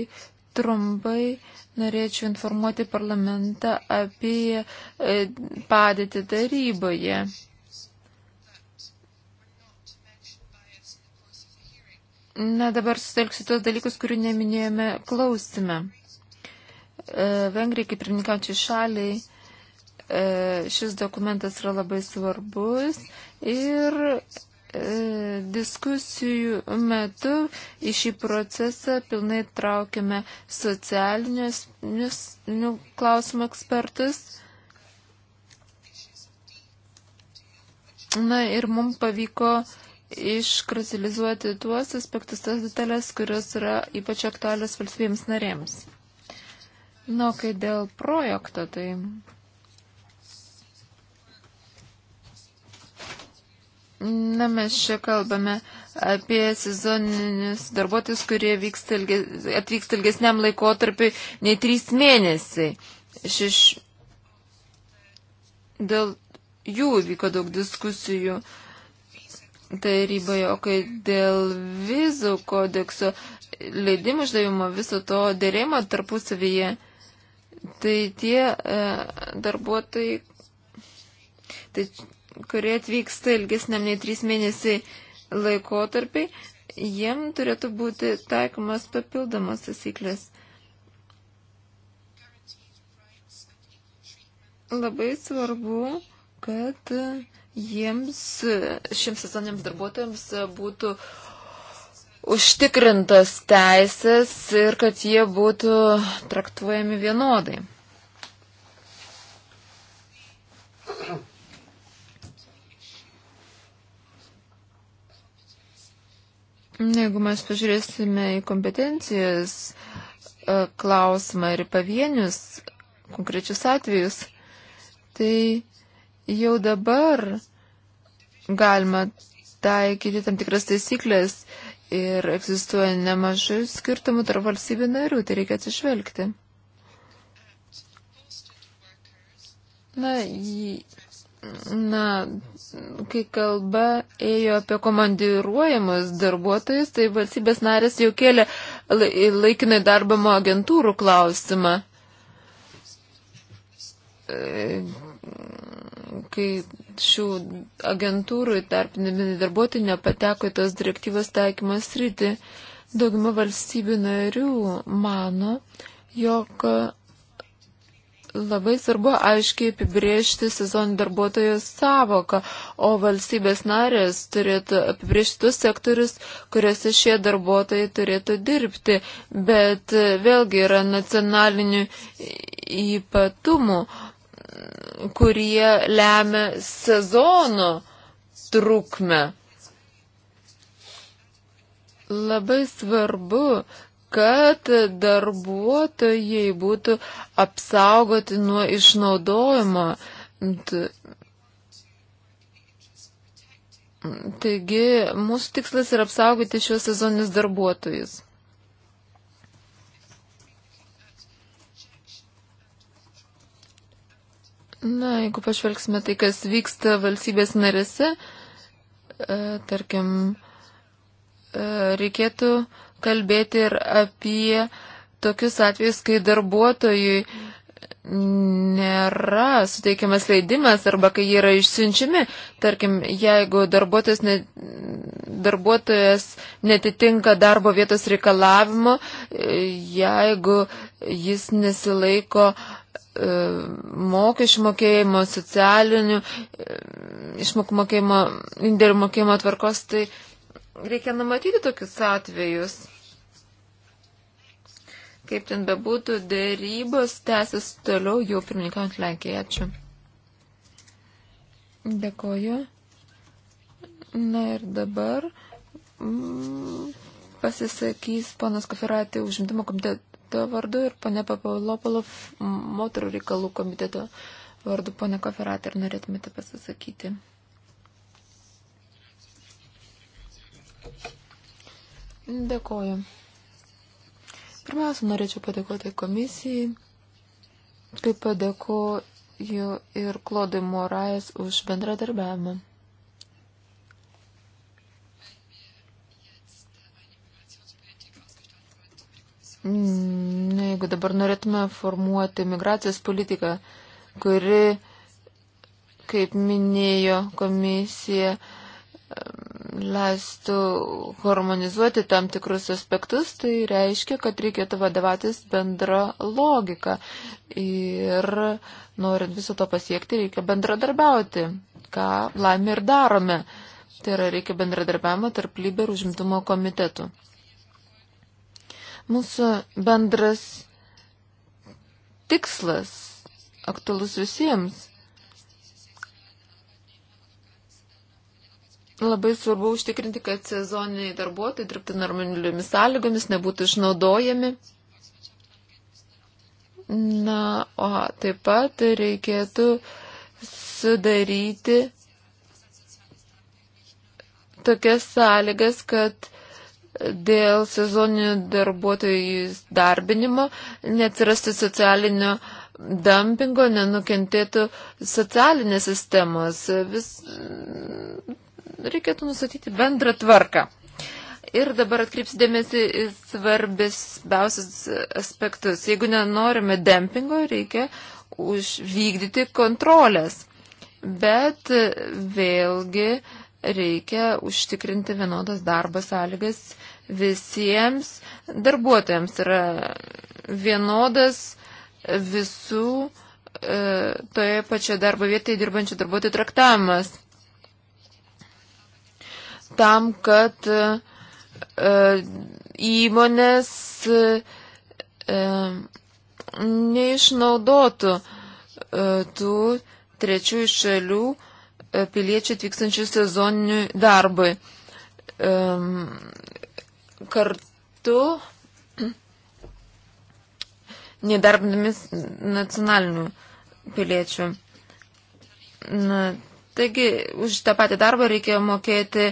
trumpai norėčiau informuoti parlamentą apie e, padėtį taryboje. Na, dabar susitelksiu tos dalykus, kurių neminėjome klausime. E, Vengrija, kaip ir minkaučiai šaliai, e, šis dokumentas yra labai svarbus ir E, diskusijų metu į šį procesą pilnai traukime socialinius nu, klausimų ekspertus. Na ir mums pavyko iškristalizuoti tuos aspektus, tas detalės, kurios yra ypač aktualios valstybėms narėms. Na, kai dėl projekto, tai Na, mes čia kalbame apie sezoninius darbuotojus, kurie ilge, atvyksta ilgesniam laikotarpiu nei trys mėnesiai. Šeš... Dėl jų vyko daug diskusijų taryboje, o kai dėl vizų kodekso leidimų išdavimo viso to dėrėjimo tarpusavyje, tai tie e, darbuotojai, tai kurie atvyksta ilgesniam nei 3 mėnesiai laikotarpiai, jiem turėtų būti taikomas papildomas taisyklės. Labai svarbu, kad jiems, šiems sezoniniams darbuotojams būtų užtikrintas teisės ir kad jie būtų traktuojami vienodai. Jeigu mes pažiūrėsime į kompetencijos e, klausimą ir pavienius konkrečius atvejus, tai jau dabar galima taikyti tam tikras taisyklės ir egzistuoja nemažai skirtumų tarp valstybių narių, tai reikia atsižvelgti. Na, jį Na, kai kalba ėjo apie komandiruojamus darbuotojus, tai valstybės narės jau kėlė laikinai darbamo agentūrų klausimą. E, kai šių agentūrų įtarpinami darbuotojai nepateko į tos direktyvos taikymas rytį, dauguma valstybių narių mano, jog Labai svarbu aiškiai apibriežti sezoninį darbuotojų savoką, o valstybės narės turėtų apibriežti tuos sektorius, kuriuose šie darbuotojai turėtų dirbti, bet e, vėlgi yra nacionalinių ypatumų, kurie lemia sezono trukmę. Labai svarbu kad darbuotojai būtų apsaugoti nuo išnaudojimo. Taigi, mūsų tikslas yra apsaugoti šios sezoninius darbuotojus. Na, jeigu pažvelgsime tai, kas vyksta valstybės narėse, e, tarkim, e, reikėtų e, kalbėti ir apie tokius atvejus, kai darbuotojui nėra suteikiamas leidimas arba kai jie yra išsiunčiami. Tarkim, jeigu darbuotojas, ne, darbuotojas netitinka darbo vietos reikalavimo, jeigu jis nesilaiko e, mokesčių mokėjimo, socialinių e, išmokų mokėjimo, indėlių mokėjimo tvarkos, tai reikia numatyti tokius atvejus. Kaip ten bebūtų, dėrybos tęsis toliau jau pirmininkant Lenkijai. Ačiū. Dėkoju. Na ir dabar mm, pasisakys ponas Kofiratė užimtumo komiteto vardu ir ponė Papalopolov moterų reikalų komiteto vardu. Pone Kofiratė, ar norėtumėte pasisakyti? Dėkoju. Pirmiausia, norėčiau padėkoti komisijai, taip padėkoju ir Klodai Morais už bendradarbiavimą. Jeigu dabar norėtume formuoti migracijos politiką, kuri, kaip minėjo komisija, leistų harmonizuoti tam tikrus aspektus, tai reiškia, kad reikėtų vadovautis bendra logika. Ir norint viso to pasiekti, reikia bendradarbiauti, ką laimė ir darome. Tai yra reikia bendradarbiavimo tarp lyberų užimtumo komitetų. Mūsų bendras tikslas aktualus visiems Labai svarbu užtikrinti, kad sezoniniai darbuotojai dirbti normaliomis sąlygomis, nebūtų išnaudojami. Na, o taip pat reikėtų sudaryti tokias sąlygas, kad dėl sezoninių darbuotojų darbinimo neatsirastų socialinio dumpingo, nenukentėtų socialinės sistemos. Vis reikėtų nusatyti bendrą tvarką. Ir dabar atkreipsiu dėmesį į svarbesbiausius aspektus. Jeigu nenorime dempingo, reikia užvykdyti kontrolės. Bet vėlgi reikia užtikrinti vienodas darbo sąlygas visiems darbuotojams. Tai yra vienodas visų e, toje pačioje darbo vietoje dirbančių darbuotojų traktavimas tam, kad e, e, įmonės e, neišnaudotų tų trečiųjų šalių piliečių atvykstančių sezoninių darbui. Kartu nedarbinami nacionalinių piliečių. Na, taigi, už tą patį darbą reikia mokėti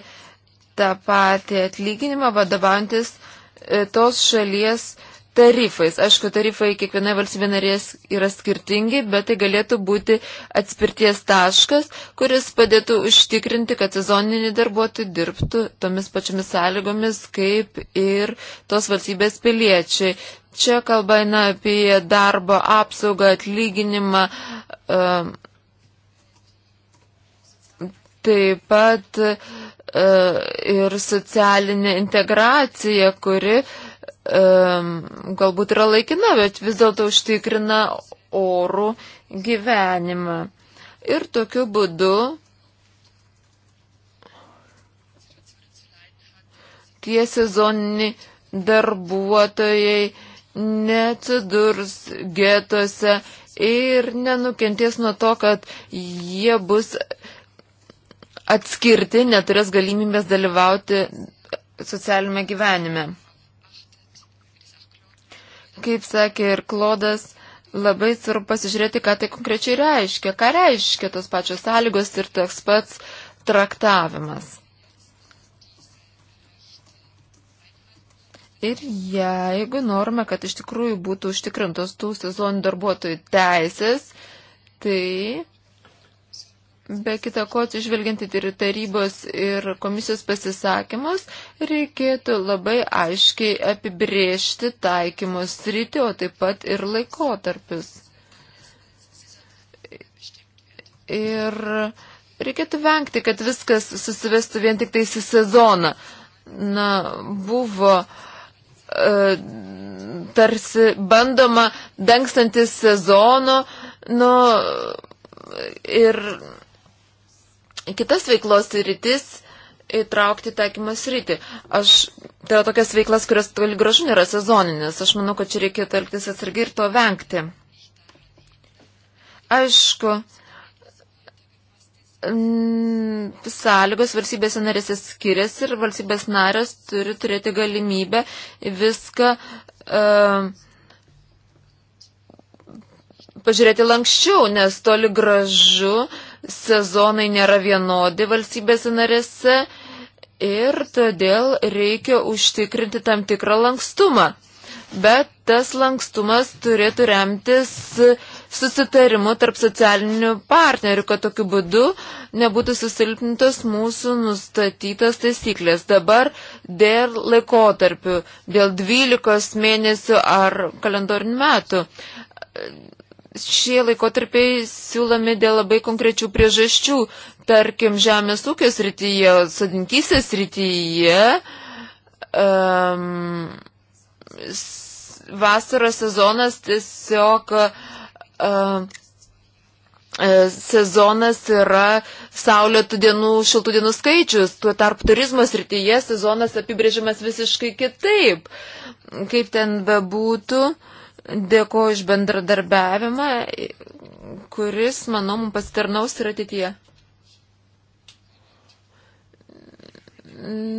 tą patį atlyginimą vadovantis e, tos šalies tarifais. Aišku, tarifai kiekviena valstybė narės yra skirtingi, bet tai galėtų būti atspirties taškas, kuris padėtų užtikrinti, kad sezoniniai darbuotojai dirbtų tomis pačiamis sąlygomis, kaip ir tos valstybės piliečiai. Čia kalba eina apie darbo apsaugą, atlyginimą. Um, taip pat uh, E, ir socialinė integracija, kuri e, galbūt yra laikina, bet vis dėlto užtikrina orų gyvenimą. Ir tokiu būdu tie sezoniniai darbuotojai neatsidurs getuose ir nenukentės nuo to, kad jie bus atskirti, neturės galimybės dalyvauti socialinėme gyvenime. Kaip sakė ir Klodas, labai svarbu pasižiūrėti, ką tai konkrečiai reiškia, ką reiškia tos pačios sąlygos ir toks pats traktavimas. Ir jeigu norime, kad iš tikrųjų būtų užtikrintos tų sezonų darbuotojų teisės, tai Be kita ko, atsižvelgiant ir tarybos ir komisijos pasisakymus, reikėtų labai aiškiai apibriežti taikymus rytį, o taip pat ir laikotarpius. Ir reikėtų vengti, kad viskas susivestų vien tik tais į sezoną. Na, buvo e, tarsi bandoma dangstantis sezono, nu, ir kitas veiklos rytis įtraukti taikymas rytį. Aš, tai yra tokias veiklas, kurios toli gražu nėra sezoninės. Aš manau, kad čia reikėtų elgtis atsargiai ir to vengti. Aišku, sąlygos valstybėse narėse skiriasi ir valstybės narės turi turėti galimybę viską uh, pažiūrėti lankščiau, nes toli gražu uh, sezonai nėra vienodi valstybėse narėse ir todėl reikia užtikrinti tam tikrą lankstumą. Bet tas lankstumas turėtų remtis susitarimu tarp socialinių partnerių, kad tokiu būdu nebūtų susilpnintos mūsų nustatytos taisyklės. Dabar dėl laikotarpių, dėl 12 mėnesių ar kalendorinių metų šie laikotarpiai siūlomi dėl labai konkrečių priežasčių. Tarkim, žemės ūkio srityje, sodinkysės srityje um, vasaros sezonas tiesiog um, sezonas yra saulėtų dienų, šiltų dienų skaičius. Tuo tarp turizmo srityje sezonas apibrėžiamas visiškai kitaip. Kaip ten bebūtų. Uh, Dėkuoju iš bendradarbiavimą, kuris, manau, mums pasitarnaus ir ateityje.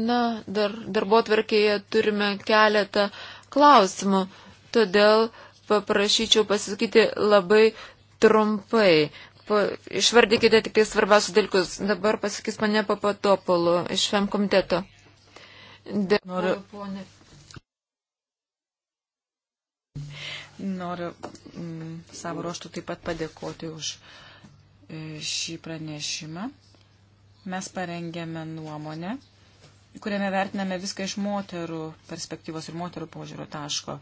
Na, dar, darbo atverkėje turime keletą klausimų, todėl paprašyčiau pasakyti labai trumpai. Pa, išvardykite tik tai svarbiausius dalykus. Dabar pasakys mane Papatopolo iš FEM komiteto. Dėkuoju, Noriu... ponė. Noriu mm, savo ruoštų taip pat padėkoti už e, šį pranešimą. Mes parengėme nuomonę, kuriame vertiname viską iš moterų perspektyvos ir moterų požiūrio taško,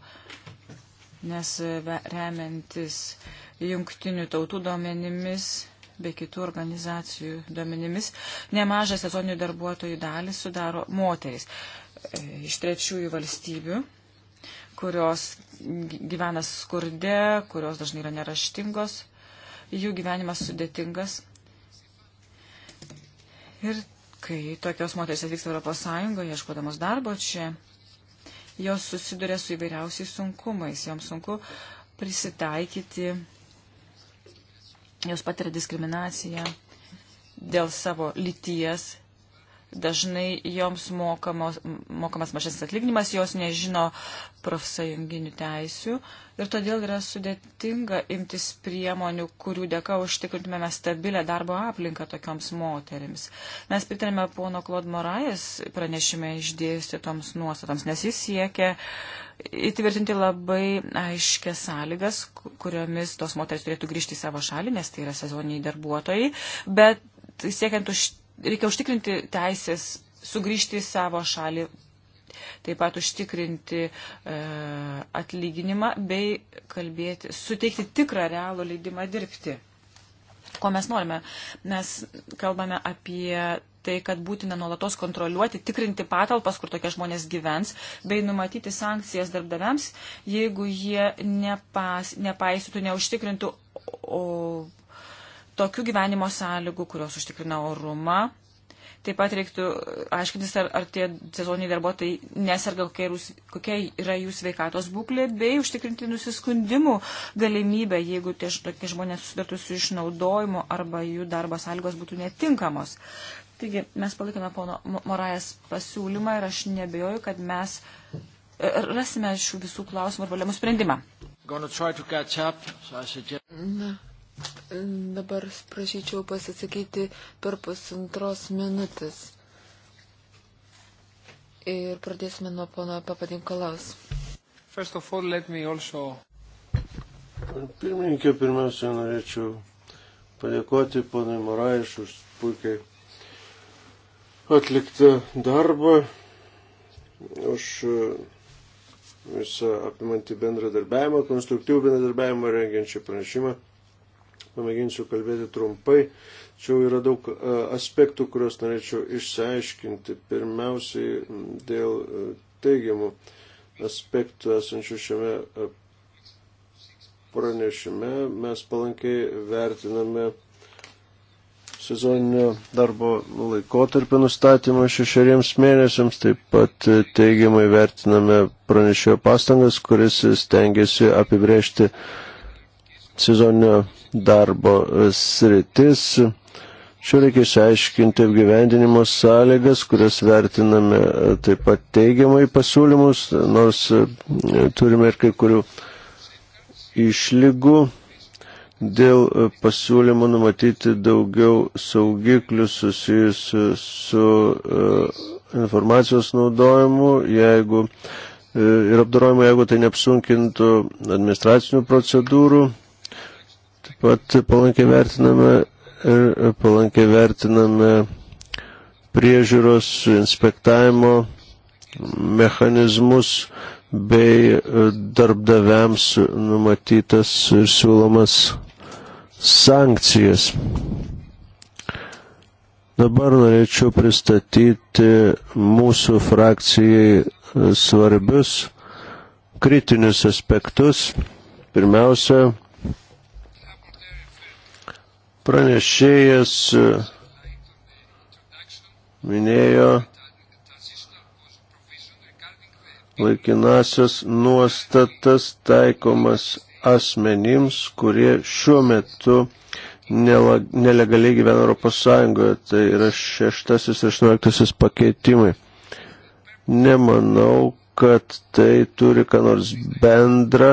nes e, remiantis jungtinių tautų duomenimis bei kitų organizacijų duomenimis, nemažą sezoninių darbuotojų dalį sudaro moteris e, iš trečiųjų valstybių kurios gyvena skurde, kurios dažnai yra neraštingos, jų gyvenimas sudėtingas. Ir kai tokios moteris atvyksta Europos Sąjungoje, ieškodamos darbo čia, jos susiduria su įvairiausiais sunkumais, joms sunku prisitaikyti, jos patiria diskriminaciją dėl savo lyties dažnai joms mokamos, mokamas mažesnis atlyginimas, jos nežino profsąjunginių teisių ir todėl yra sudėtinga imtis priemonių, kurių dėka užtikrintumėme stabilę darbo aplinką tokioms moterims. Mes pritarėme pono Klod Morais pranešime išdėsti toms nuostatams, nes jis siekia įtvirtinti labai aiškias sąlygas, kuriomis tos moteris turėtų grįžti į savo šalį, nes tai yra sezoniniai darbuotojai, bet siekiant užtikrinti reikia užtikrinti teisės sugrįžti į savo šalį, taip pat užtikrinti e, atlyginimą bei kalbėti, suteikti tikrą realų leidimą dirbti. Ko mes norime? Mes kalbame apie tai, kad būtina nuolatos kontroliuoti, tikrinti patalpas, kur tokie žmonės gyvens, bei numatyti sankcijas darbdaviams, jeigu jie nepas, nepaisytų, neužtikrintų o, tokių gyvenimo sąlygų, kurios užtikrina orumą. Taip pat reiktų aiškintis, ar, ar tie sezoniniai darbuotojai neserga, kokia, rūs, kokia yra jų sveikatos būklė, bei užtikrinti nusiskundimų galimybę, jeigu tie tokie žmonės susidartų su išnaudojimu arba jų darbo sąlygos būtų netinkamos. Taigi mes palikome pono Morajas pasiūlymą ir aš nebejoju, kad mes e, rasime šių visų klausimų ir problemų sprendimą. Na, Dabar prašyčiau pasisakyti per pusantros minutės. Ir pradėsime nuo pono Papadinkalaus. Also... Pirmininkė, pirmiausia, norėčiau padėkoti ponui Moraiš už puikiai atliktą darbą, už e, visą apimantį bendradarbiavimą, konstruktyvų bendradarbiavimą rengiančią pranešimą pamėginsiu kalbėti trumpai, čia yra daug e, aspektų, kuriuos norėčiau išsiaiškinti. Pirmiausiai dėl e, teigiamų aspektų esančių šiame e, pranešime mes palankiai vertiname sezoninio darbo laikotarpio nustatymą šešeriems mėnesiams, taip pat teigiamai vertiname pranešėjo pastangas, kuris stengiasi apibrėžti sezoninio darbo e, sritis. Čia reikia išaiškinti apgyvendinimo sąlygas, kurias vertiname e, taip pat teigiamai pasiūlymus, nors e, turime ir kai kurių išlygų dėl pasiūlymų numatyti daugiau saugiklių susijusių su informacijos naudojimu, jeigu ir apdarojimu, jeigu tai neapsunkintų administracinių procedūrų pat palankiai vertiname ir palankiai vertiname priežiūros, inspektavimo mechanizmus bei darbdaviams numatytas ir siūlomas sankcijas. Dabar norėčiau pristatyti mūsų frakcijai svarbius kritinius aspektus. Pirmiausia, Pranešėjas e, minėjo laikinasias nuostatas taikomas asmenims, kurie šiuo metu nelegaliai gyvena Europos Sąjungoje. Tai yra šeštasis ir aštuonioliktasis pakeitimai. Nemanau, kad tai turi ką nors bendra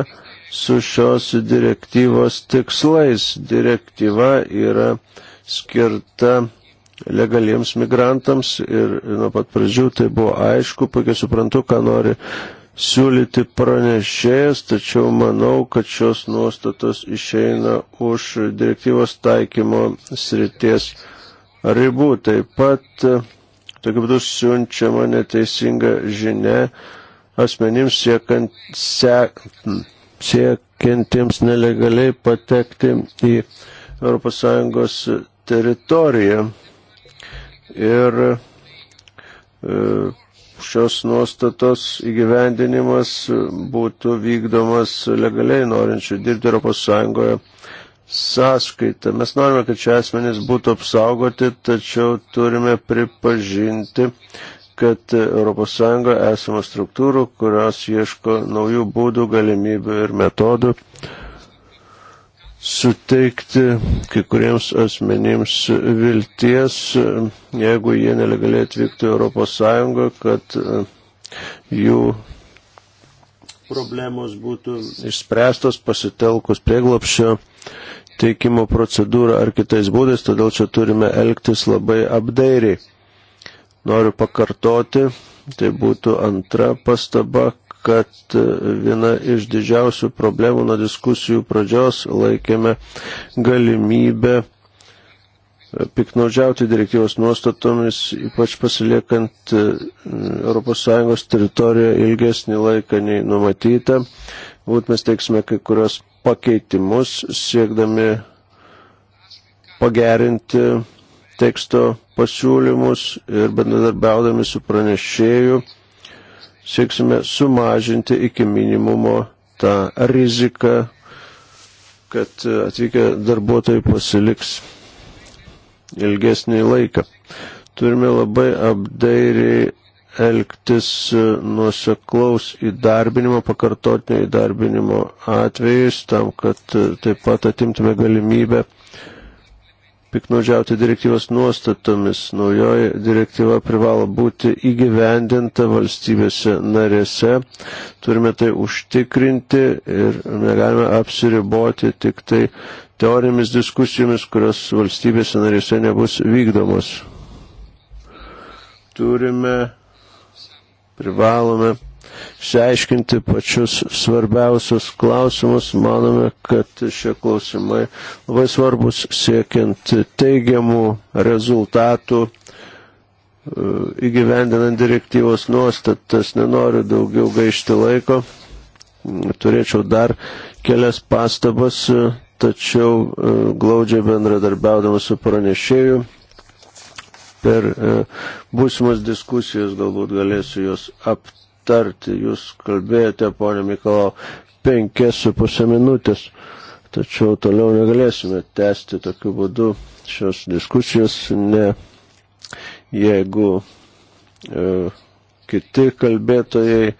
su šios direktyvos tikslais. Direktyva yra skirta legaliems migrantams ir nuo pat pradžių tai buvo aišku, puikiai suprantu, ką nori siūlyti pranešėjas, tačiau manau, kad šios nuostatos išeina už direktyvos taikymo srities ribų. Taip pat tokiu būdu siunčiama neteisinga žinia asmenims siekant, sek, siekiantiems nelegaliai patekti į ES teritoriją. Ir e, šios nuostatos įgyvendinimas būtų vykdomas legaliai norinčių dirbti ES sąskaitą. Mes norime, kad šie asmenys būtų apsaugoti, tačiau turime pripažinti, kad ES esama struktūrų, kurios ieško naujų būdų, galimybių ir metodų suteikti kai kuriems asmenims vilties, jeigu jie nelegaliai atvyktų ES, kad e, jų problemos būtų išspręstos pasitelkus prieglopščio teikimo procedūrą ar kitais būdais, todėl čia turime elgtis labai apdairiai noriu pakartoti, tai būtų antra pastaba, kad e, viena iš didžiausių problemų nuo diskusijų pradžios laikėme galimybę e, piknaudžiauti direktyvos nuostatomis, ypač pasiliekant ES teritoriją ilgesnį laiką nei numatyta. Būt mes teiksime kai kurios pakeitimus, siekdami pagerinti teksto pasiūlymus ir bendradarbiaudami su pranešėju sieksime sumažinti iki minimumo tą riziką, kad atvykę darbuotojai pasiliks ilgesnį laiką. Turime labai apdairiai elgtis nuoseklaus įdarbinimo, pakartotinio įdarbinimo atvejais, tam, kad taip pat atimtume galimybę piknaudžiauti direktyvos nuostatomis. Naujoji direktyva privalo būti įgyvendinta valstybėse narėse. Turime tai užtikrinti ir negalime apsiriboti tik tai teorijomis diskusijomis, kurios valstybėse narėse nebus vykdomos. Turime, privalome išsiaiškinti pačius svarbiausius klausimus. Manome, kad šie klausimai labai svarbus siekiant teigiamų rezultatų e, įgyvendinant direktyvos nuostatas. Nenoriu daugiau gaišti laiko. Turėčiau dar kelias pastabas, e, tačiau e, glaudžiai bendradarbiaudamas su pranešėju per būsimas diskusijas galbūt galėsiu jos aptarti aptarti. Jūs kalbėjote, ponė Mikolau, penkias su pusę minutės, tačiau toliau negalėsime tęsti tokiu būdu šios diskusijos, ne jeigu e, kiti kalbėtojai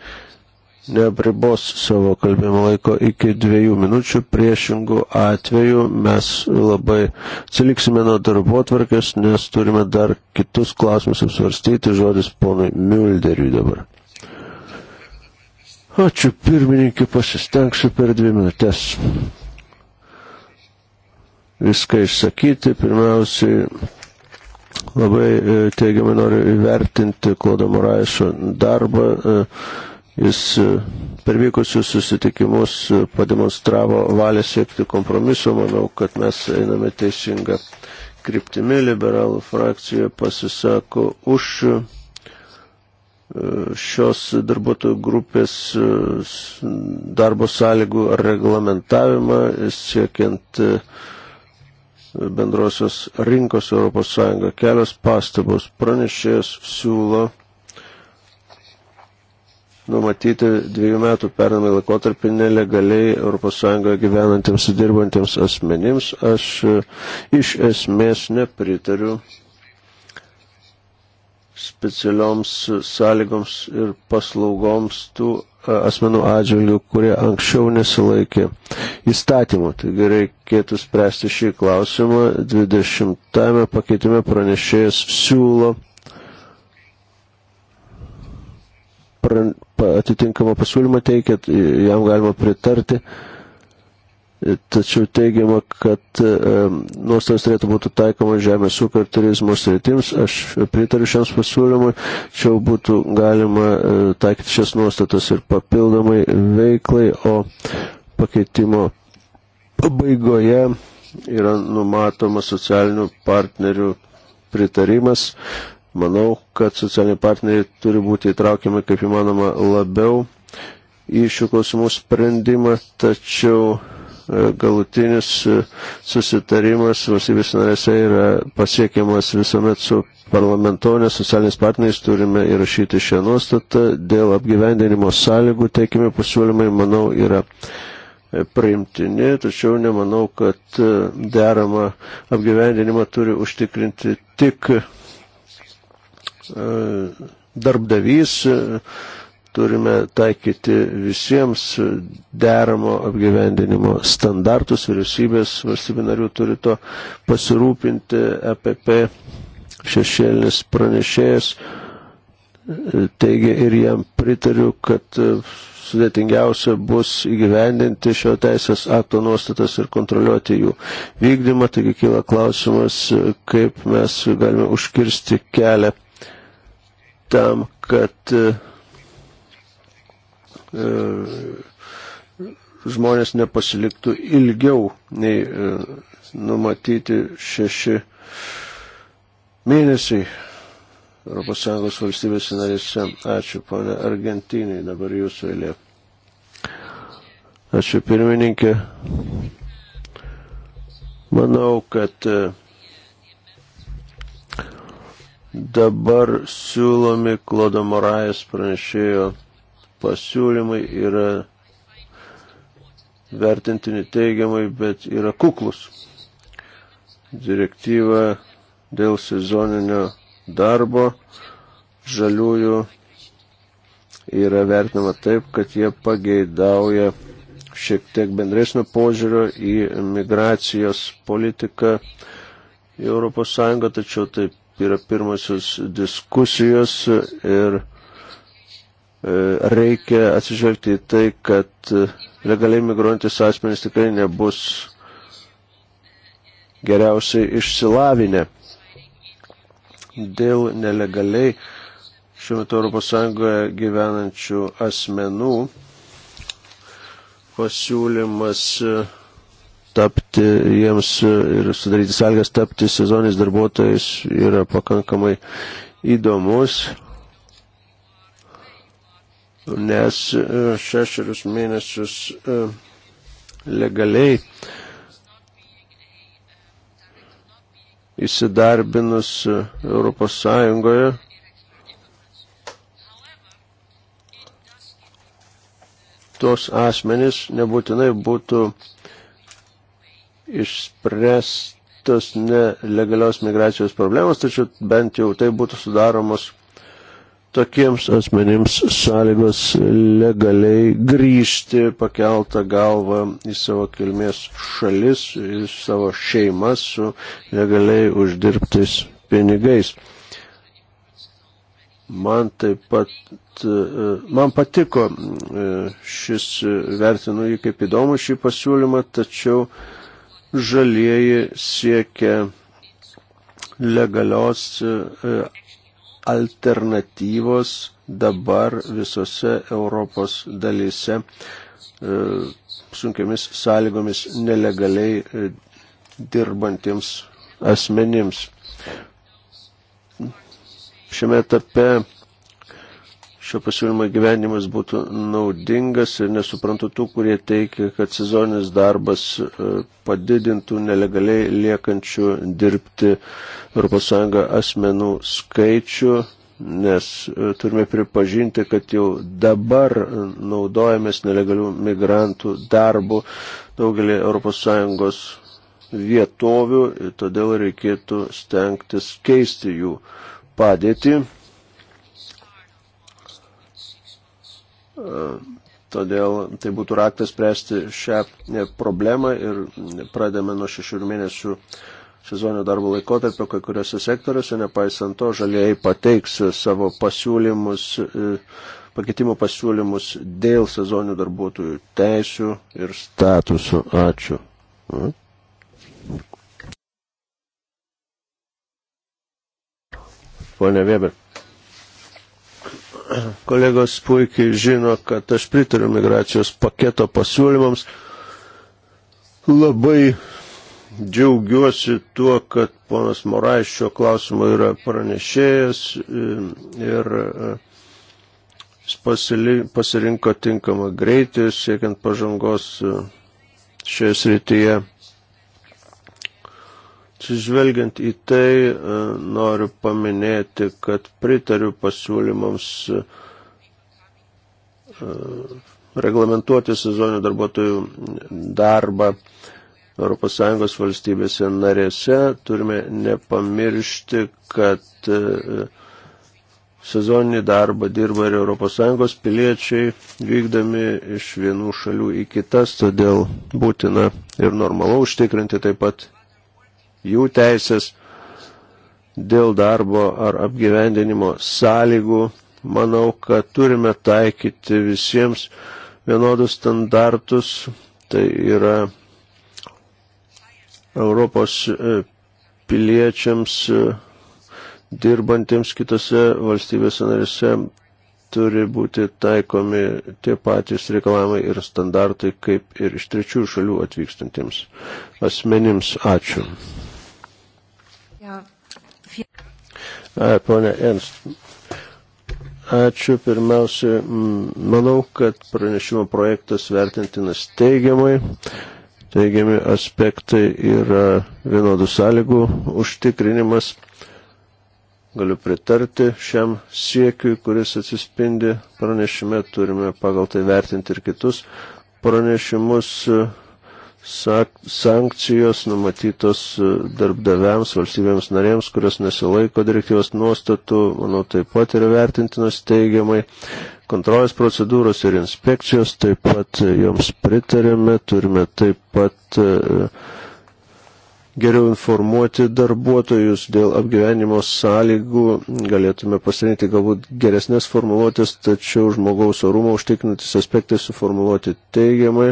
nepribos savo kalbėjimo laiko iki dviejų minučių, priešingų atvejų mes labai atsiliksime nuo darbo tvarkės, nes turime dar kitus klausimus apsvarstyti, žodis ponui Mülderiui dabar. Ačiū pirmininkė, pasistengsiu per dvi minutės viską išsakyti. Pirmiausiai labai e, teigiamai noriu įvertinti Klodo Moraiso darbą. E, jis e, per vykusius susitikimus pademonstravo valią siekti kompromiso. Manau, kad mes einame teisingą kryptimi. Liberalų frakcija pasisako už šios darbuotojų grupės e, darbo sąlygų reglamentavimą siekiant e, bendrosios rinkos ES. Kelios pastabos pranešėjas siūlo numatyti dviejų metų pernamai laikotarpį nelegaliai ES gyvenantiems ir dirbantiems asmenims. Aš e, iš esmės nepritariu specialioms sąlygoms ir paslaugoms tų e, asmenų atžvilgių, kurie anksčiau nesilaikė įstatymų. Taigi reikėtų spręsti šį klausimą. 20 pakeitime pranešėjas siūlo atitinkamą pasiūlymą teikia, tai jam galima pritarti tačiau teigiama, kad e, nuostabas turėtų būti taikoma žemės ūkio ir turizmo sritims. Aš pritariu šiams pasiūlymui, čia būtų galima e, taikyti šias nuostatas ir papildomai veiklai, o pakeitimo pabaigoje yra numatoma socialinių partnerių pritarimas. Manau, kad socialiniai partneriai turi būti įtraukiami kaip įmanoma labiau į šių klausimų sprendimą, tačiau E, galutinis e, susitarimas valstybės narėse yra pasiekiamas visuomet su parlamentonės socialiniais partneriais turime įrašyti šią nuostatą. Dėl apgyvendinimo sąlygų teikimi pasiūlymai, manau, yra e, priimtini, tačiau nemanau, kad deramą apgyvendinimą turi užtikrinti tik darbdavys. Uh, turime taikyti visiems deramo apgyvendinimo standartus, vyriausybės valstybė narių turi to pasirūpinti, EPP šešėlis pranešėjas e, teigia ir jam pritariu, kad e, sudėtingiausia bus įgyvendinti šio teisės akto nuostatas ir kontroliuoti jų vykdymą, taigi kyla klausimas, e, kaip mes galime užkirsti kelią tam, kad uh, E, žmonės nepasiliktų ilgiau nei e, numatyti šeši mėnesiai ES valstybės narėse. Ačiū, ponė Argentinai, dabar jūsų eilė. Ačiū, pirmininkė. Manau, kad e, dabar siūlomi Klodo Morais pranešėjo pasiūlymai yra vertintini teigiamai, bet yra kuklus. Direktyva dėl sezoninio darbo žaliųjų yra vertinama taip, kad jie pageidauja šiek tiek bendresnio požiūrio į migracijos politiką į ES, tačiau taip yra pirmasis diskusijos ir E, reikia atsižvelgti į tai, kad e, legaliai migruojantis asmenys tikrai nebus geriausiai išsilavinę. Dėl nelegaliai šiuo metu ES gyvenančių asmenų pasiūlymas e, tapti jiems ir sudaryti sąlygas tapti sezoniniais darbuotojais yra pakankamai įdomus nes e, šešerius mėnesius e, legaliai įsidarbinus e, Europos Sąjungoje tos asmenys nebūtinai būtų išspręstos nelegalios migracijos problemos, tačiau bent jau tai būtų sudaromos tokiems asmenims sąlygos legaliai grįžti pakeltą galvą į savo kilmės šalis, į savo šeimas su legaliai uždirbtais pinigais. Man taip pat, e, man patiko e, šis, e, vertinu jį kaip įdomų šį pasiūlymą, tačiau žalieji siekia legalios alternatyvos dabar visose Europos dalyse e, sunkiamis sąlygomis nelegaliai e, dirbantiems asmenims. Šiame etape šio pasiūlymo gyvenimas būtų naudingas ir nesuprantu tų, kurie teikia, kad sezoninis darbas e, padidintų nelegaliai liekančių dirbti ES asmenų skaičių, nes e, turime pripažinti, kad jau dabar naudojamės nelegalių migrantų darbų daugelį ES vietovių, todėl reikėtų stengtis keisti jų padėtį. Todėl tai būtų raktas spręsti šią problemą ir pradėme nuo šešių mėnesių sezoninio darbo laikotarpio kai kuriuose sektoriuose, nepaisant to, žaliai pateiks savo pasiūlymus, e, pakeitimo pasiūlymus dėl sezoninių darbuotojų teisių ir statusų. Ačiū. Hm? Pone Weber. Kolegos puikiai žino, kad aš pritariu migracijos paketo pasiūlymams. Labai džiaugiuosi tuo, kad ponas Morais šio klausimo yra pranešėjas ehm, ir e, pasirinko tinkamą greitį, siekiant pažangos e, šioje srityje. Atsižvelgiant į tai, e, noriu paminėti, kad pritariu pasiūlymams e, reglamentuoti sezoninių darbuotojų darbą ES valstybėse narėse. Turime nepamiršti, kad e, sezoninį darbą dirba ir ES piliečiai, vykdami iš vienų šalių į kitas, todėl būtina ir normalu užtikrinti taip pat jų teisės dėl darbo ar apgyvendinimo sąlygų. Manau, kad turime taikyti visiems vienodus standartus. Tai yra Europos e, piliečiams e, dirbantiems kitose valstybėse narėse turi būti taikomi tie patys reikalavimai ir standartai, kaip ir iš trečiųjų šalių atvykstantiems asmenims. Ačiū. Pone Ernst, ačiū. Pirmiausia, manau, kad pranešimo projektas vertintinas teigiamai. Teigiami aspektai yra vienodų sąlygų užtikrinimas. Galiu pritarti šiam siekiui, kuris atsispindi pranešime. Turime pagal tai vertinti ir kitus pranešimus sankcijos numatytos e, darbdaviams, valstybėms narėms, kurios nesilaiko direktyvos nuostatų, manau, taip pat yra vertintinos teigiamai. Kontrolės procedūros ir inspekcijos taip pat e, joms pritarėme, turime taip pat e, geriau informuoti darbuotojus dėl apgyvenimo sąlygų, galėtume pasirinkti galbūt geresnės formuluotės, tačiau žmogaus orumo užtikrinantis aspektai suformuluoti teigiamai,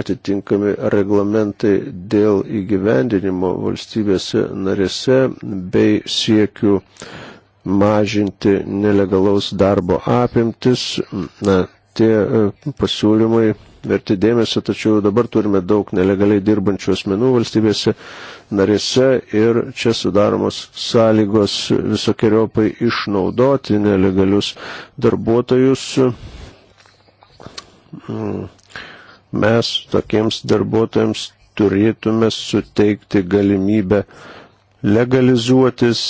atitinkami reglamentai dėl įgyvendinimo valstybėse narėse bei siekių mažinti nelegalaus darbo apimtis. Na, tie e, pasiūlymai verti dėmesio, tačiau dabar turime daug nelegaliai dirbančių asmenų valstybėse narėse ir čia sudaromos sąlygos visokiojopai išnaudoti nelegalius darbuotojus. Mm mes tokiems darbuotojams turėtume suteikti galimybę legalizuotis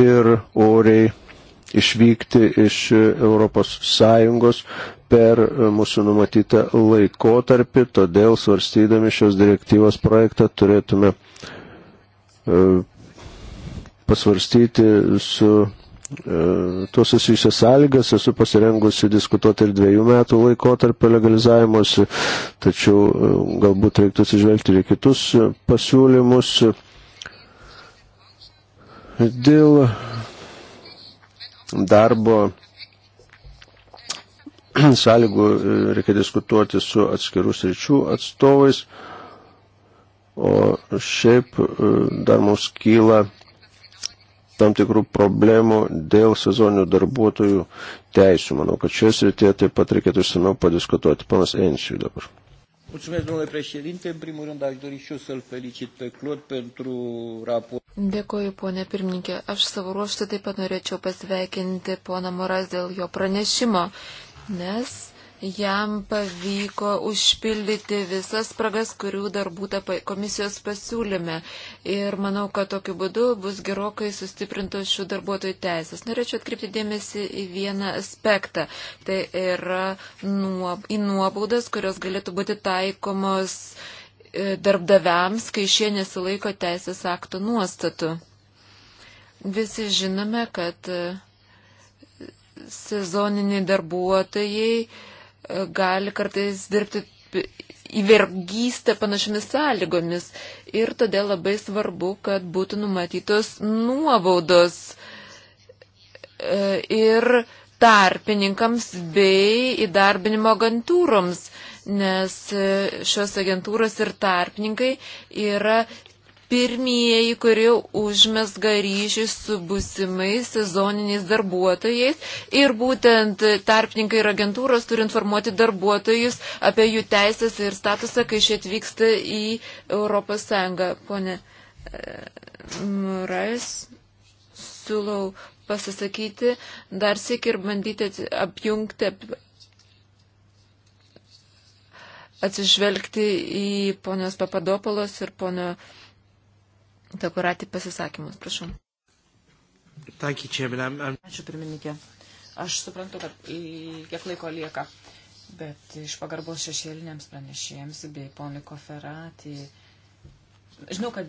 ir oriai išvykti iš ES per mūsų numatytą laikotarpį, todėl svarstydami šios direktyvos projektą turėtume e, pasvarstyti su E, tuos susijusias sąlygas esu pasirengusi diskutuoti ir dviejų metų laikotarpio legalizavimuose, tačiau e, galbūt reiktų atsižvelgti ir kitus pasiūlymus. Dėl darbo sąlygų e, reikia diskutuoti su atskirų sričių atstovais, o šiaip dar mums kyla tam tikrų problemų dėl sezoninių darbuotojų teisų. Manau, kad šioje srityje taip pat reikėtų išsameu padiskutuoti. Panas Ensijų dabar. Mulțumesc, domnule președinte. În primul rând, aș dori și eu să-l felicit pe Claude pentru raport. Dėkoju, ponė pirmininkė. Aš savo ruoštų taip pat norėčiau pasveikinti poną Moras dėl jo pranešimo, nes jam pavyko užpildyti visas spragas, kurių dar būta komisijos pasiūlyme. Ir manau, kad tokiu būdu bus gerokai sustiprintos šių darbuotojų teisės. Norėčiau atkreipti dėmesį į vieną aspektą. Tai yra nuob, į nuobaudas, kurios galėtų būti taikomos e, darbdaviams, kai šie nesilaiko teisės aktų nuostatų. Visi žinome, kad e, sezoniniai darbuotojai gali kartais dirbti į vergystę panašiamis sąlygomis. Ir todėl labai svarbu, kad būtų numatytos nuobaudos e, ir tarpininkams bei įdarbinimo agentūroms, nes e, šios agentūros ir tarpininkai yra pirmieji, kurie užmesga ryšį su būsimais sezoniniais darbuotojais ir būtent tarpininkai ir agentūros turi informuoti darbuotojus apie jų teisės ir statusą, kai šie atvyksta į Europos Sąjungą. Pone e, Murais, siūlau pasisakyti dar sėk ir bandyti apjungti atsižvelgti į ponios Papadopolos ir ponio Takuratį pasisakymus, prašau. Ačiū pirmininkė. Aš suprantu, kad kiek laiko lieka, bet iš pagarbos šešėliniams pranešėjams bei ponui Koferatį. Žinau, kad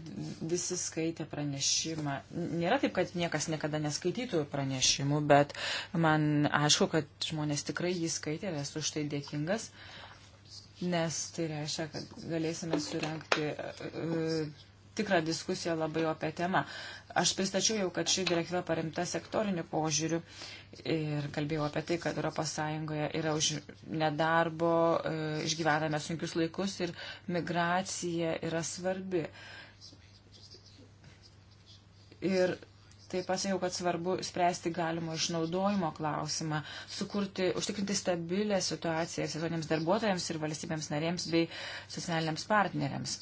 visi skaitė pranešimą. Nėra taip, kad niekas niekada neskaitytų pranešimų, bet man aišku, kad žmonės tikrai jį skaitė ir esu už tai dėkingas, nes tai reiškia, kad galėsime surenkti. Uh, e, e, tikrą diskusiją labai opę temą. Aš pristačiau jau, kad ši direktyva paremta sektoriniu požiūriu ir kalbėjau apie tai, kad ES yra už nedarbo, e, išgyvename sunkius laikus ir migracija yra svarbi. Ir taip pasakiau, kad svarbu spręsti galimo išnaudojimo klausimą, sukurti, užtikrinti stabilę situaciją sezoniniams darbuotojams ir valstybėms narėms bei socialiniams partneriams.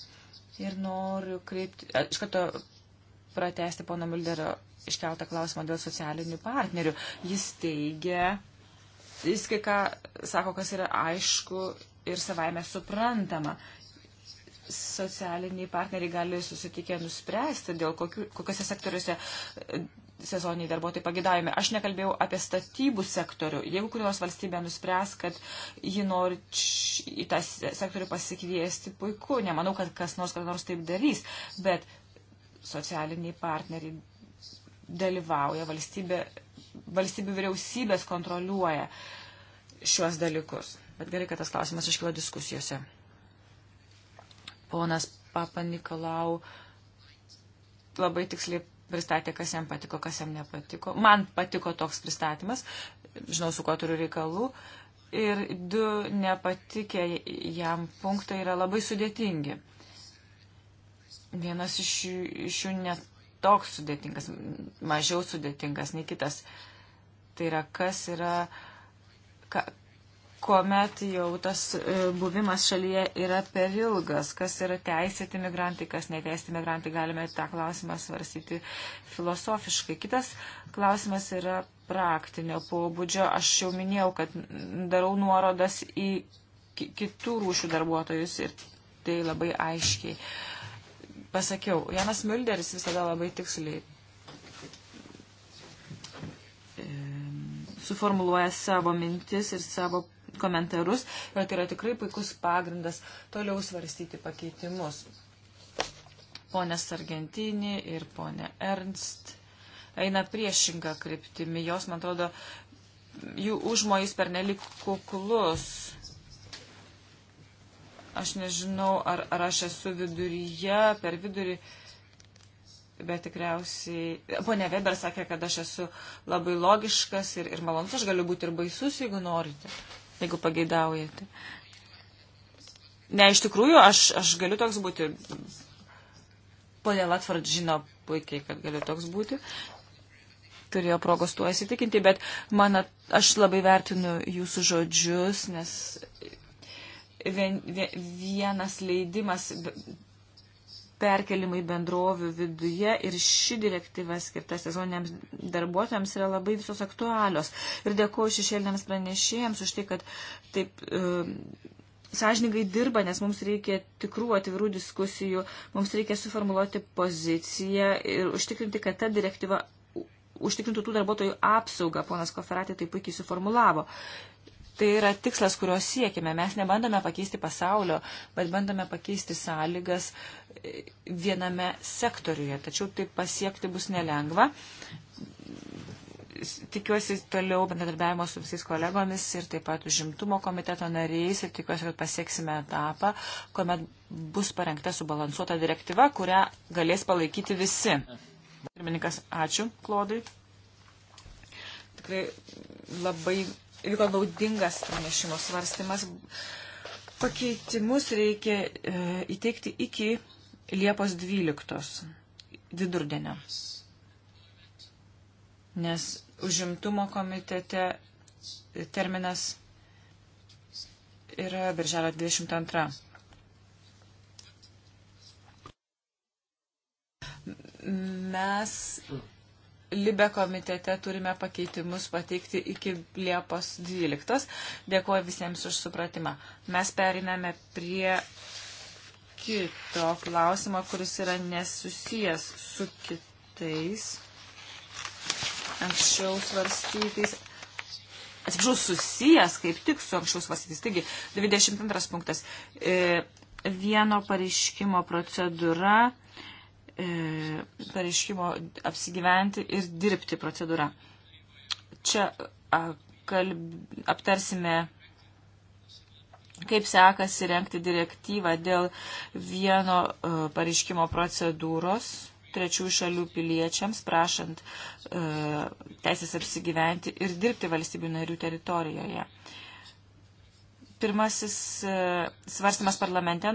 Ir noriu kreipti, iš karto pratesti pono Milderio iškeltą klausimą dėl socialinių partnerių. Jis teigia, jis kai ką sako, kas yra aišku ir savaime suprantama. Socialiniai partneriai gali susitikę nuspręsti, dėl kokiu, kokiuose sektoriuose sezoniniai darbuotojai pagidavime. Aš nekalbėjau apie statybų sektorių. Jeigu kurios valstybė nuspręs, kad ji nori į tą sektorių pasikviesti, puiku. Nemanau, kad kas nors kas nors taip darys, bet socialiniai partneriai dalyvauja, valstybė, valstybių vyriausybės kontroliuoja šiuos dalykus. Bet gerai, kad tas klausimas iškilo diskusijose. Ponas Papa Nikolau labai tiksliai pristatė, kas jam patiko, kas jam nepatiko. Man patiko toks pristatymas, žinau, su kuo turiu reikalų. Ir du nepatikė jam punktai yra labai sudėtingi. Vienas iš jų, iš jų net toks sudėtingas, mažiau sudėtingas nei kitas. Tai yra, kas yra, ka, kuomet jau tas e, buvimas šalyje yra per ilgas, kas yra teisėti migrantai, kas neteisėti migrantai, galime tą klausimą svarstyti filosofiškai. Kitas klausimas yra praktinio pobūdžio. Aš jau minėjau, kad darau nuorodas į kitų rūšių darbuotojus ir tai labai aiškiai. Pasakiau, Janas Mülderis visada labai tiksliai suformuluoja savo mintis ir savo komentarus ir tai yra tikrai puikus pagrindas toliau svarstyti pakeitimus. Pone Sargentinį ir pone Ernst eina priešinga kryptimi. Jos, man atrodo, jų užmojais pernelik kuklus. Aš nežinau, ar, ar aš esu viduryje, per vidurį bet tikriausiai, ponia Weber sakė, kad aš esu labai logiškas ir, ir malonus, aš galiu būti ir baisus, jeigu norite jeigu pageidaujate. Ne, iš tikrųjų, aš, aš galiu toks būti. Pone Latvard žino puikiai, kad galiu toks būti. Turėjo progos tuo įsitikinti, bet man, aš labai vertinu jūsų žodžius, nes vien, vien, vienas leidimas perkelimai bendrovių viduje ir ši direktyva skirta sezoniniams darbuotojams yra labai visos aktualios. Ir dėkuoju šešėliniams pranešėjams už tai, kad taip e, sąžininkai dirba, nes mums reikia tikrų atvirų diskusijų, mums reikia suformuoluoti poziciją ir užtikrinti, kad ta direktyva užtikrintų tų darbuotojų apsaugą. Ponas Koferatė tai puikiai suformulavo. Tai yra tikslas, kurio siekime. Mes nebandome pakeisti pasaulio, bet bandome pakeisti sąlygas e, viename sektoriuje. Tačiau tai pasiekti bus nelengva. Tikiuosi toliau bendradarbiavimo su visais kolegomis ir taip pat užimtumo komiteto nariais ir tikiuosi, kad pasieksime etapą, kuomet bus parengta subalansuota direktyva, kurią galės palaikyti visi. Pirmininkas, ačiū, Klodai. Tikrai labai vyko naudingas pranešimo svarstymas. Pakeitimus reikia e, įteikti iki Liepos 12 vidurdienio. Nes užimtumo komitete terminas yra birželio 22. Mes Libe komitete turime pakeitimus pateikti iki Liepos 12. Dėkuoju visiems už supratimą. Mes periname prie kito klausimo, kuris yra nesusijęs su kitais anksčiau svarstytais. Atsiprašau, susijęs kaip tik su anksčiau svarstytais. Taigi, 22 punktas. E, vieno pareiškimo procedūra. E, E, pareiškimo apsigyventi ir dirbti procedūra. Čia kalb, aptarsime, kaip sekasi renkti direktyvą dėl vieno e, pareiškimo procedūros trečių šalių piliečiams, prašant e, teisės apsigyventi ir dirbti valstybių narių teritorijoje. Uh, Pirmasis e, svarstymas parlamente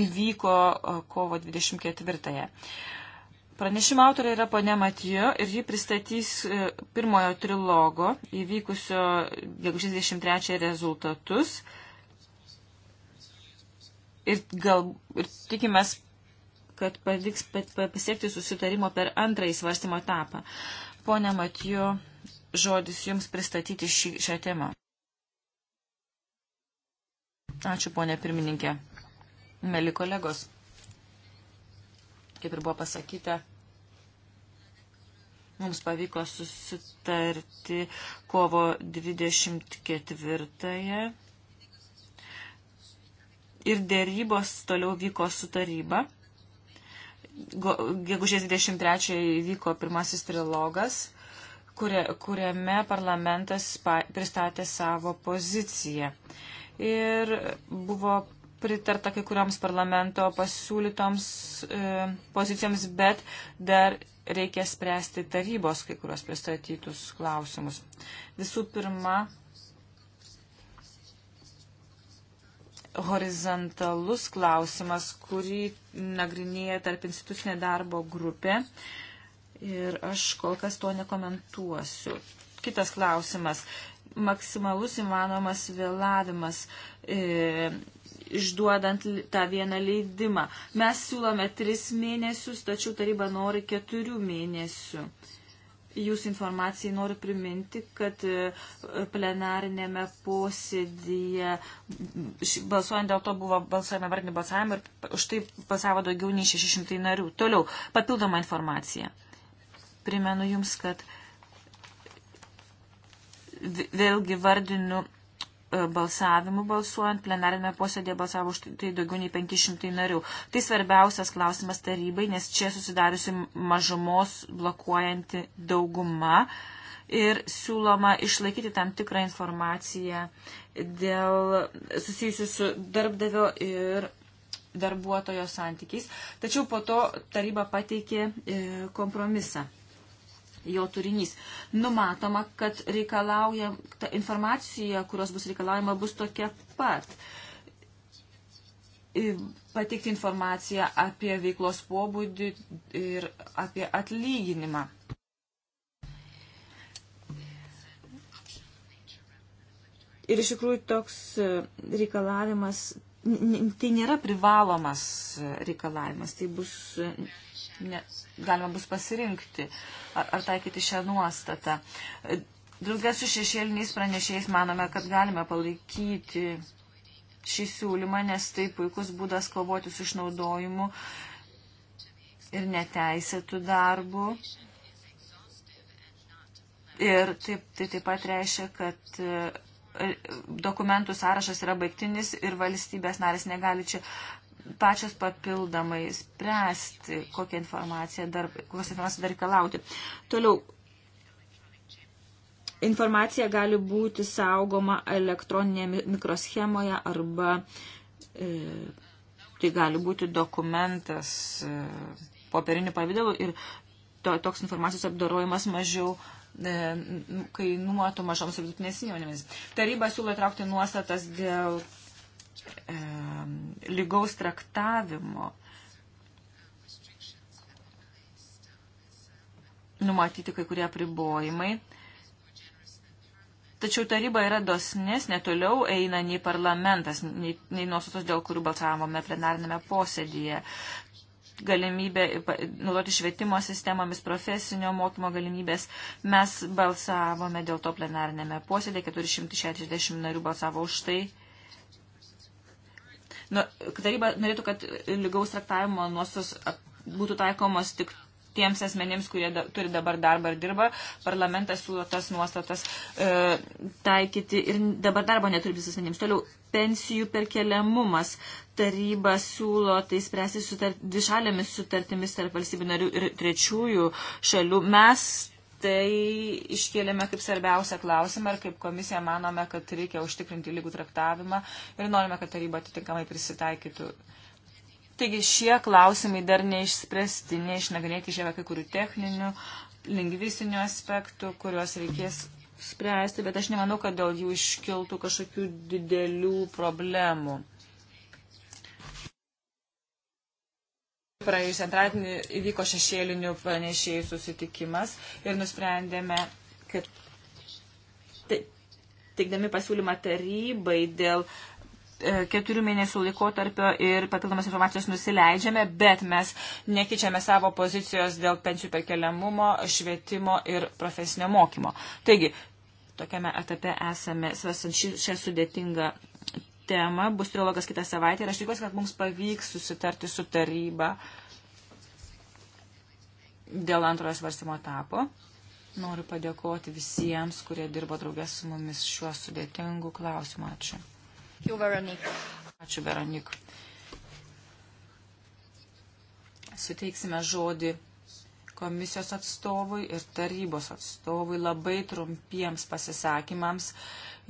įvyko e, kovo 24-ąją. Pranešimo autorė yra ponė Matijo ir ji pristatys e, pirmojo trilogo įvykusio gegužės 23 rezultatus. Ir, gal, ir tikimės, kad pavyks pasiekti susitarimo per antrąjį svarstymo etapą. Pone Matijo, žodis jums pristatyti šį, šią temą. Ačiū, ponė pirmininkė. Meli kolegos, kaip ir buvo pasakyta, mums pavyko susitarti kovo 24-ąją ir dėrybos toliau vyko su taryba. Gegužės 23-ąją vyko pirmasis trilogas, kuria, kuriame parlamentas pristatė savo poziciją ir buvo pritarta kai kurioms parlamento pasiūlytoms e, pozicijoms, bet dar reikia spręsti tarybos kai kurios pristatytus klausimus. Visų pirma, horizontalus klausimas, kurį nagrinėja tarp institucinė darbo grupė ir aš kol kas to nekomentuosiu. Kitas klausimas maksimalus įmanomas vėlavimas e, išduodant tą vieną leidimą. Mes siūlome tris mėnesius, tačiau taryba nori keturių mėnesių. Jūsų informacijai noriu priminti, kad e, plenarinėme posėdėje, balsuojant dėl to buvo balsuojame vardinį balsavimą ir už tai balsavo daugiau nei 600 narių. Toliau, papildoma informacija. Primenu Jums, kad uh, vėlgi vardiniu e, balsavimu balsuojant, plenarinėme posėdėje balsavo už tai daugiau nei 500 narių. Tai svarbiausias klausimas tarybai, nes čia susidariusi mažumos blokuojanti dauguma ir siūloma išlaikyti tam tikrą informaciją dėl susijusių su darbdavio ir darbuotojo santykiais. Tačiau po to taryba pateikė e, kompromisą jo turinys. Numatoma, kad reikalauja, ta informacija, kurios bus reikalaujama, bus tokia pat. Pateikti informaciją apie veiklos pobūdį ir apie atlyginimą. Ir iš tikrųjų toks e, reikalavimas, tai nėra privalomas e, reikalavimas, tai bus e, ne, galima bus pasirinkti, ar, ar taikyti šią nuostatą. Drauge su šešėliniais pranešėjais manome, kad galime palaikyti šį siūlymą, nes tai puikus būdas kovoti su išnaudojimu ir neteisėtų darbų. Ir taip, tai taip pat reiškia, kad e, dokumentų sąrašas yra baigtinis ir valstybės narės negali čia pačios papildomai spręsti, kokią informaciją dar, kokios informacijos dar reikalauti. Toliau, informacija gali būti saugoma elektroninėje mikroschemoje arba e, tai gali būti dokumentas e, popieriniu pavydalu ir to, toks informacijos apdorojimas mažiau e, kainuotų mažoms ir vidutinės įmonėmis. Taryba siūlo traukti nuostatas dėl e, lygaus traktavimo. Numatyti kai kurie pribojimai. Tačiau taryba yra dosnesnė, toliau eina nei parlamentas, nei, nei nuostatos, dėl kurių balsavome plenarinėme posėdėje. Galimybė naudoti švietimo sistemomis, profesinio mokymo galimybės. Mes balsavome dėl to plenarinėme posėdėje, 460 narių balsavo už tai nu, taryba norėtų, kad lygaus traktavimo nuostos būtų taikomos tik tiems asmenėms, kurie da, turi dabar darbą ir dirba. Parlamentas siūlo tas nuostatas e, taikyti ir dabar darbo neturintys asmenėms. Toliau pensijų perkeliamumas. Taryba siūlo tai spręsti sutar, dvišalėmis sutartimis tarp valstybių narių ir trečiųjų šalių. Mes tai iškėlėme kaip svarbiausią klausimą ir kaip komisija manome, kad reikia užtikrinti lygų traktavimą ir norime, kad taryba atitinkamai prisitaikytų. Taigi šie klausimai dar neišspręsti, neišnagrinėti žiavę kai kurių techninių, lingvistinių aspektų, kuriuos reikės spręsti, bet aš nemanau, kad dėl jų iškiltų kažkokių didelių problemų. praėjusį antradienį įvyko šešėlinių pranešėjų susitikimas ir nusprendėme, kad teikdami pasiūlymą tarybai dėl e, keturių mėnesių laikotarpio ir papildomas informacijos nusileidžiame, bet mes nekeičiame savo pozicijos dėl pensijų perkeliamumo, švietimo ir profesinio mokymo. Taigi, tokiame etape esame svarstant šią sudėtingą temą, bus trilogas kitą savaitę ir aš tikiuosi, kad mums pavyks susitarti su taryba dėl antrojo svarstymo etapo. Noriu padėkoti visiems, kurie dirbo draugės su mumis šiuo sudėtingu klausimu. Ačiū. Ačiū, Veronik. Ačiū, Veronik. Suteiksime žodį komisijos atstovui ir tarybos atstovui labai trumpiems pasisakymams,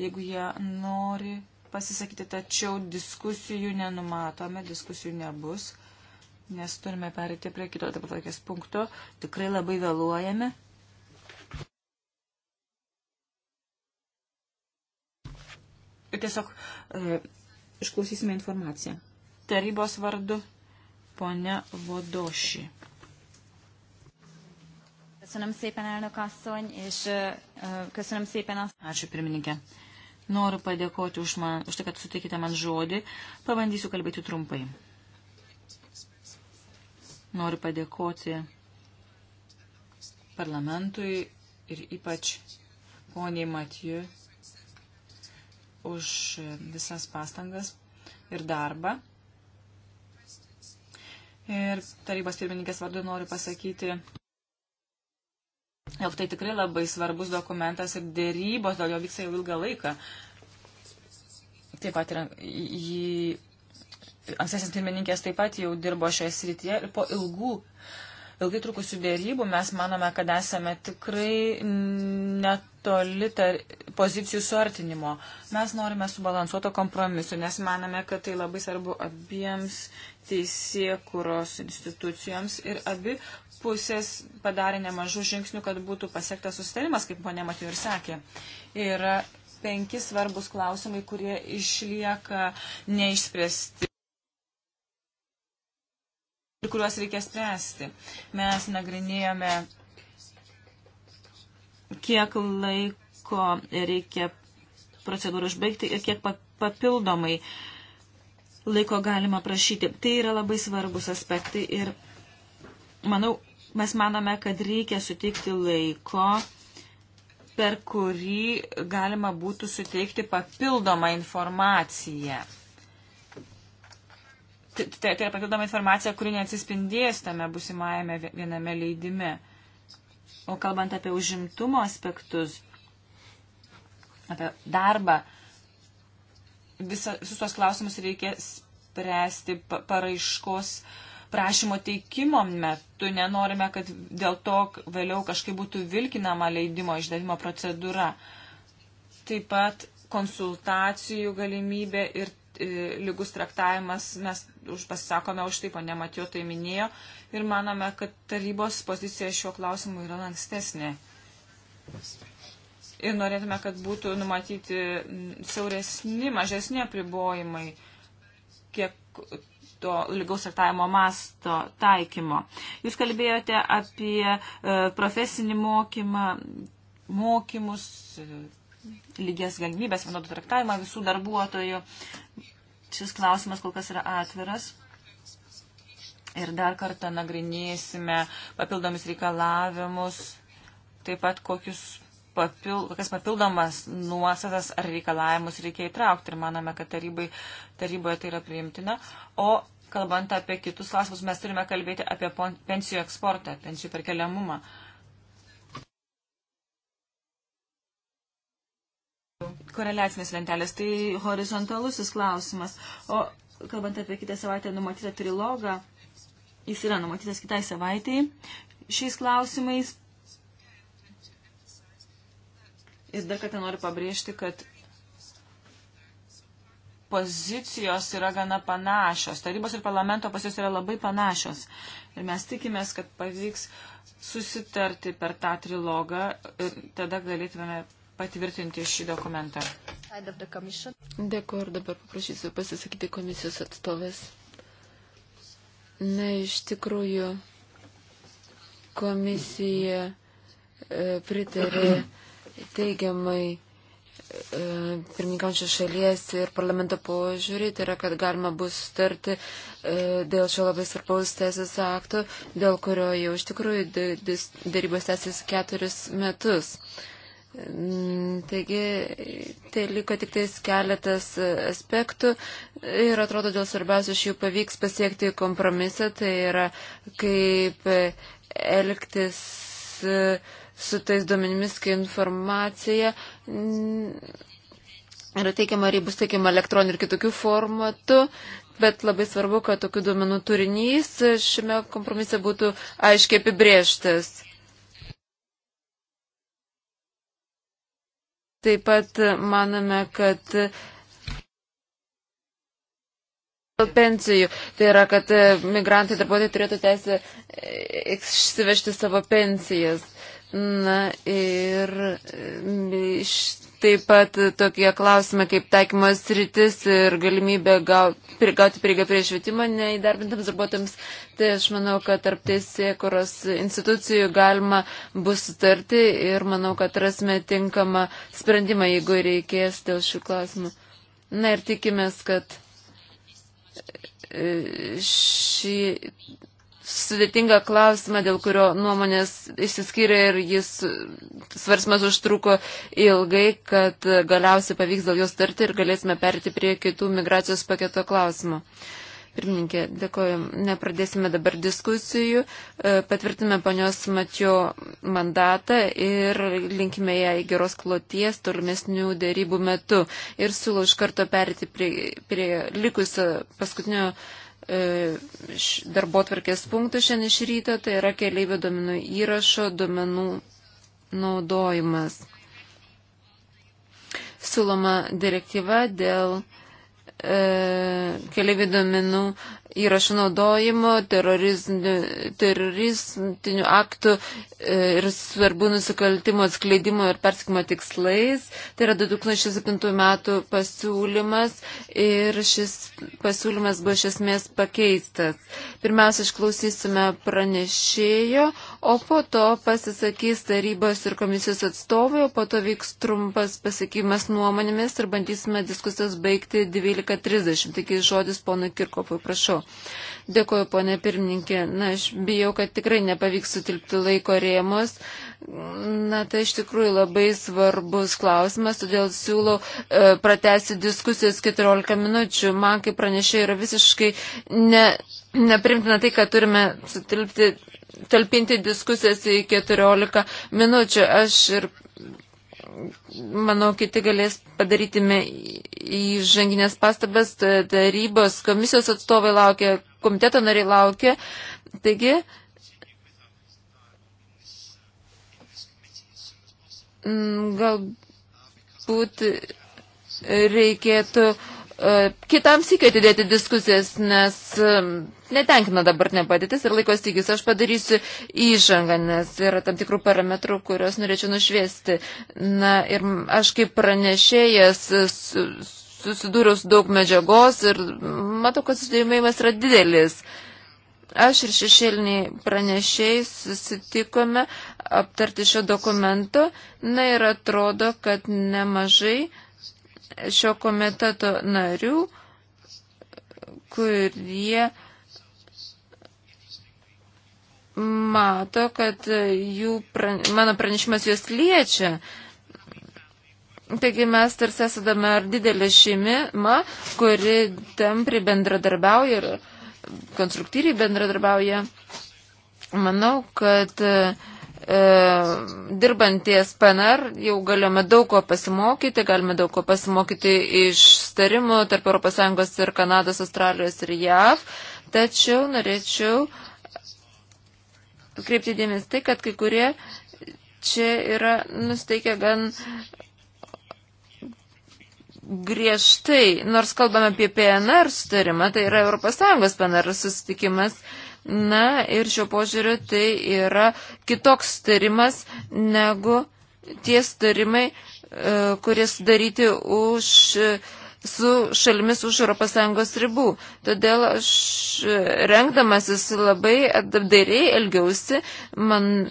jeigu jie nori pasisakyti, tačiau diskusijų nenumatome, diskusijų nebus nes turime perėti prie kito darbotvarkės punkto. Tikrai labai vėluojame. Ir tiesiog e, išklausysime informaciją. Tarybos vardu ponia Vodoši. Köszönöm szépen, elnök asszony, és köszönöm szépen azt. Ačiū, pirmininkė. Noriu padėkoti už, man, už tai, kad sutikite man žodį. Pabandysiu kalbėti trumpai. Noriu padėkoti parlamentui ir ypač poniai Matiju už visas pastangas ir darbą. Ir tarybos pirmininkės vardu noriu pasakyti, jog tai tikrai labai svarbus dokumentas ir dėrybos dėl jo vyksta jau ilgą laiką. Taip pat yra, jį ankstesnės pirmininkės taip pat jau dirbo šioje srityje ir po ilgų, ilgai trukusių dėrybų mes manome, kad esame tikrai netoli tar, pozicijų suartinimo. Mes norime subalansuoto kompromisu, nes manome, kad tai labai svarbu abiems teisėkuros institucijoms ir abi pusės padarė nemažų žingsnių, kad būtų pasiektas susitarimas, kaip ponė Matijų ir sakė. Yra penki svarbus klausimai, kurie išlieka neišspręsti ir kuriuos reikia spręsti. Mes nagrinėjome, kiek laiko reikia procedūrą užbaigti ir kiek papildomai laiko galima prašyti. Tai yra labai svarbus aspektai ir manau, mes manome, kad reikia suteikti laiko per kurį galima būtų suteikti papildomą informaciją tai yra papildoma informacija, kuri neatsispindės tame busimajame viename leidime. O kalbant apie užimtumo aspektus, apie darbą, visa, visus tos klausimus reikia spręsti paraiškos prašymo teikimo metu. Nenorime, kad dėl to vėliau kažkaip būtų vilkinama leidimo išdavimo procedūra. Taip pat konsultacijų galimybė ir E, lygus traktavimas, mes už, pasisakome už tai, ponė Matijo tai minėjo, ir manome, kad tarybos pozicija šiuo klausimu yra lankstesnė. Ir norėtume, kad būtų numatyti siauresni, mažesni apribojimai, kiek to lygaus traktavimo masto taikymo. Jūs kalbėjote apie e, profesinį mokymą, mokymus, lygias galimybės, vienodų traktavimą visų darbuotojų. Šis klausimas kol kas yra atviras. Ir dar kartą nagrinėsime papildomis reikalavimus, taip pat kokius papil, kokias papildomas nuosadas ar reikalavimus reikia įtraukti. Ir manome, kad tarybai, taryboje tai yra priimtina. O kalbant apie kitus klausimus, mes turime kalbėti apie pensijų eksportą, pensijų perkeliamumą. Uh, koreliacinės lentelės. Tai horizontalusis klausimas. O kalbant apie kitą savaitę numatytą trilogą, jis yra numatytas kitai savaitai šiais klausimais. Ir dar kartą noriu pabrėžti, kad pozicijos yra gana panašios. Tarybos ir parlamento pozicijos yra labai panašios. Ir mes tikimės, kad pavyks susitarti per tą trilogą ir tada galėtume patvirtinti šį dokumentą. Dėkuoju ir dabar paprašysiu pasisakyti komisijos atstovės. Na, iš tikrųjų, komisija e, pritarė teigiamai e, pirmininkančio šalies ir parlamento požiūrį, tai yra, kad galima bus sutarti e, dėl šio labai svarbaus teisės akto, dėl kurio jau iš tikrųjų darybos tęsis keturis metus. Mm, taigi, tai liko tik tais keletas aspektų ir atrodo dėl svarbiausių iš jų pavyks pasiekti kompromisą, tai yra kaip elgtis su tais duomenimis, kai informacija mm, yra teikiama ar jį bus teikiama elektroniniu ir kitokiu formatu. Bet labai svarbu, kad tokių duomenų turinys šiame kompromise būtų aiškiai apibrėžtas. Taip pat manome, kad pensijų. Tai yra, kad migrantai darbuotojai turėtų teisę išsivežti savo pensijas. Na ir iš Taip pat tokie klausimai kaip taikymas rytis ir galimybė gauti prieigą prie švietimo neįdarbintams darbuotojams. Tai aš manau, kad tarp teisėkuros institucijų galima bus sutarti ir manau, kad rasime tinkamą sprendimą, jeigu reikės dėl šių klausimų. Na ir tikimės, kad e, šį sudėtingą klausimą, dėl kurio nuomonės išsiskyrė ir jis svarsmas užtruko ilgai, kad galiausiai pavyks dėl jos tarti ir galėsime perėti prie kitų migracijos paketo klausimų. Pirmininkė, dėkoju. Nepradėsime dabar diskusijų. E, patvirtime panios Matio mandatą ir linkime ją į geros kloties tolimesnių dėrybų metu. Ir siūlau iš karto perėti prie, prie likusio paskutinio E, darbo tvarkės punktų šiandien iš ryto, tai yra keliaivių domenų įrašo domenų naudojimas. Siūloma direktyva dėl e, keliaivių domenų įrašų naudojimo, teroristinių aktų e, ir svarbių nusikaltimų atskleidimo ir persikimo tikslais. Tai yra 2007 metų pasiūlymas ir šis pasiūlymas buvo iš esmės pakeistas. Pirmiausia, išklausysime pranešėjo, o po to pasisakys tarybos ir komisijos atstovai, o po to vyks trumpas pasiekimas nuomonėmis ir bandysime diskusijas baigti 12.30. Taigi žodis ponui Kirkopui, prašau toliau. Dėkuoju, ponė pirmininkė. Na, aš bijau, kad tikrai nepavyks sutilpti laiko rėmus. Na, tai iš tikrųjų labai svarbus klausimas, todėl siūlau e, pratesti diskusijos 14 minučių. Man kaip pranešė yra visiškai ne, neprimtina tai, kad turime sutilpti, talpinti diskusijas į 14 minučių. Aš ir manau, kiti galės padaryti įžanginės pastabas, tarybos komisijos atstovai laukia, komiteto nariai laukia. Taigi, mm, galbūt reikėtų uh, E, kitam sikiu atidėti diskusijas, nes e, netenkina dabar nepadėtis ir laiko stygis. Aš padarysiu įžangą, nes yra tam tikrų parametrų, kuriuos norėčiau nušviesti. Na ir aš kaip pranešėjas susidūriau su daug medžiagos ir matau, kad susidėjimas yra didelis. Aš ir šešėliniai pranešėjai susitikome aptarti šio dokumento, na ir atrodo, kad nemažai uh, šio komiteto narių, kurie mato, kad jų, pran... mano pranešimas juos liečia. Taigi mes tarsi esame ar didelė šeima, kuri tampri bendradarbiauja ir konstruktyviai bendradarbiauja. Manau, kad uh, e, dirbanties PNR jau galime daug ko pasimokyti, galime daug ko pasimokyti iš starimų tarp ES ir Kanados, Australijos ir JAV, tačiau norėčiau kreipti dėmesį tai, kad kai kurie čia yra nusteikę gan griežtai, nors kalbame apie PNR sutarimą, tai yra ES PNR susitikimas, e, Na ir šio požiūriu tai yra kitoks tarimas negu tie tarimai, e, kurie sudaryti už, su šalimis už ES ribų. Todėl aš e, rengdamasis labai apdairiai elgiausi, man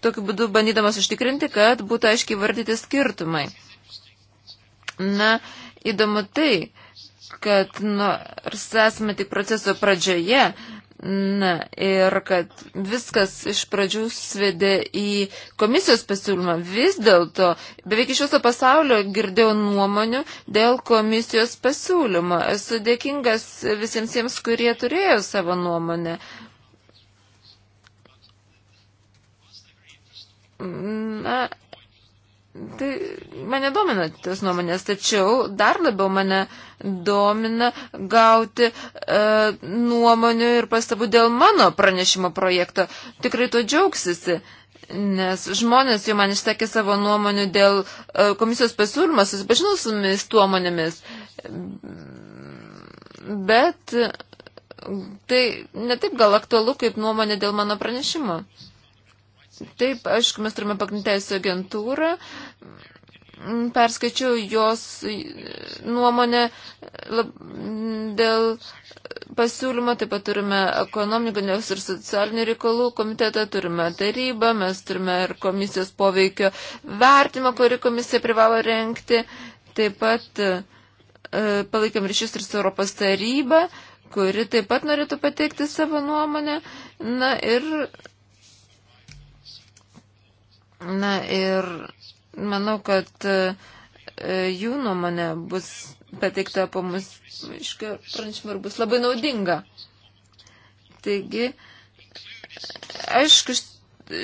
tokiu būdu bandydamas užtikrinti, kad būtų aiškiai vardyti skirtumai. Na, įdomu tai, kad nors nu, esame tik proceso pradžioje, uh, Na, ir kad viskas iš pradžių svedė į komisijos pasiūlymą. Vis dėlto, beveik iš viso pasaulio girdėjau nuomonių dėl komisijos pasiūlymo. Esu dėkingas visiems tiems, kurie turėjo savo nuomonę. Na, Tai mane domina tas nuomonės, tačiau dar labiau mane domina gauti e, nuomonių ir pastabų dėl mano pranešimo projekto. Tikrai to džiaugsisi, nes žmonės jau man išsakė savo nuomonių dėl e, komisijos pasiūlymą, susipažinau su mis tuomonėmis. Bet tai netaip gal aktualu kaip nuomonė dėl mano pranešimo. Taip, aišku, mes turime pagrindinę teisų agentūrą. E, Mm, perskaičiau jos nuomonę dėl pasiūlymo, taip pat turime ekonomikos ir socialinių reikalų komitetą, turime tarybą, mes turime ir komisijos poveikio vertimą, kurį komisija privalo renkti, taip pat e, palaikėm ryšius ir su Europos taryba, kuri taip pat norėtų pateikti savo nuomonę. Na ir. Na ir manau, kad e, e, jų nuomonė bus pateikta po mūsų pranešimą ir bus labai naudinga. Taigi, aišku,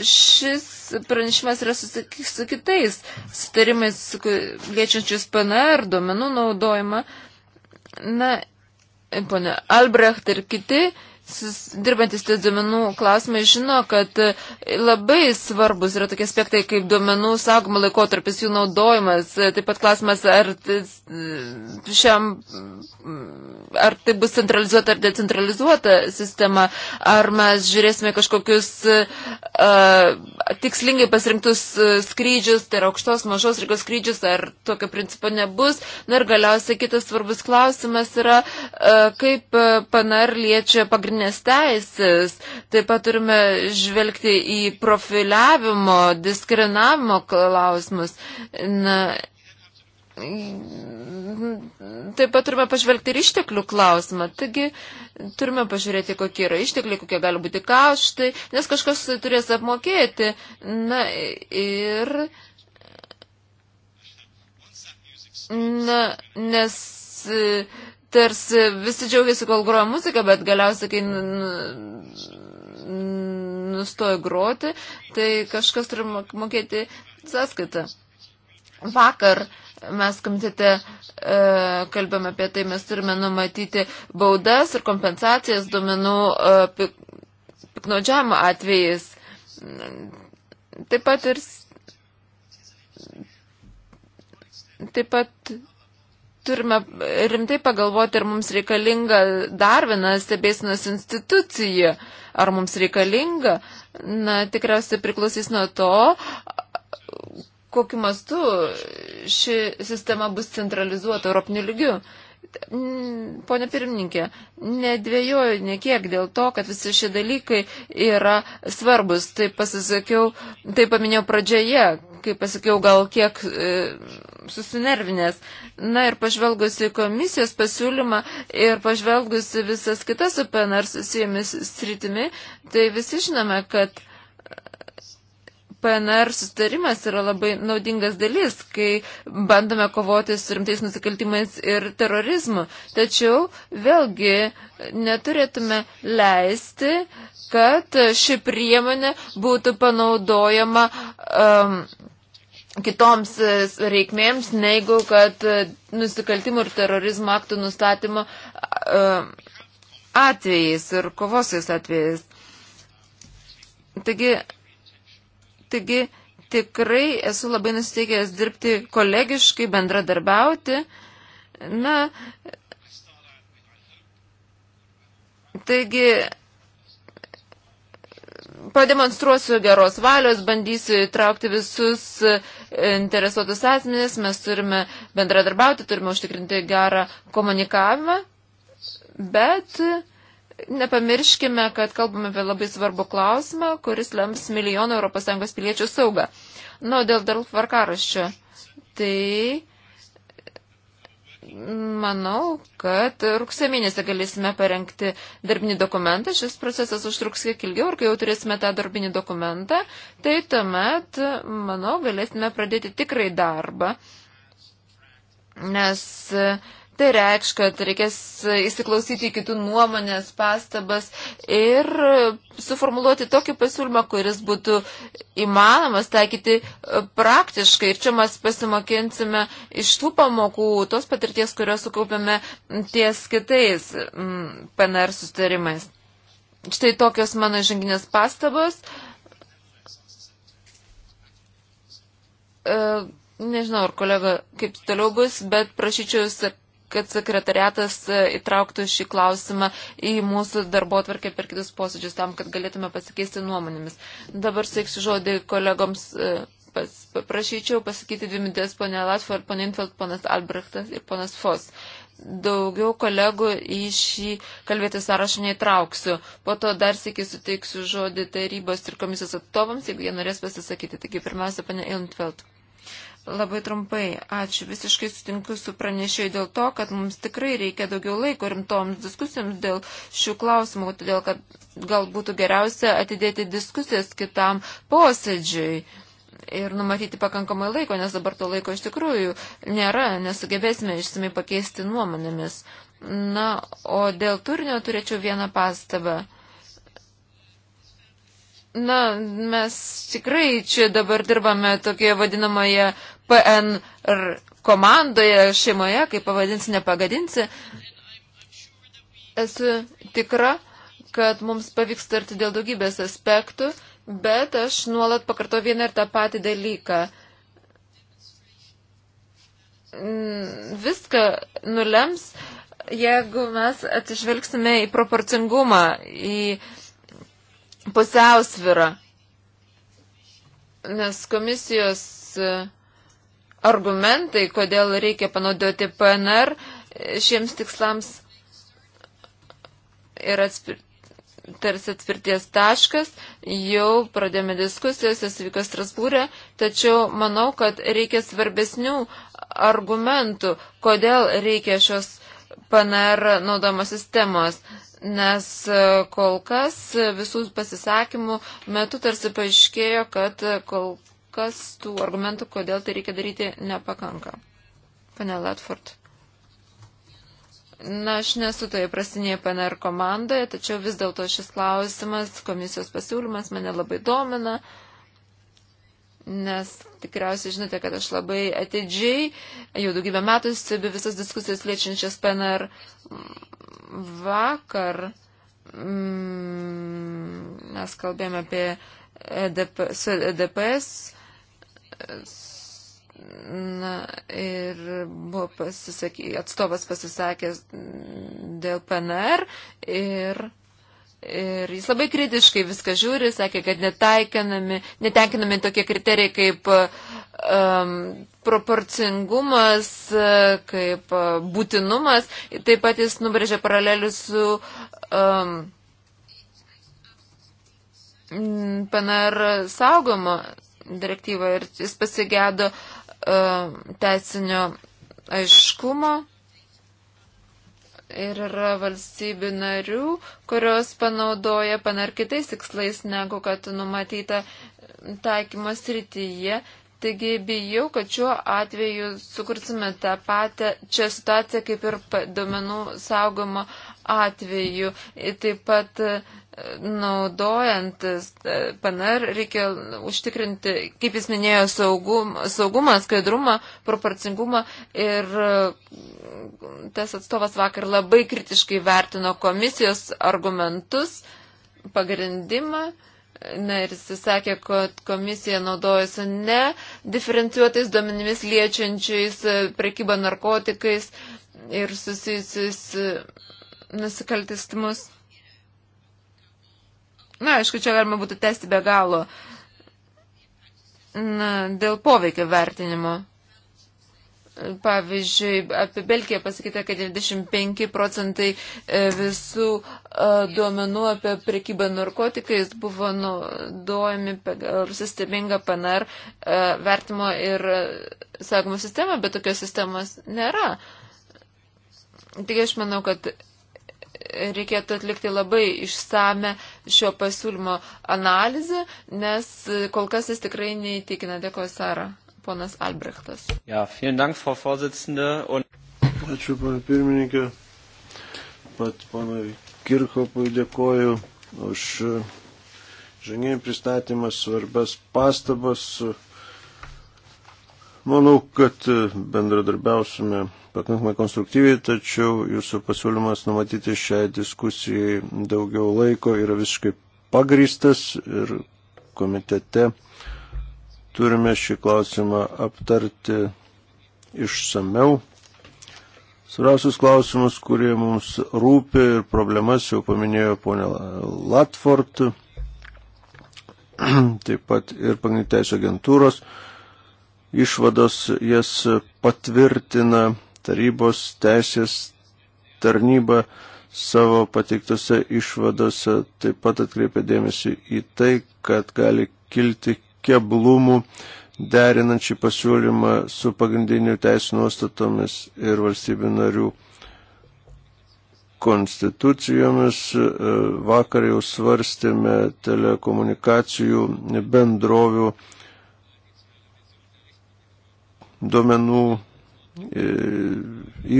šis pranešimas yra su, su kitais sutarimais liečiančius PNR duomenų naudojimą. Na, ponia Albrecht ir kiti dirbantis ties duomenų klausimai žino, kad labai svarbus yra tokie aspektai kaip duomenų saugumo laikotarpis, jų naudojimas. Taip pat klausimas, ar, tai, šiam, ar tai bus centralizuota ar decentralizuota sistema, ar mes žiūrėsime kažkokius uh, tikslingai pasirinktus skrydžius, tai yra aukštos, mažos rygos skrydžius, ar tokio principo nebus. Na ir galiausiai kitas svarbus klausimas yra, uh, kaip PNR liečia pagrindinį autorinės teisės, taip pat turime žvelgti į profiliavimo, diskriminavimo klausimus. Na, Taip pat turime pažvelgti ir išteklių klausimą. Taigi turime pažiūrėti, kokie yra ištekliai, kokie gali būti kaštai, nes kažkas turės apmokėti. Na ir. Na, nes tarsi visi džiaugiasi, kol groja muzika, bet galiausiai, kai nu, nu, nustoja groti, tai kažkas turi mokėti sąskaitą. Vakar mes komitete e, kalbame apie tai, mes turime numatyti baudas ir kompensacijas duomenų e, pik, piknaudžiavimo atvejais. Taip pat ir. Taip pat turime rimtai pagalvoti, ar mums reikalinga dar viena stebėsinos institucija, ar mums reikalinga. Na, tikriausiai priklausys nuo to, kokiu mastu ši sistema bus centralizuota europiniu lygiu. Pone pirmininkė, nedvėjoju nekiek dėl to, kad visi šie dalykai yra svarbus. Tai pasisakiau, tai paminėjau pradžioje, kai pasakiau gal kiek. E, susinervinęs. Na ir pažvelgusi komisijos pasiūlymą ir pažvelgusi visas kitas su PNR susijomis sritimi, tai visi žinome, kad PNR sustarimas yra labai naudingas dalis, kai bandome kovoti su rimtais nusikaltimais ir terorizmu. Tačiau vėlgi neturėtume leisti, kad ši priemonė būtų panaudojama um, kitoms e, reikmėms, negu kad e, nusikaltimų ir terorizmo aktų nustatymo e, atvejais ir kovosiais atvejais. Taigi, taigi tikrai esu labai nusiteikęs dirbti kolegiškai, bendradarbiauti. Na, taigi, pademonstruosiu geros valios, bandysiu įtraukti visus uh, interesuotus asmenės, mes turime bendradarbiauti, turime užtikrinti gerą komunikavimą, bet nepamirškime, kad kalbame apie labai svarbų klausimą, kuris lems milijonų ES piliečių saugą. Nu, dėl dėl varkaraščio. Tai manau, kad rugsė mėnesį galėsime parengti darbinį dokumentą. Šis procesas užtruks kiek ilgiau ir kai jau turėsime tą darbinį dokumentą, tai tuomet, manau, galėsime pradėti tikrai darbą. Nes uh, Tai reikš, kad reikės įsiklausyti kitų nuomonės, pastabas ir suformuluoti tokį pasiūlymą, kuris būtų įmanomas taikyti e, praktiškai. Ir čia mes pasimokinsime iš tų pamokų, tos patirties, kurios sukaupėme ties kitais mm, PNR sustarimais. Štai tokios mano žinginės pastabos. E, nežinau, ar kolega kaip toliau bus, bet prašyčiau kad sekretariatas e, įtrauktų šį klausimą į mūsų darbo atvarkę per kitus posėdžius, tam, kad galėtume pasikeisti nuomonėmis. Dabar sėksiu žodį kolegoms. E, pas, prašyčiau pasakyti dvi mintis, ponė Latvar, ponė Infeld, ponas Albrechtas ir ponas Fos daugiau kolegų į šį kalbėti sąrašą neįtrauksiu. Po to dar sėkiai suteiksiu žodį tarybos ir komisijos atstovams, jeigu jie norės pasisakyti. Taigi pirmiausia, pane Ilntfeld. Labai trumpai, ačiū. Visiškai sutinku su pranešėjai dėl to, kad mums tikrai reikia daugiau laiko rimtoms diskusijoms dėl šių klausimų, todėl kad gal būtų geriausia atidėti diskusijas kitam posėdžiui. Ir numatyti pakankamai laiko, nes dabar to laiko iš tikrųjų nėra, nesugebėsime išsamei pakeisti nuomonėmis. Na, o dėl turinio turėčiau vieną pastabą. Na, mes tikrai čia dabar dirbame tokioje vadinamoje PNR komandoje, šeimoje, kaip pavadinsi, nepagadinsi. Esu tikra, kad mums pavyks tarti dėl daugybės aspektų, bet aš nuolat pakarto vieną ir tą patį dalyką. Mm, viską nulems, jeigu mes atsižvelgsime į proporcingumą, į pusiausvyrą, nes komisijos e, argumentai, kodėl reikia panaudoti PNR e, šiems tikslams ir atspir, tarsi atspirties taškas, jau pradėjome diskusijas, jis vyko Strasbūrė, tačiau manau, kad reikia svarbesnių argumentų, kodėl reikia šios PNR naudojimo sistemos, nes e, kol kas visų pasisakymų metu tarsi paaiškėjo, kad e, kol kas tų argumentų, kodėl tai reikia daryti, nepakanka. Pane Latford. Na, aš nesu toje prastinėje PNR komandoje, tačiau vis dėlto šis klausimas, komisijos pasiūlymas mane labai domina. Uh, nes tikriausiai žinote, kad aš labai atidžiai jau daugybę metų stebiu visas diskusijas liečiančias PNR vakar. Mm, mes kalbėjome apie EDP, su EDPS. Na, ir buvo pasisakė, atstovas pasisakęs dėl PNR ir Ir jis labai kritiškai viską žiūri, sakė, kad netenkinami tokie kriterijai kaip um, proporcingumas, kaip uh, būtinumas. Taip pat jis nubrėžė paralelių su um, PNR saugomo direktyva ir jis pasigėdo um, teisinio aiškumo. Ir yra valstybių narių, kurios panaudoja panar kitais tikslais, negu kad numatyta taikymo srityje. Taigi bijau, kad šiuo atveju sukursime tą patę čia situaciją kaip ir duomenų saugomo atveju. Taip pat naudojant e, PNR reikia užtikrinti, kaip jis minėjo, saugum, saugumą, skaidrumą, proporcingumą ir e, tas atstovas vakar labai kritiškai vertino komisijos argumentus, pagrindimą. Na ir jis sakė, kad komisija naudojasi ne diferencijuotais duomenimis liečiančiais e, prekybą narkotikais ir susijusius nusikaltistimus. Na, aišku, čia galima būtų testi be galo. Na, dėl poveikio vertinimo. Pavyzdžiui, apie Belgiją pasakyta, kad 25 procentai e, visų e, duomenų apie prekybą narkotikais buvo naudojami pagal sistemingą PNR e, vertimo ir sakomo sistemą, bet tokios sistemos nėra. Taigi aš manau, kad reikėtų atlikti labai išsame šio pasiūlymo analizę, nes kol kas jis tikrai neįtikina. Dėkuoju, Sara. Ponas Albrechtas. Ja, Dank, Frau und... Ačiū, pana pirmininkė. Pat panai Kirchopui dėkoju už žanginį pristatymą, svarbas pastabas, Manau, kad e, bendradarbiausime pakankamai konstruktyviai, tačiau jūsų pasiūlymas numatyti šiai diskusijai daugiau laiko yra visiškai pagristas ir komitete turime šį klausimą aptarti išsameu. Svarbiausius klausimus, kurie mums rūpi ir problemas jau paminėjo ponė Latford, taip pat ir pagrindinės agentūros išvados, jas patvirtina tarybos teisės tarnyba savo pateiktose išvadose. Taip pat atkreipia dėmesį į tai, kad gali kilti keblumų derinant šį pasiūlymą su pagrindinių teisų nuostatomis ir valstybių narių konstitucijomis. Vakar jau svarstėme telekomunikacijų bendrovių duomenų e,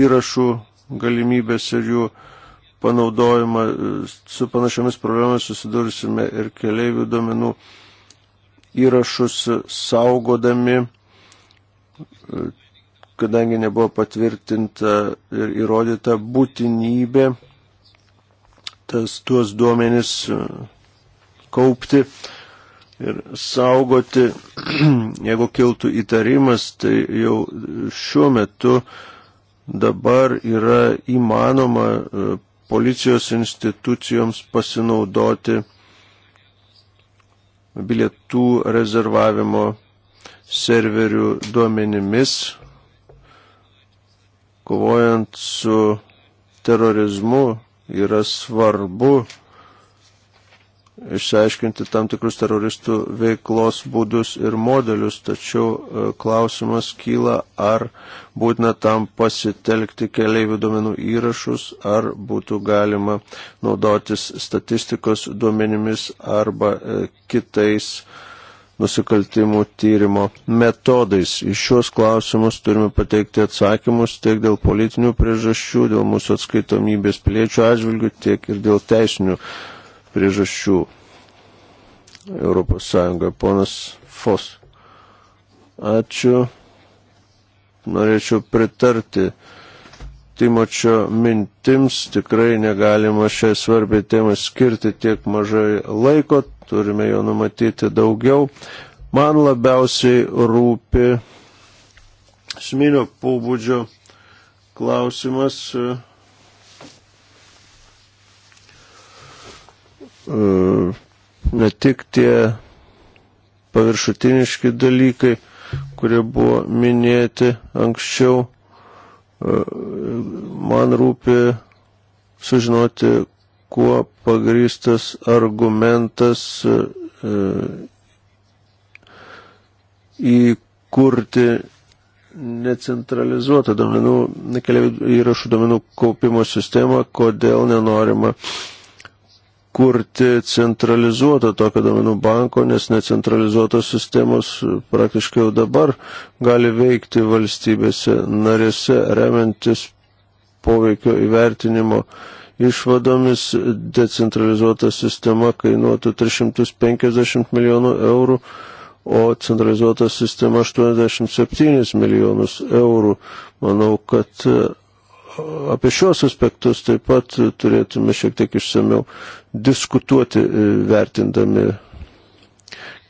įrašų galimybės ir jų panaudojimą. E, su panašiamis problemomis susidursime ir keliaivių duomenų įrašus saugodami, e, kadangi nebuvo patvirtinta ir įrodyta būtinybė tas tuos duomenis kaupti ir saugoti, jeigu kiltų įtarimas, tai jau šiuo metu dabar yra įmanoma e, policijos institucijoms pasinaudoti bilietų rezervavimo serverių duomenimis, kovojant su terorizmu yra svarbu išsiaiškinti tam tikrus teroristų veiklos būdus ir modelius, tačiau e, klausimas kyla, ar būtina tam pasitelkti keliaivių duomenų įrašus, ar būtų galima naudotis statistikos duomenimis arba e, kitais nusikaltimų tyrimo metodais. Iš šios klausimus turime pateikti atsakymus tiek dėl politinių priežasčių, dėl mūsų atskaitomybės piliečių atžvilgių, tiek ir dėl teisinių priežasčių Europos Sąjungoje. Ponas Fos. Ačiū. Norėčiau pritarti Timočio mintims. Tikrai negalima šiai svarbiai temai skirti tiek mažai laiko. Turime jo numatyti daugiau. Man labiausiai rūpi sminio pobūdžio klausimas. Uh, E, ne tik tie paviršutiniški dalykai, kurie buvo minėti anksčiau. E, man rūpi sužinoti, kuo pagrystas argumentas e, įkurti necentralizuotą domenų, keliavių įrašų domenų kaupimo sistemą, kodėl nenorima uh, kurti centralizuotą tokią domenų banko, nes necentralizuotos sistemos praktiškai jau dabar gali veikti valstybėse narėse, remiantis poveikio įvertinimo išvadomis. Decentralizuota sistema kainuotų 350 milijonų eurų, o centralizuota sistema 87 milijonus eurų. Manau, kad apie šios aspektus taip pat turėtume šiek tiek išsamiau diskutuoti e, vertindami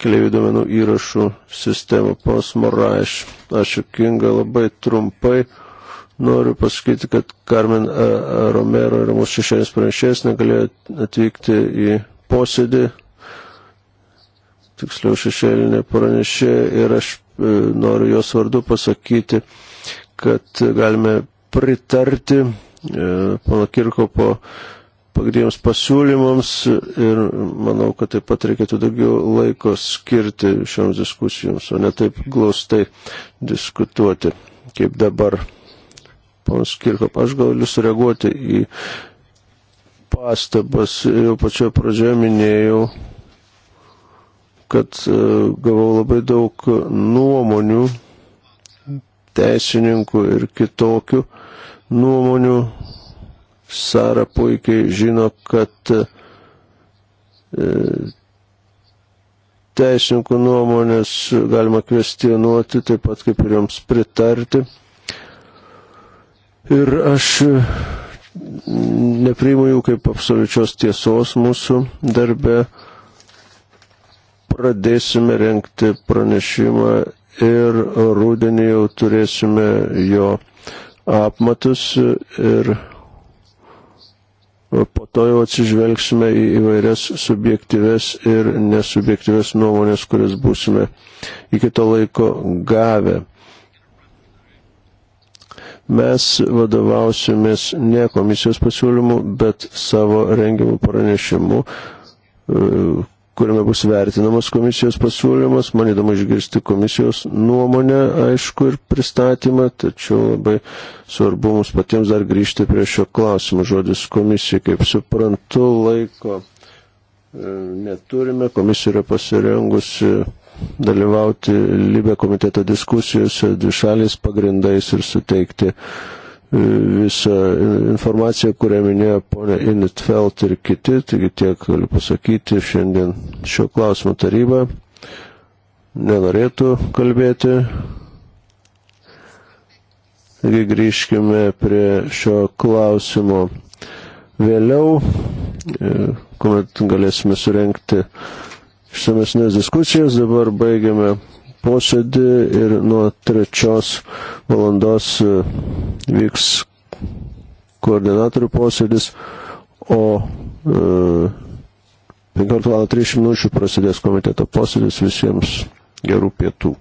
keliaivių duomenų įrašų sistemą. Pons Moraiš, aš jukinga labai trumpai. Noriu pasakyti, kad Carmen e, Romero ir mūsų šešėlis pranešėjas negalėjo atvykti į posėdį, tiksliau šešėlinė pranešė ir aš e, noriu jos vardu pasakyti, kad galime pritarti e, pana Kirkopo pagrindiniams pasiūlymams ir manau, kad taip pat reikėtų daugiau laiko skirti šioms diskusijoms, o ne taip glaustai diskutuoti, kaip dabar. Ponas Kirkop, aš galiu sureaguoti į pastabas, jau pačioje pradžioje minėjau, kad e, gavau labai daug nuomonių teisininkų ir kitokių nuomonių. Sara puikiai žino, kad e, teisininkų nuomonės galima kvestionuoti, taip pat kaip ir joms pritarti. Ir aš e, nepriimu jų kaip absoliučios tiesos mūsų darbe. Pradėsime renkti pranešimą ir rūdienį jau turėsime jo uh, apmatus ir po to jau atsižvelgsime į įvairias subjektyves ir nesubjektyves nuomonės, kurias būsime iki to laiko gavę. Mes vadovausimės ne komisijos pasiūlymų, bet savo rengimų pranešimu, kuriame bus vertinamas komisijos pasiūlymas, man įdomu išgirsti komisijos nuomonę, aišku, ir pristatymą, tačiau labai svarbu mums patiems dar grįžti prie šio klausimo. Žodis komisija, kaip suprantu, laiko e, neturime, komisija yra pasirengusi dalyvauti Libė komiteto diskusijose dvišaliais pagrindais ir suteikti visą informaciją, kurią minėjo ponė Initfeld ir kiti, taigi tiek galiu pasakyti, šiandien šio klausimo taryba nenorėtų kalbėti. Taigi grįžkime prie šio klausimo vėliau, e, kuomet galėsime surenkti išsamesnės diskusijas, dabar baigiame posėdį ir nuo trečios valandos e, vyks koordinatorių posėdis, o 15.30 e, min. prasidės komiteto posėdis visiems gerų pietų.